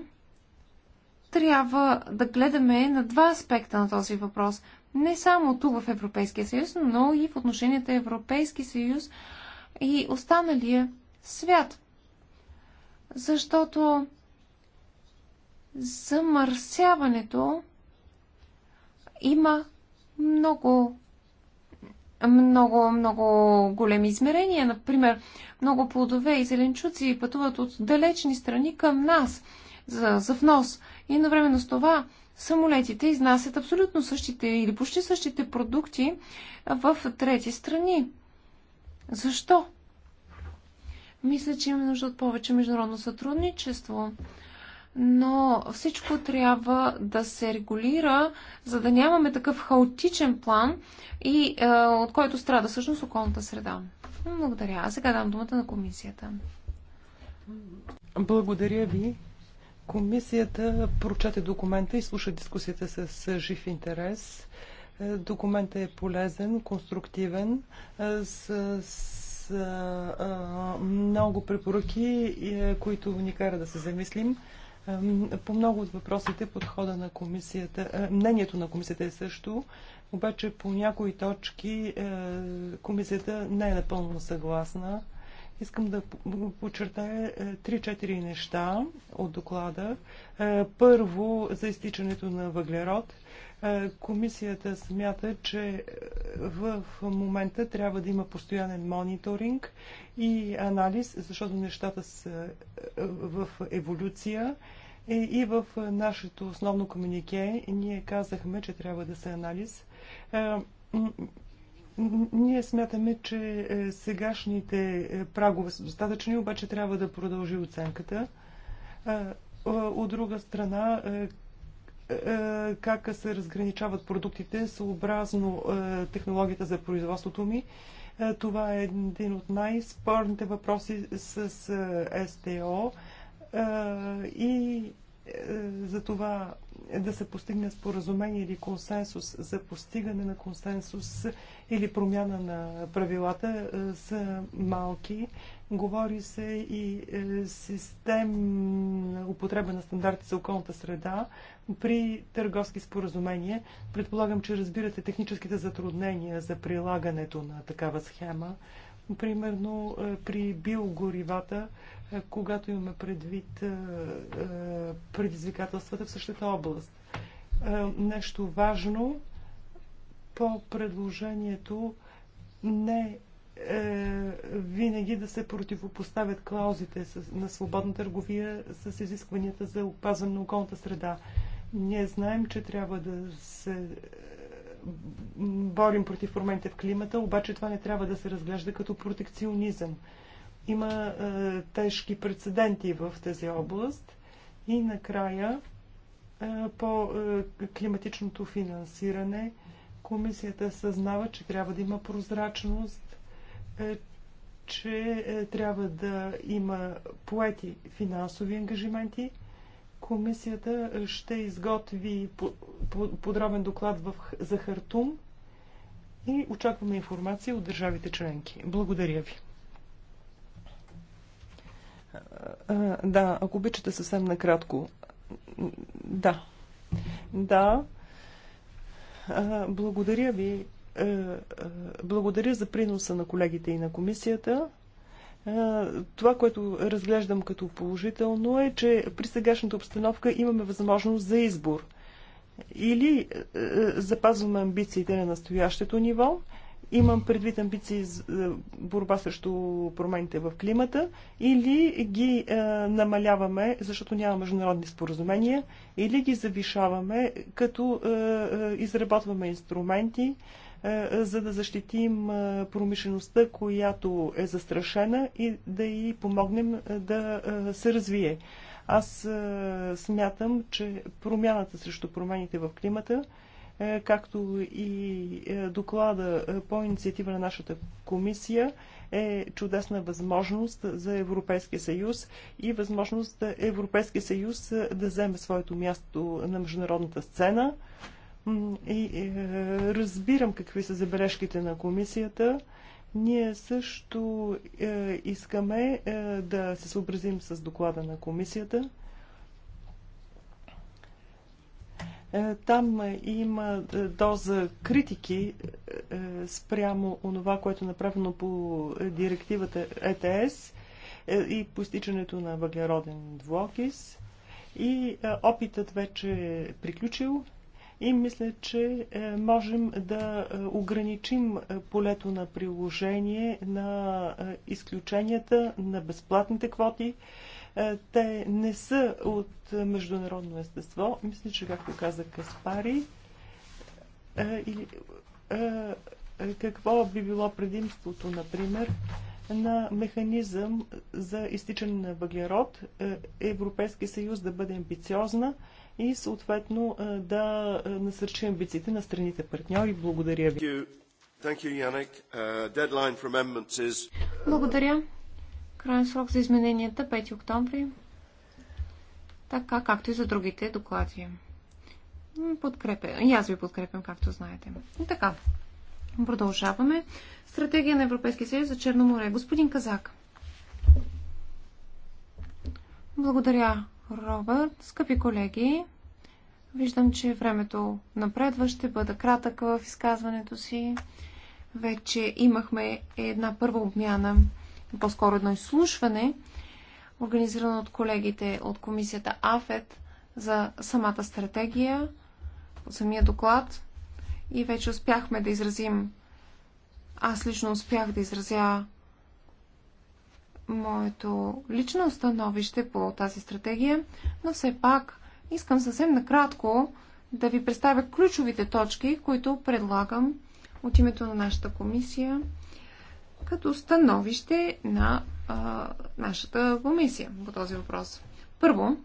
трябва да гледаме на два аспекта на този въпрос. Не само тук в Европейския съюз, но и в отношенията Европейски съюз и останалия свят. Защото замърсяването има много много, много големи измерения. Например, много плодове и зеленчуци пътуват от далечни страни към нас за, за внос. И едновременно с това самолетите изнасят абсолютно същите или почти същите продукти в трети страни. Защо? Мисля, че има нужда от повече международно сътрудничество но всичко трябва да се регулира, за да нямаме такъв хаотичен план, и, е, от който страда всъщност околната среда. Благодаря. А сега дам думата на комисията. Благодаря ви. Комисията прочете документа и слуша дискусията с жив интерес. Е, документът е полезен, конструктивен, е, с, с е, много препоръки, които ни кара да се замислим. По много от въпросите подхода на комисията, мнението на комисията е също, обаче по някои точки е, комисията не е напълно съгласна. Искам да подчертая 3-4 е, неща от доклада. Е, първо, за изтичането на въглерод – е, комисията смята, че в момента трябва да има постоянен мониторинг и анализ, защото нещата са в еволюция. Е, и в нашето основно комунике ние казахме, че трябва да се анализ. Е, ние смятаме, че сегашните прагове са достатъчни, обаче трябва да продължи оценката. От друга страна, е, как се разграничават продуктите съобразно е, технологията за производството ми. Е, това е един от най-спорните въпроси с СТО и за това да се постигне споразумение или консенсус за постигане на консенсус или промяна на правилата са малки, Говори се и е, системна употреба на стандарти за околната среда при търговски споразумения. Предполагам, че разбирате техническите затруднения за прилагането на такава схема. Примерно е, при биогоривата, е, когато имаме предвид предизвикателствата в същата област. Нещо важно по предложението не е, винаги да се противопоставят клаузите на свободна търговия с изискванията за опазване на околната среда. Ние знаем, че трябва да се е, борим против промените в климата, обаче това не трябва да се разглежда като протекционизъм. Има е, тежки прецеденти в тази област и накрая е, по е, климатичното финансиране комисията съзнава, че трябва да има прозрачност, е, че е, трябва да има поети финансови ангажименти. Комисията е, ще изготви подробен доклад за Хартум и очакваме информация от държавите членки. Благодаря ви. Да, ако обичате съвсем накратко. Да. Да. Благодаря ви е, е, благодаря за приноса на колегите и на комисията. Е, това, което разглеждам като положително е, че при сегашната обстановка имаме възможност за избор. Или запазваме амбициите на настоящето ниво, имам предвид амбиции за борба срещу промените в климата, или ги намаляваме, защото няма международни споразумения, или ги завишаваме, като изработваме инструменти, е, за да защитим е, промишлеността, която е застрашена и да й помогнем е, да се развие. Аз смятам, че промяната срещу промените в климата, както и доклада по инициатива на нашата комисия, е чудесна възможност за Европейския съюз и възможност Европейския съюз да вземе своето място на международната сцена. И е, разбирам какви са забележките на комисията. Ние също е, искаме е, да се съобразим с доклада на комисията. Е, там има е, доза критики е, спрямо онова, което е направено по директивата ЕТС е, и постичането на въглероден двуокис. И е, опитът вече е приключил и мисля, че е, можем да е, ограничим е, полето на приложение на изключенията на безплатните квоти. Те не са от международно естество. Мисля, че както каза Каспари, какво би било предимството, например, на механизъм за изтичане на въглерод, Европейски съюз да бъде амбициозна и съответно да насърчи амбициите на страните партньори. Благодаря ви. Uh, Благодаря. Крайен срок за измененията 5 октомври. Така, както и за другите доклади. Подкрепя. И аз ви подкрепям, както знаете. И така. Продължаваме. Стратегия на Европейския съюз за Черно море. Господин Казак. Благодаря, Робърт, скъпи колеги, виждам, че времето напредва. Ще бъда кратък в изказването си. Вече имахме една първа обмяна, по-скоро едно изслушване, организирано от колегите от комисията АФЕТ за самата стратегия, самия доклад. И вече успяхме да изразим, аз лично успях да изразя моето лично становище по тази стратегия, но все пак искам съвсем накратко да ви представя ключовите точки, които предлагам от името на нашата комисия като становище на а, нашата комисия по този въпрос. Първо,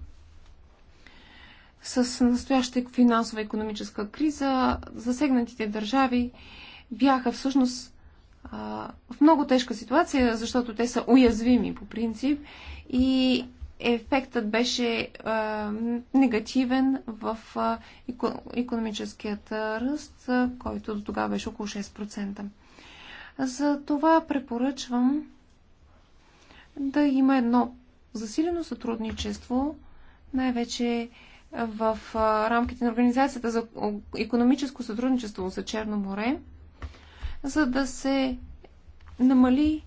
с настояща финансова и економическа криза засегнатите държави бяха всъщност в много тежка ситуация, защото те са уязвими по принцип и ефектът беше а, негативен в а, економическият ръст, а, който до тогава беше около 6%. За това препоръчвам да има едно засилено сътрудничество, най-вече в а, рамките на Организацията за економическо сътрудничество за Черно море – за да се намали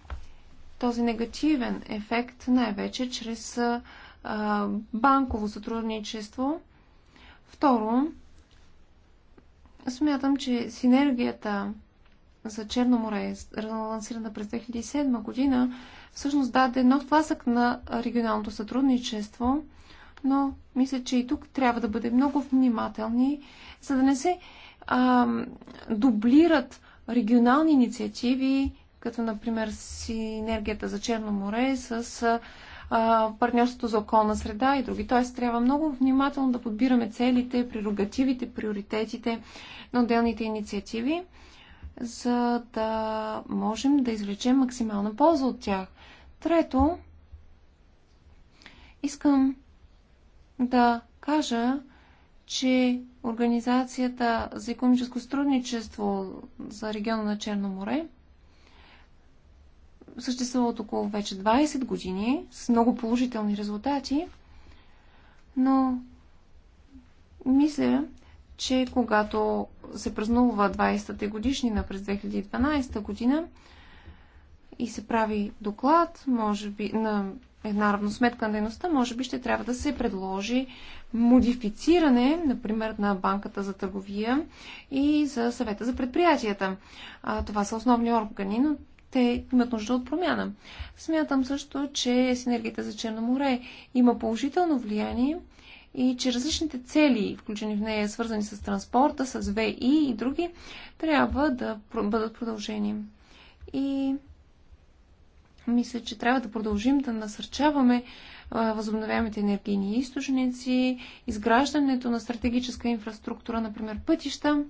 този негативен ефект, най-вече чрез банково сътрудничество. Второ, смятам, че синергията за Черно море, лансирана през 2007 година, всъщност даде нов тласък на регионалното сътрудничество, но мисля, че и тук трябва да бъдем много внимателни, за да не се а, дублират регионални инициативи, като например синергията за Черно море с партньорството за околна среда и други. Т.е. трябва много внимателно да подбираме целите, прерогативите, приоритетите на отделните инициативи, за да можем да извлечем максимална полза от тях. Трето, искам да кажа, че Организацията за економическо сътрудничество за региона на Черно море съществува от около вече 20 години с много положителни резултати, но мисля, че когато се празнува 20 те годишнина през 2012 година и се прави доклад, може би, на една равносметка на дейността, може би ще трябва да се предложи модифициране, например, на банката за търговия и за съвета за предприятията. А, това са основни органи, но те имат нужда от промяна. Смятам също, че синергията за Черно море има положително влияние и че различните цели, включени в нея, свързани с транспорта, с ВИ и други, трябва да бъдат продължени. И мисля, че трябва да продължим да насърчаваме възобновяемите енергийни източници, изграждането на стратегическа инфраструктура, например пътища.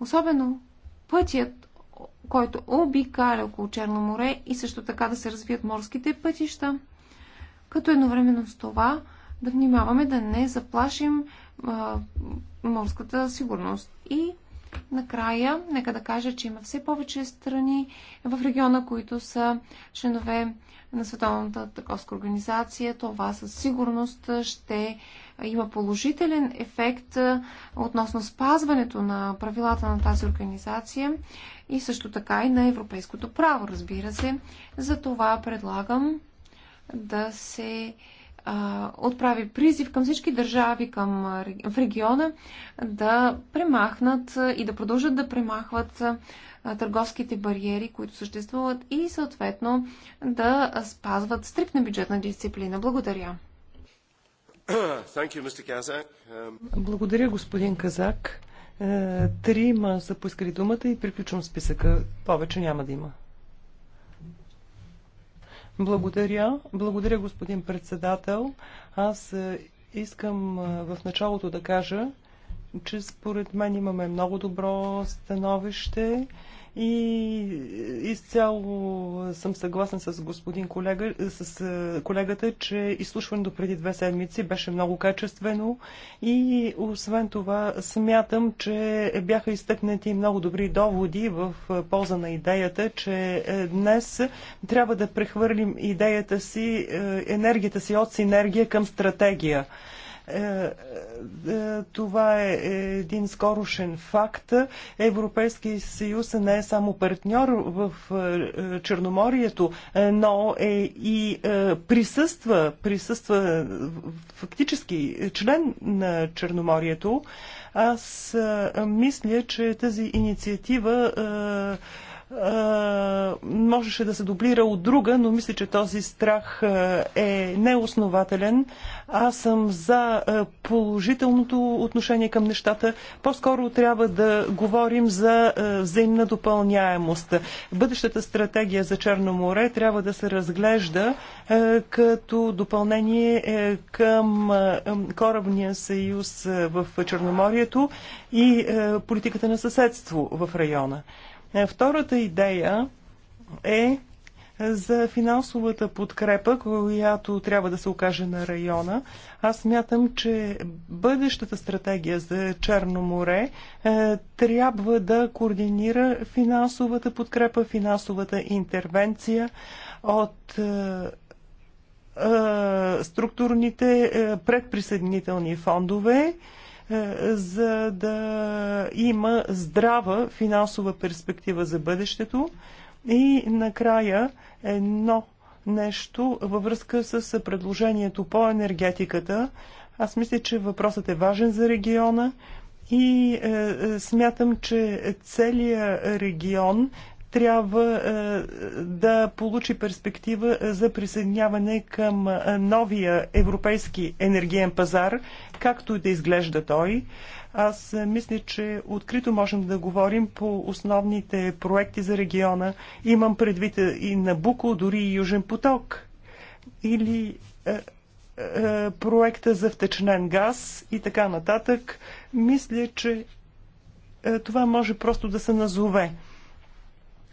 Особено пътят, който обикаля около Черно море и също така да се развият морските пътища, като едновременно с това да внимаваме да не заплашим а, морската сигурност. И Накрая, нека да кажа, че има все повече страни в региона, които са членове на Световната търговска организация. Това със сигурност ще има положителен ефект относно спазването на правилата на тази организация и също така и на европейското право, разбира се. За това предлагам да се отправи призив към всички държави към, в региона да премахнат и да продължат да премахват търговските бариери, които съществуват и съответно да спазват стриктна бюджетна дисциплина. Благодаря. You, um, Благодаря, господин Казак. Е, трима са поискали думата и приключвам списъка. Повече няма да има. Благодаря. Благодаря, господин председател. Аз е, искам е, в началото да кажа, че според мен имаме много добро становище. И изцяло съм съгласен с господин колега, с колегата, че изслушването преди две седмици беше много качествено и освен това смятам, че бяха изтъкнати много добри доводи в полза на идеята, че е, днес трябва да прехвърлим идеята си, е, енергията си от синергия към стратегия. Е, е, това е един скорошен факт. Европейския съюз не е само партньор в е, Черноморието, но е и присъства, присъства фактически член на Черноморието. Аз мисля, че тази инициатива можеше да се дублира от друга, но мисля, че този страх е неоснователен. Аз съм за положителното отношение към нещата. По-скоро трябва да говорим за взаимна допълняемост. Бъдещата стратегия за Черно море трябва да се разглежда като допълнение е, към корабния съюз в Черноморието и политиката на съседство в района. Е, втората идея е за финансовата подкрепа, която трябва да се окаже на района. Аз мятам, че бъдещата стратегия за Черно море е, трябва да координира финансовата подкрепа, финансовата интервенция от е, е, структурните е, предприсъединителни фондове, е, за да има здрава финансова перспектива за бъдещето. И накрая едно нещо във връзка с предложението по енергетиката. Аз мисля, че въпросът е важен за региона и е, е смятам, че целият регион трябва е, да получи перспектива е, за присъединяване към е, новия европейски енергиен пазар, както и да изглежда той. Аз мисля, че открито можем да говорим по основните проекти за региона. Имам предвид и Набуко, дори и Южен поток. Или проекта за втечнен газ и така нататък. Мисля, че това може просто да се назове.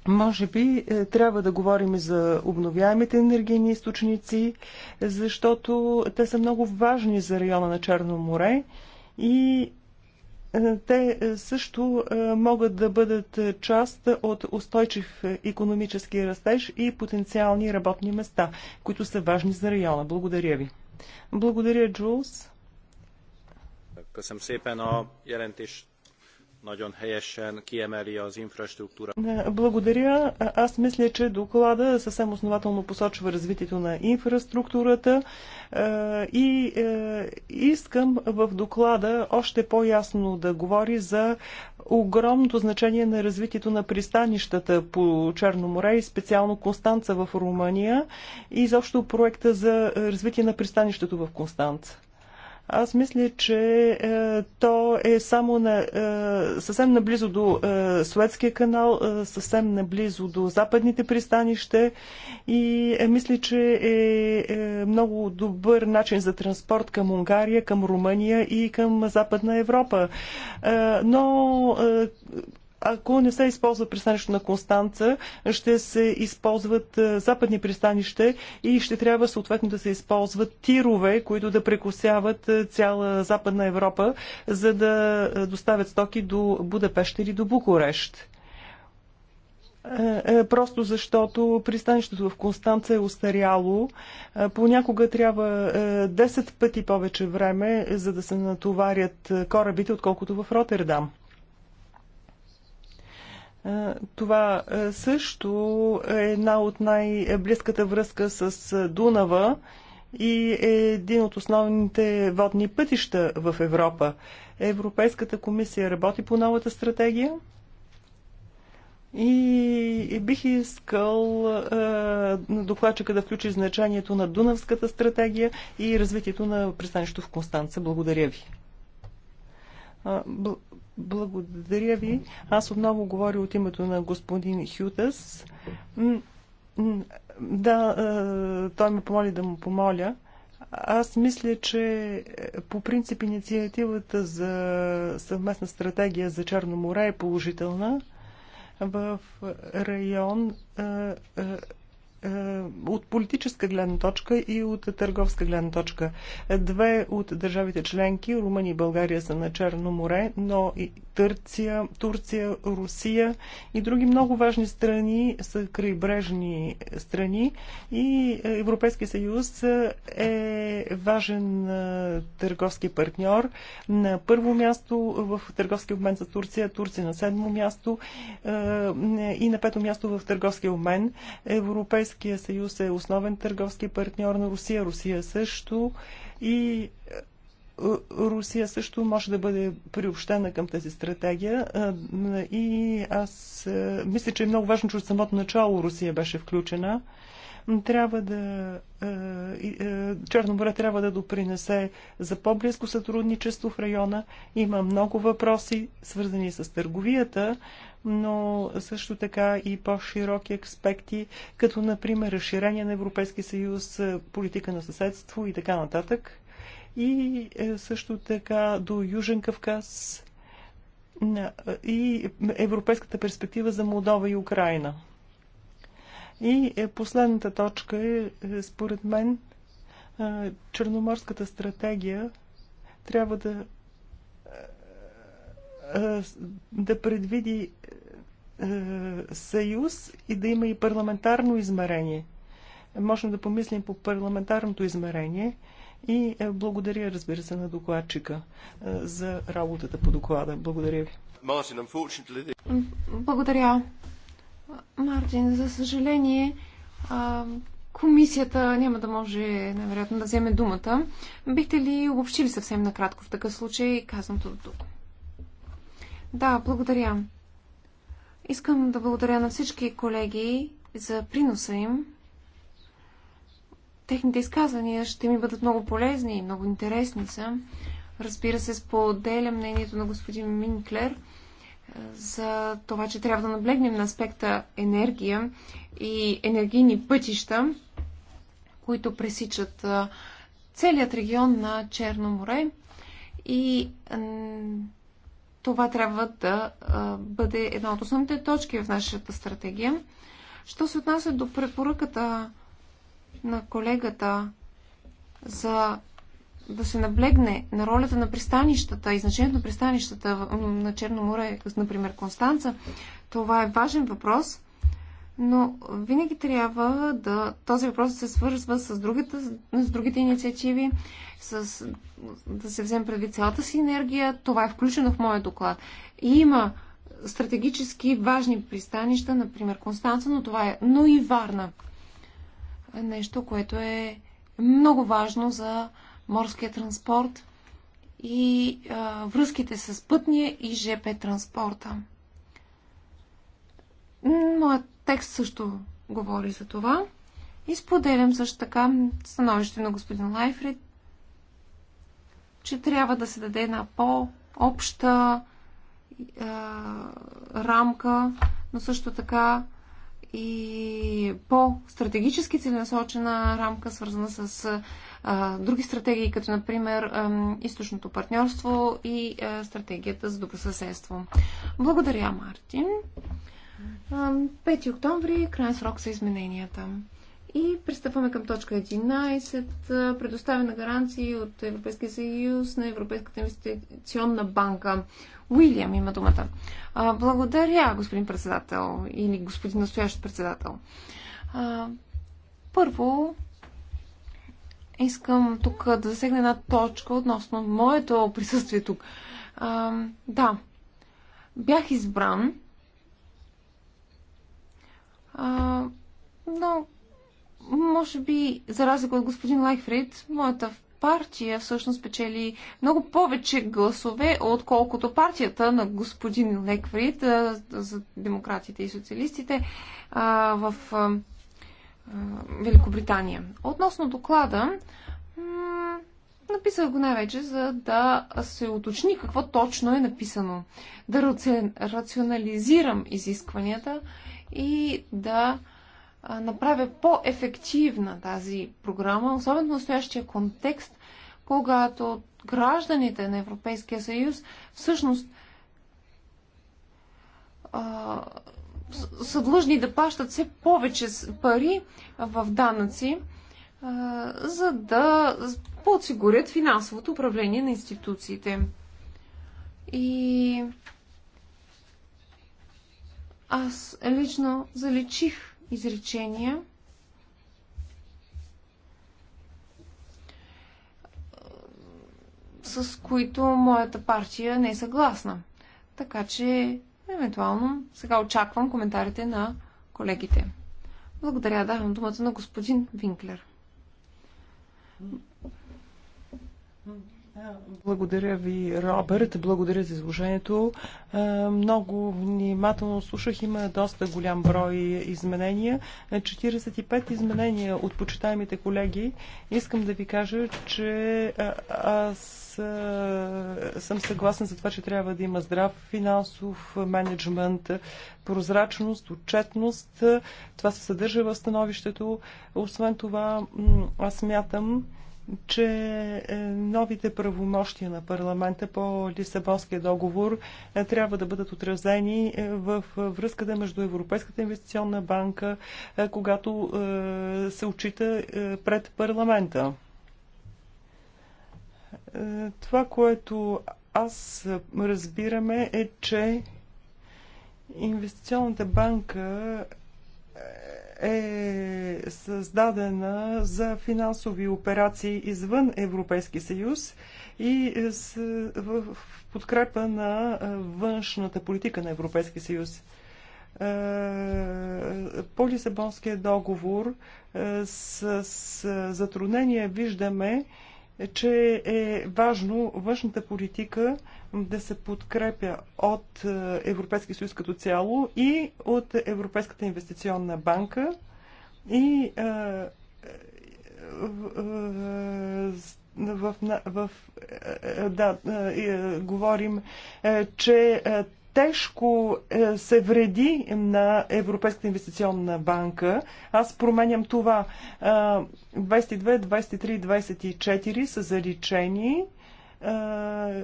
Може би е, трябва да говорим за обновяемите енергийни източници, защото те са много важни за района на Черно море и е, те е, също могат да бъдат част от устойчив економически растеж и потенциални работни места, които са важни за района. Благодаря ви. Благодаря, Джулс. Köszönöm szépen е, благодаря. Аз мисля, че доклада съвсем основателно посочва развитието на инфраструктурата е, и е, искам в доклада още по-ясно да говори за огромното значение на развитието на пристанищата по Черно море и специално Констанца в Румъния и изобщо проекта за развитие на пристанището в Констанца. Аз мисля, че е, то е само на, е, съвсем наблизо до е, Суетския канал, е, съвсем наблизо до западните пристанища, и е, мисля, че е, е много добър начин за транспорт към Унгария, към Румъния и към Западна Европа. Е, но е, ако не се използва пристанището на Констанца, ще се използват е, западни пристанище и ще трябва съответно да се използват тирове, които да прекусяват е, цяла Западна Европа, за да е, доставят стоки до Будапешт или до Букурещ. Просто защото пристанището в Констанца е устаряло. Понякога трябва 10 пъти повече време, за да се натоварят корабите, отколкото в Роттердам. Това също е една от най-близката връзка с Дунава и е един от основните водни пътища в Европа. Европейската комисия работи по новата стратегия и бих искал е, докладчика да включи значението на Дунавската стратегия и развитието на пристанището в Констанца. Благодаря ви. Благодаря ви. Аз отново говоря от името на господин Хютас. Да, той ме помоли да му помоля. Аз мисля, че по принцип инициативата за съвместна стратегия за Черно море е положителна в район, е, от политическа гледна точка и от търговска гледна точка. Две от държавите членки, Румъния и България, са на Черно море, но и Търция, Турция, Русия и други много важни страни са крайбрежни страни и Европейския съюз е важен е, търговски партньор. На първо място в търговски обмен за Турция, Турция на седмо място е, и на пето място в търговски обмен. Европейския Европейския съюз е основен търговски партньор на Русия. Русия също и е, Русия също може да бъде приобщена към тази стратегия е, и аз е, мисля, че е много важно, че от самото начало Русия беше включена. Трябва да е, е, Черно море трябва да допринесе за по-близко сътрудничество в района. Има много въпроси, свързани с търговията, но също така и по-широки аспекти, като например разширение на Европейски съюз, политика на съседство и така нататък. И е, също така до Южен Кавказ и европейската перспектива за Молдова и Украина. И е, последната точка е, е според мен, е, Черноморската стратегия трябва да, да предвиди съюз и да има и парламентарно измерение. Можем да помислим по парламентарното измерение и благодаря, разбира се, на докладчика за работата по доклада. Благодаря ви. Благодаря. Мартин, за съжаление, комисията няма да може, най-вероятно, да вземе думата. Бихте ли обобщили съвсем накратко в такъв случай казаното до тук? Да, благодаря. Искам да благодаря на всички колеги за приноса им. Техните изказвания ще ми бъдат много полезни и много интересни са. Разбира се, споделя мнението на господин Минклер – за това, че трябва да наблегнем на аспекта енергия и енергийни пътища, които пресичат целият регион на Черно море. И това трябва да бъде една от основните точки в нашата стратегия. Що се отнася до препоръката на колегата за да се наблегне на ролята на пристанищата и значението на пристанищата на Черно море, например Констанца, това е важен въпрос, но винаги трябва да този въпрос да се свързва с другите, с другите инициативи, с, да се вземе предвид цялата си енергия. Това е включено в моят доклад. И има стратегически важни пристанища, например Констанца, но това е, но и Варна. Нещо, което е много важно за морския транспорт и а, връзките с пътния и ЖП транспорта. Моят текст също говори за това. И споделям също така становище на господин Лайфрид, че трябва да се даде една по-обща е, рамка, но също така и по-стратегически целенасочена рамка, свързана с а, други стратегии, като например източното партньорство и а, стратегията за добросъседство. Благодаря, Мартин. 5 октомври, крайен срок са измененията. И пристъпваме към точка 11. Предоставена гаранции от Европейския съюз на Европейската инвестиционна банка. Уилям има думата. Благодаря, господин председател или господин настоящ председател. Първо, Искам тук да засегна една точка относно моето присъствие тук. А, да, бях избран, а, но може би, за разлика от господин Лайфрид, моята партия всъщност печели много повече гласове, отколкото партията на господин Лекфрид за демократите и социалистите в Великобритания. Относно доклада, написах го най-вече, за да се уточни какво точно е написано, да рационализирам изискванията и да направя по-ефективна тази програма, особено в настоящия контекст, когато гражданите на Европейския съюз всъщност са длъжни да плащат все повече пари в данъци, за да подсигурят финансовото управление на институциите. И аз лично заличих изречения. с които моята партия не е съгласна. Така че Евентуално сега очаквам коментарите на колегите. Благодаря, давам думата на господин Винклер. Благодаря ви, Робърт. Благодаря за изложението. Е, много внимателно слушах. Има доста голям брой изменения. 45 е, изменения от почитаемите колеги. Искам да ви кажа, че е, аз съм съгласен за това, че трябва да има здрав финансов менеджмент, прозрачност, отчетност. Това се съдържа в становището. Освен това, аз мятам, че е, новите правомощия на парламента по Лисабонския договор е, трябва да бъдат отразени е, в връзката между Европейската инвестиционна банка, когато се очита пред парламента. Това, което аз разбираме е, че Инвестиционната банка е създадена за финансови операции извън Европейски съюз и в подкрепа на външната политика на Европейски съюз. Е, по Лисабонския договор е, с затруднение виждаме, е, че е важно външната политика да се подкрепя от е, Европейския съюз като цяло и от Европейската инвестиционна банка и в, в, да, говорим, че тежко е, се вреди на Европейската инвестиционна банка. Аз променям това. 22, 23, 24 са заличени е,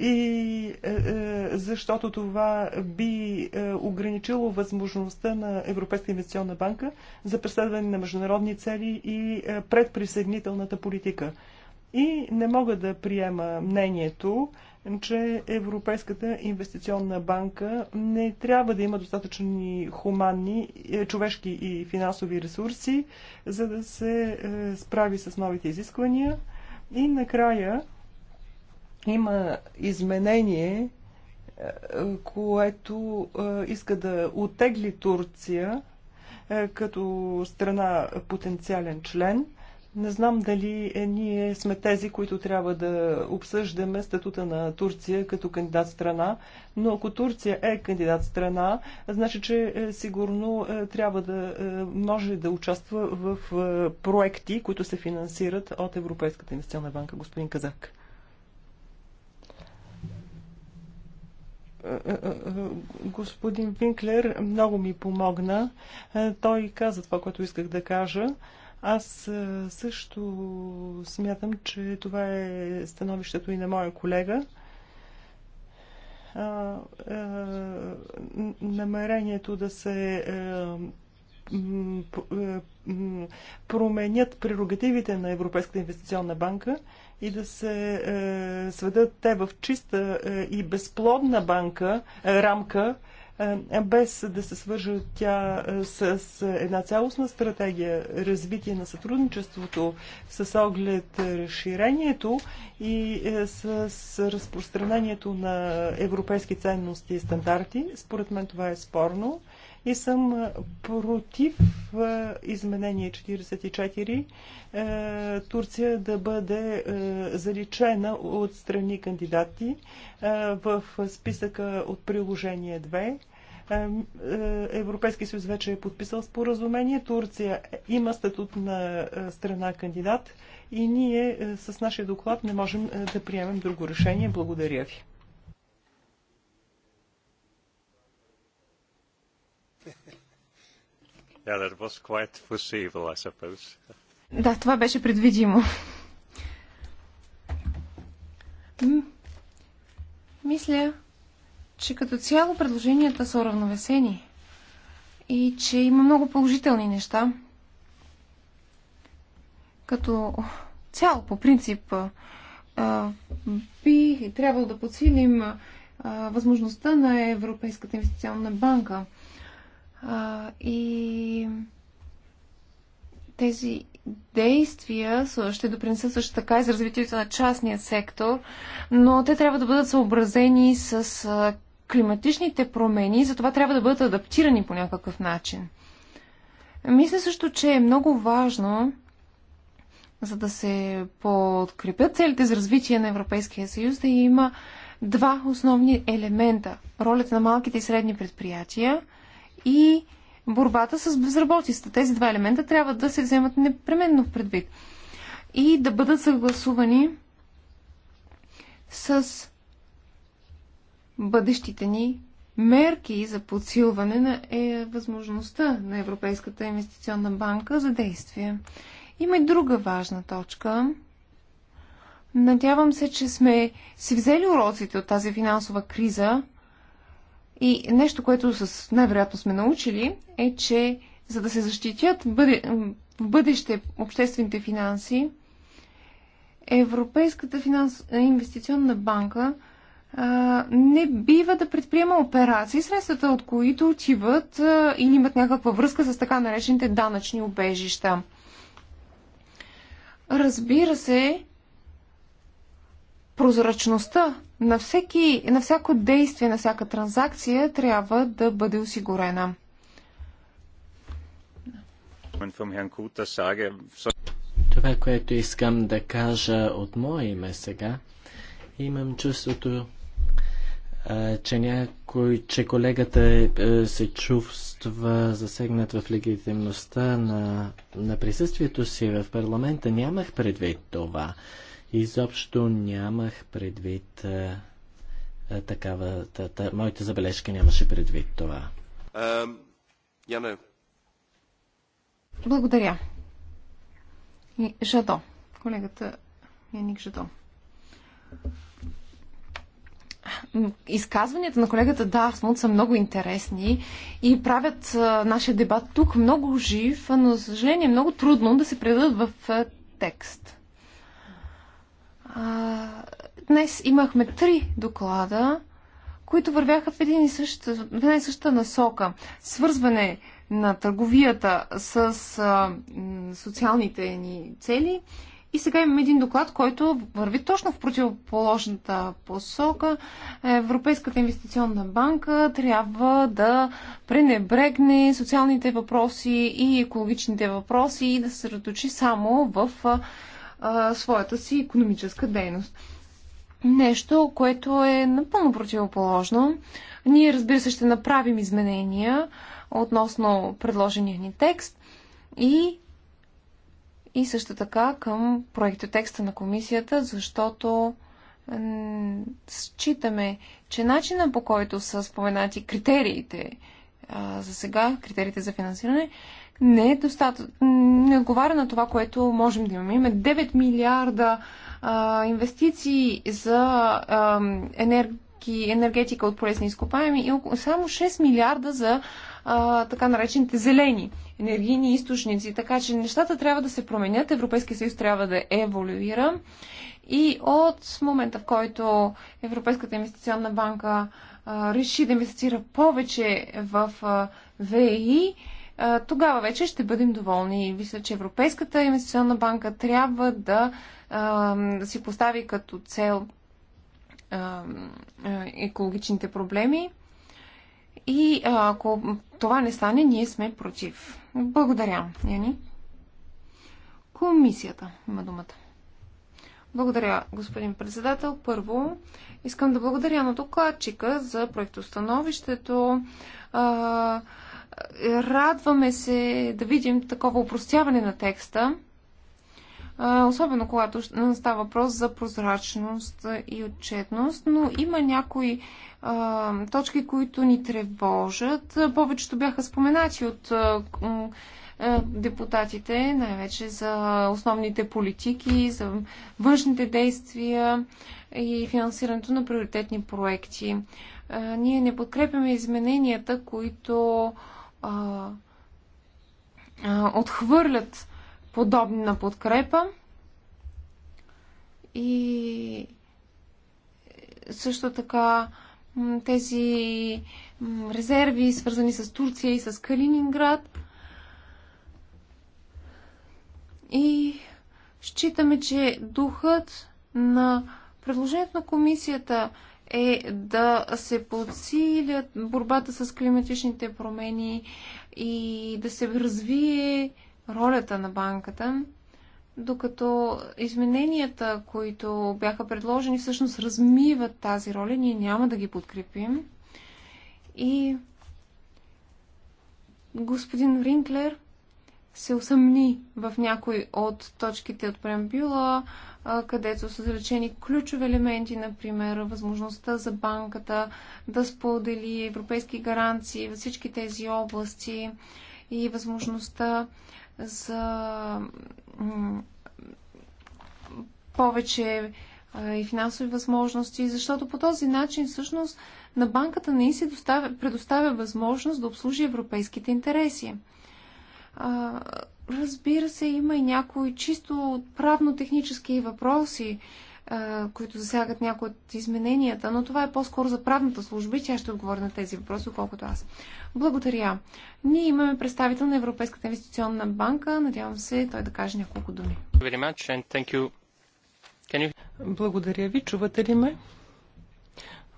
е, и защото това би ограничило възможността на Европейска инвестиционна банка за преследване на международни цели и предприсъединителната политика. И не мога да приема мнението, че Европейската инвестиционна банка не трябва да има достатъчни хуманни, е, човешки и финансови ресурси, за да се е, справи с новите изисквания. И накрая има изменение, е, което иска да отегли Турция като страна потенциален член – не знам дали е, ние сме тези, които трябва да обсъждаме статута на Турция като кандидат страна, но ако Турция е кандидат страна, значи, че е, сигурно е, трябва да може да участва в проекти, които се финансират от Европейската инвестиционна банка, господин Казак. Господин Винклер много ми помогна. Той каза това, което исках да кажа. Аз е, също смятам, че това е становището и на моя колега. Е, намерението да се е, променят прерогативите на Европейската инвестиционна банка и да се сведат те в чиста и безплодна банка, рамка, без да се свържа тя с една цялостна стратегия развитие на сътрудничеството с оглед разширението и с разпространението на европейски ценности и стандарти. Според мен това е спорно и съм против изменение 44 Турция да бъде заличена от страни кандидати в списъка от приложение 2. Европейски съюз вече е подписал споразумение. Турция има статут на страна кандидат и ние с нашия доклад не можем да приемем друго решение. Благодаря ви. Yeah, that was quite foreseeable, I suppose. Да, това беше предвидимо. Мисля, че като цяло предложенията са уравновесени и че има много положителни неща. Като цяло, по принцип, би трябвало да подсилим възможността на Европейската инвестиционна банка – а, и тези действия ще допринесат също така и за развитието на частния сектор, но те трябва да бъдат съобразени с климатичните промени, затова трябва да бъдат адаптирани по някакъв начин. Мисля също, че е много важно, за да се подкрепят целите за развитие на Европейския съюз, да има два основни елемента. Ролята на малките и средни предприятия – и борбата с безработицата. Тези два елемента трябва да се вземат непременно в предвид и да бъдат съгласувани с бъдещите ни мерки за подсилване на е, възможността на Европейската инвестиционна банка за действие. Има и друга важна точка. Надявам се, че сме си взели уроците от тази финансова криза и нещо, което с най-вероятно сме научили, е, че за да се защитят бъде, в бъдеще обществените финанси, Европейската финанс... инвестиционна банка а, не бива да предприема операции, средствата от които отиват а, или имат някаква връзка с така наречените данъчни обежища. Разбира се, прозрачността на, всеки, на всяко действие, на всяка транзакция трябва да бъде осигурена. Това, което искам да кажа от мое име сега, имам чувството, че някой, че колегата е, е, се чувства засегнат в легитимността на, на присъствието си в парламента. Нямах предвид това. Изобщо нямах предвид а, а, такава... Та, та, моята забележка нямаше предвид това. Яне. Благодаря. Жадо. Колегата Яник Жадо. Изказванията на колегата Дартмут са много интересни и правят нашия дебат тук много жив, но за съжаление е много трудно да се предадат в текст. А, днес имахме три доклада, които вървяха в, един и същата в една и съща насока. Свързване на търговията с а, социалните ни цели. И сега имаме един доклад, който върви точно в противоположната посока. Европейската инвестиционна банка трябва да пренебрегне социалните въпроси и екологичните въпроси и да се съсредоточи само в а, своята си економическа дейност. Нещо, което е напълно противоположно. Ние, разбира се, ще направим изменения относно предложения ни текст и, и също така към проекта текста на комисията, защото считаме, че начина по който са споменати критериите а, за сега, критериите за финансиране, не, е достатъчно, не отговаря на това, което можем да имаме. Има 9 милиарда а, инвестиции за а, енерги, енергетика от полезни изкопаеми и само 6 милиарда за а, така наречените зелени енергийни източници. Така че нещата трябва да се променят. Европейския съюз трябва да еволюира. И от момента, в който Европейската инвестиционна банка а, реши да инвестира повече в а, ВИ, тогава вече ще бъдем доволни. Мисля, че Европейската инвестиционна банка трябва да, да си постави като цел екологичните проблеми. И ако това не стане, ние сме против. Благодаря, Яни. Комисията има думата. Благодаря, господин председател. Първо, искам да благодаря на докладчика за проектостановището. Радваме се да видим такова упростяване на текста, особено когато става въпрос за прозрачност и отчетност, но има някои точки, които ни тревожат. Повечето бяха споменати от депутатите, най-вече за основните политики, за външните действия и финансирането на приоритетни проекти. Ние не подкрепяме измененията, които а, а, отхвърлят подобна подкрепа и също така тези резерви, свързани с Турция и с Калининград. И считаме, че духът на предложението на комисията е да се подсилят борбата с климатичните промени и да се развие ролята на банката, докато измененията, които бяха предложени, всъщност размиват тази роля. Ние няма да ги подкрепим. И господин Ринклер се усъмни в някой от точките от преамбюла, където са заречени ключови елементи, например възможността за банката да сподели европейски гаранции във всички тези области и възможността за повече и финансови възможности, защото по този начин всъщност на банката не се предоставя възможност да обслужи европейските интереси. Разбира се, има и някои чисто правно-технически въпроси, е, които засягат някои от измененията, но това е по-скоро за правната служба и тя ще отговори на тези въпроси, отколкото аз. Благодаря. Ние имаме представител на Европейската инвестиционна банка. Надявам се той да каже няколко думи. Благодаря ви. Чувате ли ме?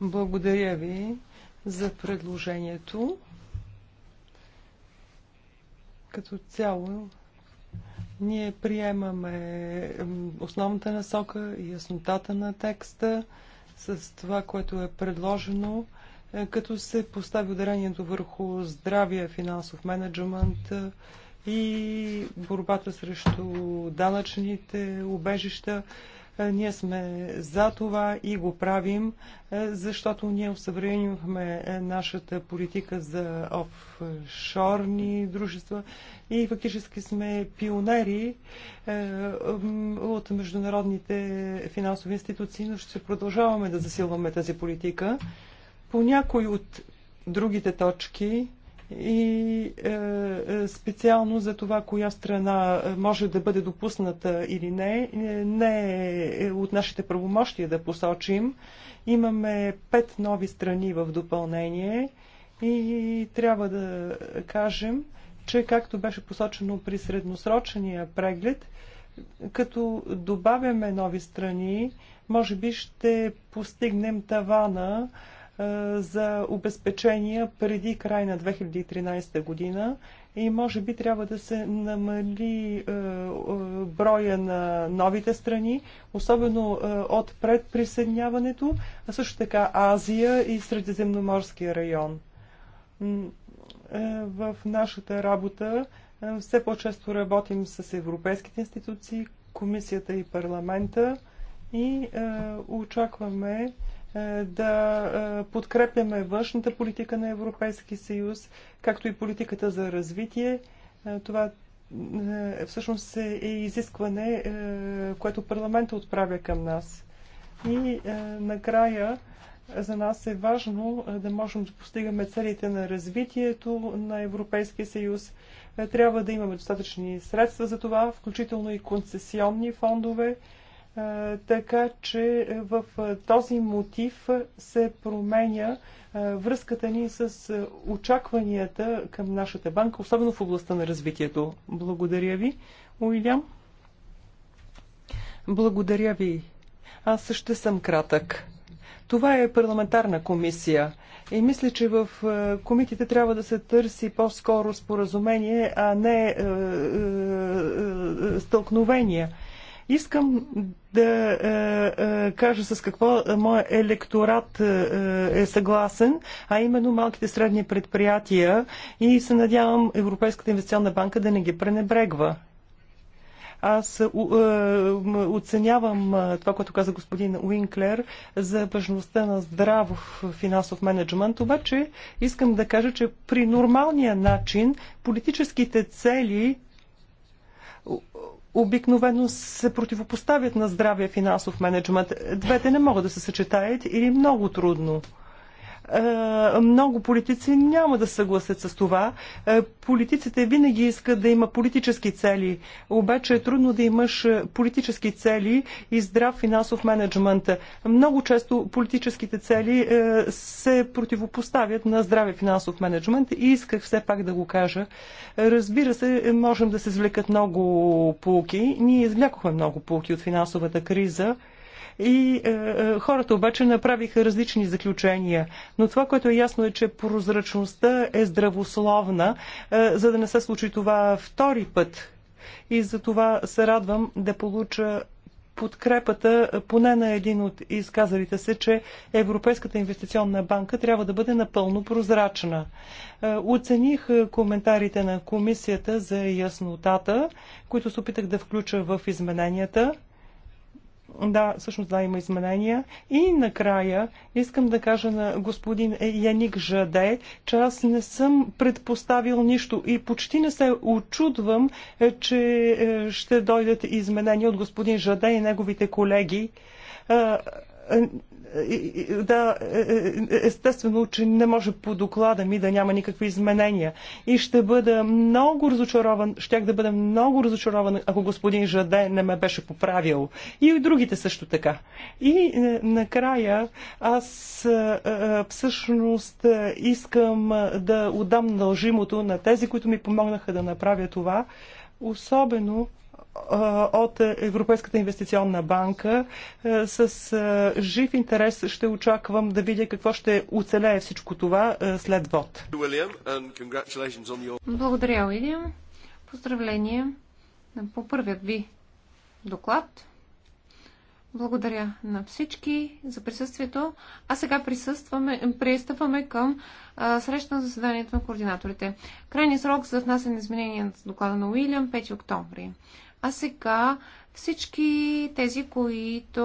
Благодаря ви за предложението. Като цяло, ние приемаме основната насока и яснотата на текста с това, което е предложено, е, като се постави ударението върху здравия финансов менеджмент е, и борбата срещу данъчните убежища, ние сме за това и го правим, защото ние усъвременихме нашата политика за офшорни дружества и фактически сме пионери от международните финансови институции, но ще продължаваме да засилваме тази политика. По някои от другите точки и е, е, специално за това, коя страна може да бъде допусната или не, е, не е от нашите правомощия да посочим. Имаме пет нови страни в допълнение и трябва да кажем, че както беше посочено при средносрочения преглед, като добавяме нови страни, може би ще постигнем тавана, за обезпечения преди край на 2013 година и може би трябва да се намали броя на новите страни, особено от предприсъединяването, а също така Азия и Средиземноморския район. В нашата работа все по-често работим с европейските институции, комисията и парламента и очакваме е, да е, подкрепяме външната политика на Европейски съюз, както и политиката за развитие. Е, това всъщност е изискване, което парламента отправя към нас. И накрая за нас е важно да можем да постигаме целите на развитието на Европейския съюз. Трябва да имаме достатъчни средства за това, включително и концесионни фондове, е, така че е, в е, този мотив се променя връзката ни с очакванията към нашата банка, особено в областта на развитието. Благодаря ви, Уилям. Благодаря ви. Аз ще съм кратък. Това е парламентарна комисия и мисля, че в комитите трябва да се търси по-скоро споразумение, а не е, е, е, стълкновения. Искам да е, е, кажа с какво е, моят електорат е, е, е съгласен, а именно малките средни предприятия и се надявам Европейската инвестиционна банка да не ги пренебрегва. Аз е, оценявам това, което каза господин Уинклер за важността на здрав финансов менеджмент, обаче искам да кажа, че при нормалния начин политическите цели обикновено се противопоставят на здравия финансов менеджмент. Двете не могат да се съчетаят или много трудно. Е, много политици няма да съгласят с това. Е, политиците винаги искат да има политически цели, обаче е трудно да имаш е, политически цели и здрав финансов менеджмент. Много често политическите цели се противопоставят на здраве финансов менеджмент и исках все пак да го кажа. Разбира се, можем да се извлекат много полки. Ние извлякохме много полки от финансовата криза. И е, е, хората обаче направиха различни заключения. Но това, което е ясно е, че прозрачността е здравословна, е, за да не се случи това втори път. И за това се радвам да получа подкрепата е, поне на един от изказалите се, че Европейската инвестиционна банка трябва да бъде напълно прозрачна. Е, оцених коментарите на комисията за яснотата, които се опитах да включа в измененията. Да, всъщност да, има изменения. И накрая искам да кажа на господин Яник Жаде, че аз не съм предпоставил нищо и почти не се очудвам, е, че е, ще дойдат изменения от господин Жаде и неговите колеги е, да, е, е, е, естествено, че не може по доклада ми да няма никакви изменения. И ще бъда много разочарован, щях да бъда много разочарован, ако господин Жаде не ме беше поправил. И другите също така. И накрая аз всъщност искам да отдам дължимото на тези, които ми помогнаха да направя това, особено от Европейската инвестиционна банка. С жив интерес ще очаквам да видя какво ще оцелее всичко това след вод. Благодаря, Уилям. Поздравление по първият ви доклад. Благодаря на всички за присъствието. А сега присъстваме, пристъпваме към а, среща на заседанието на координаторите. Крайният срок за внасяне изменения на доклада на Уилям 5 октомври. А сега всички тези, които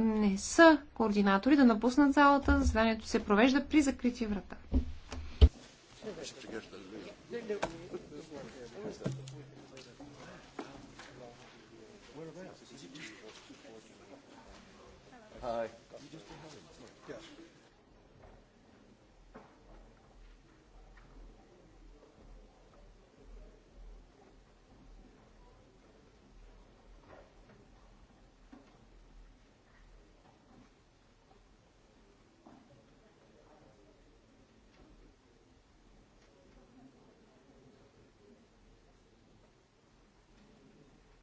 не са координатори, да напуснат залата. Заседанието се провежда при закрити врата. Hi.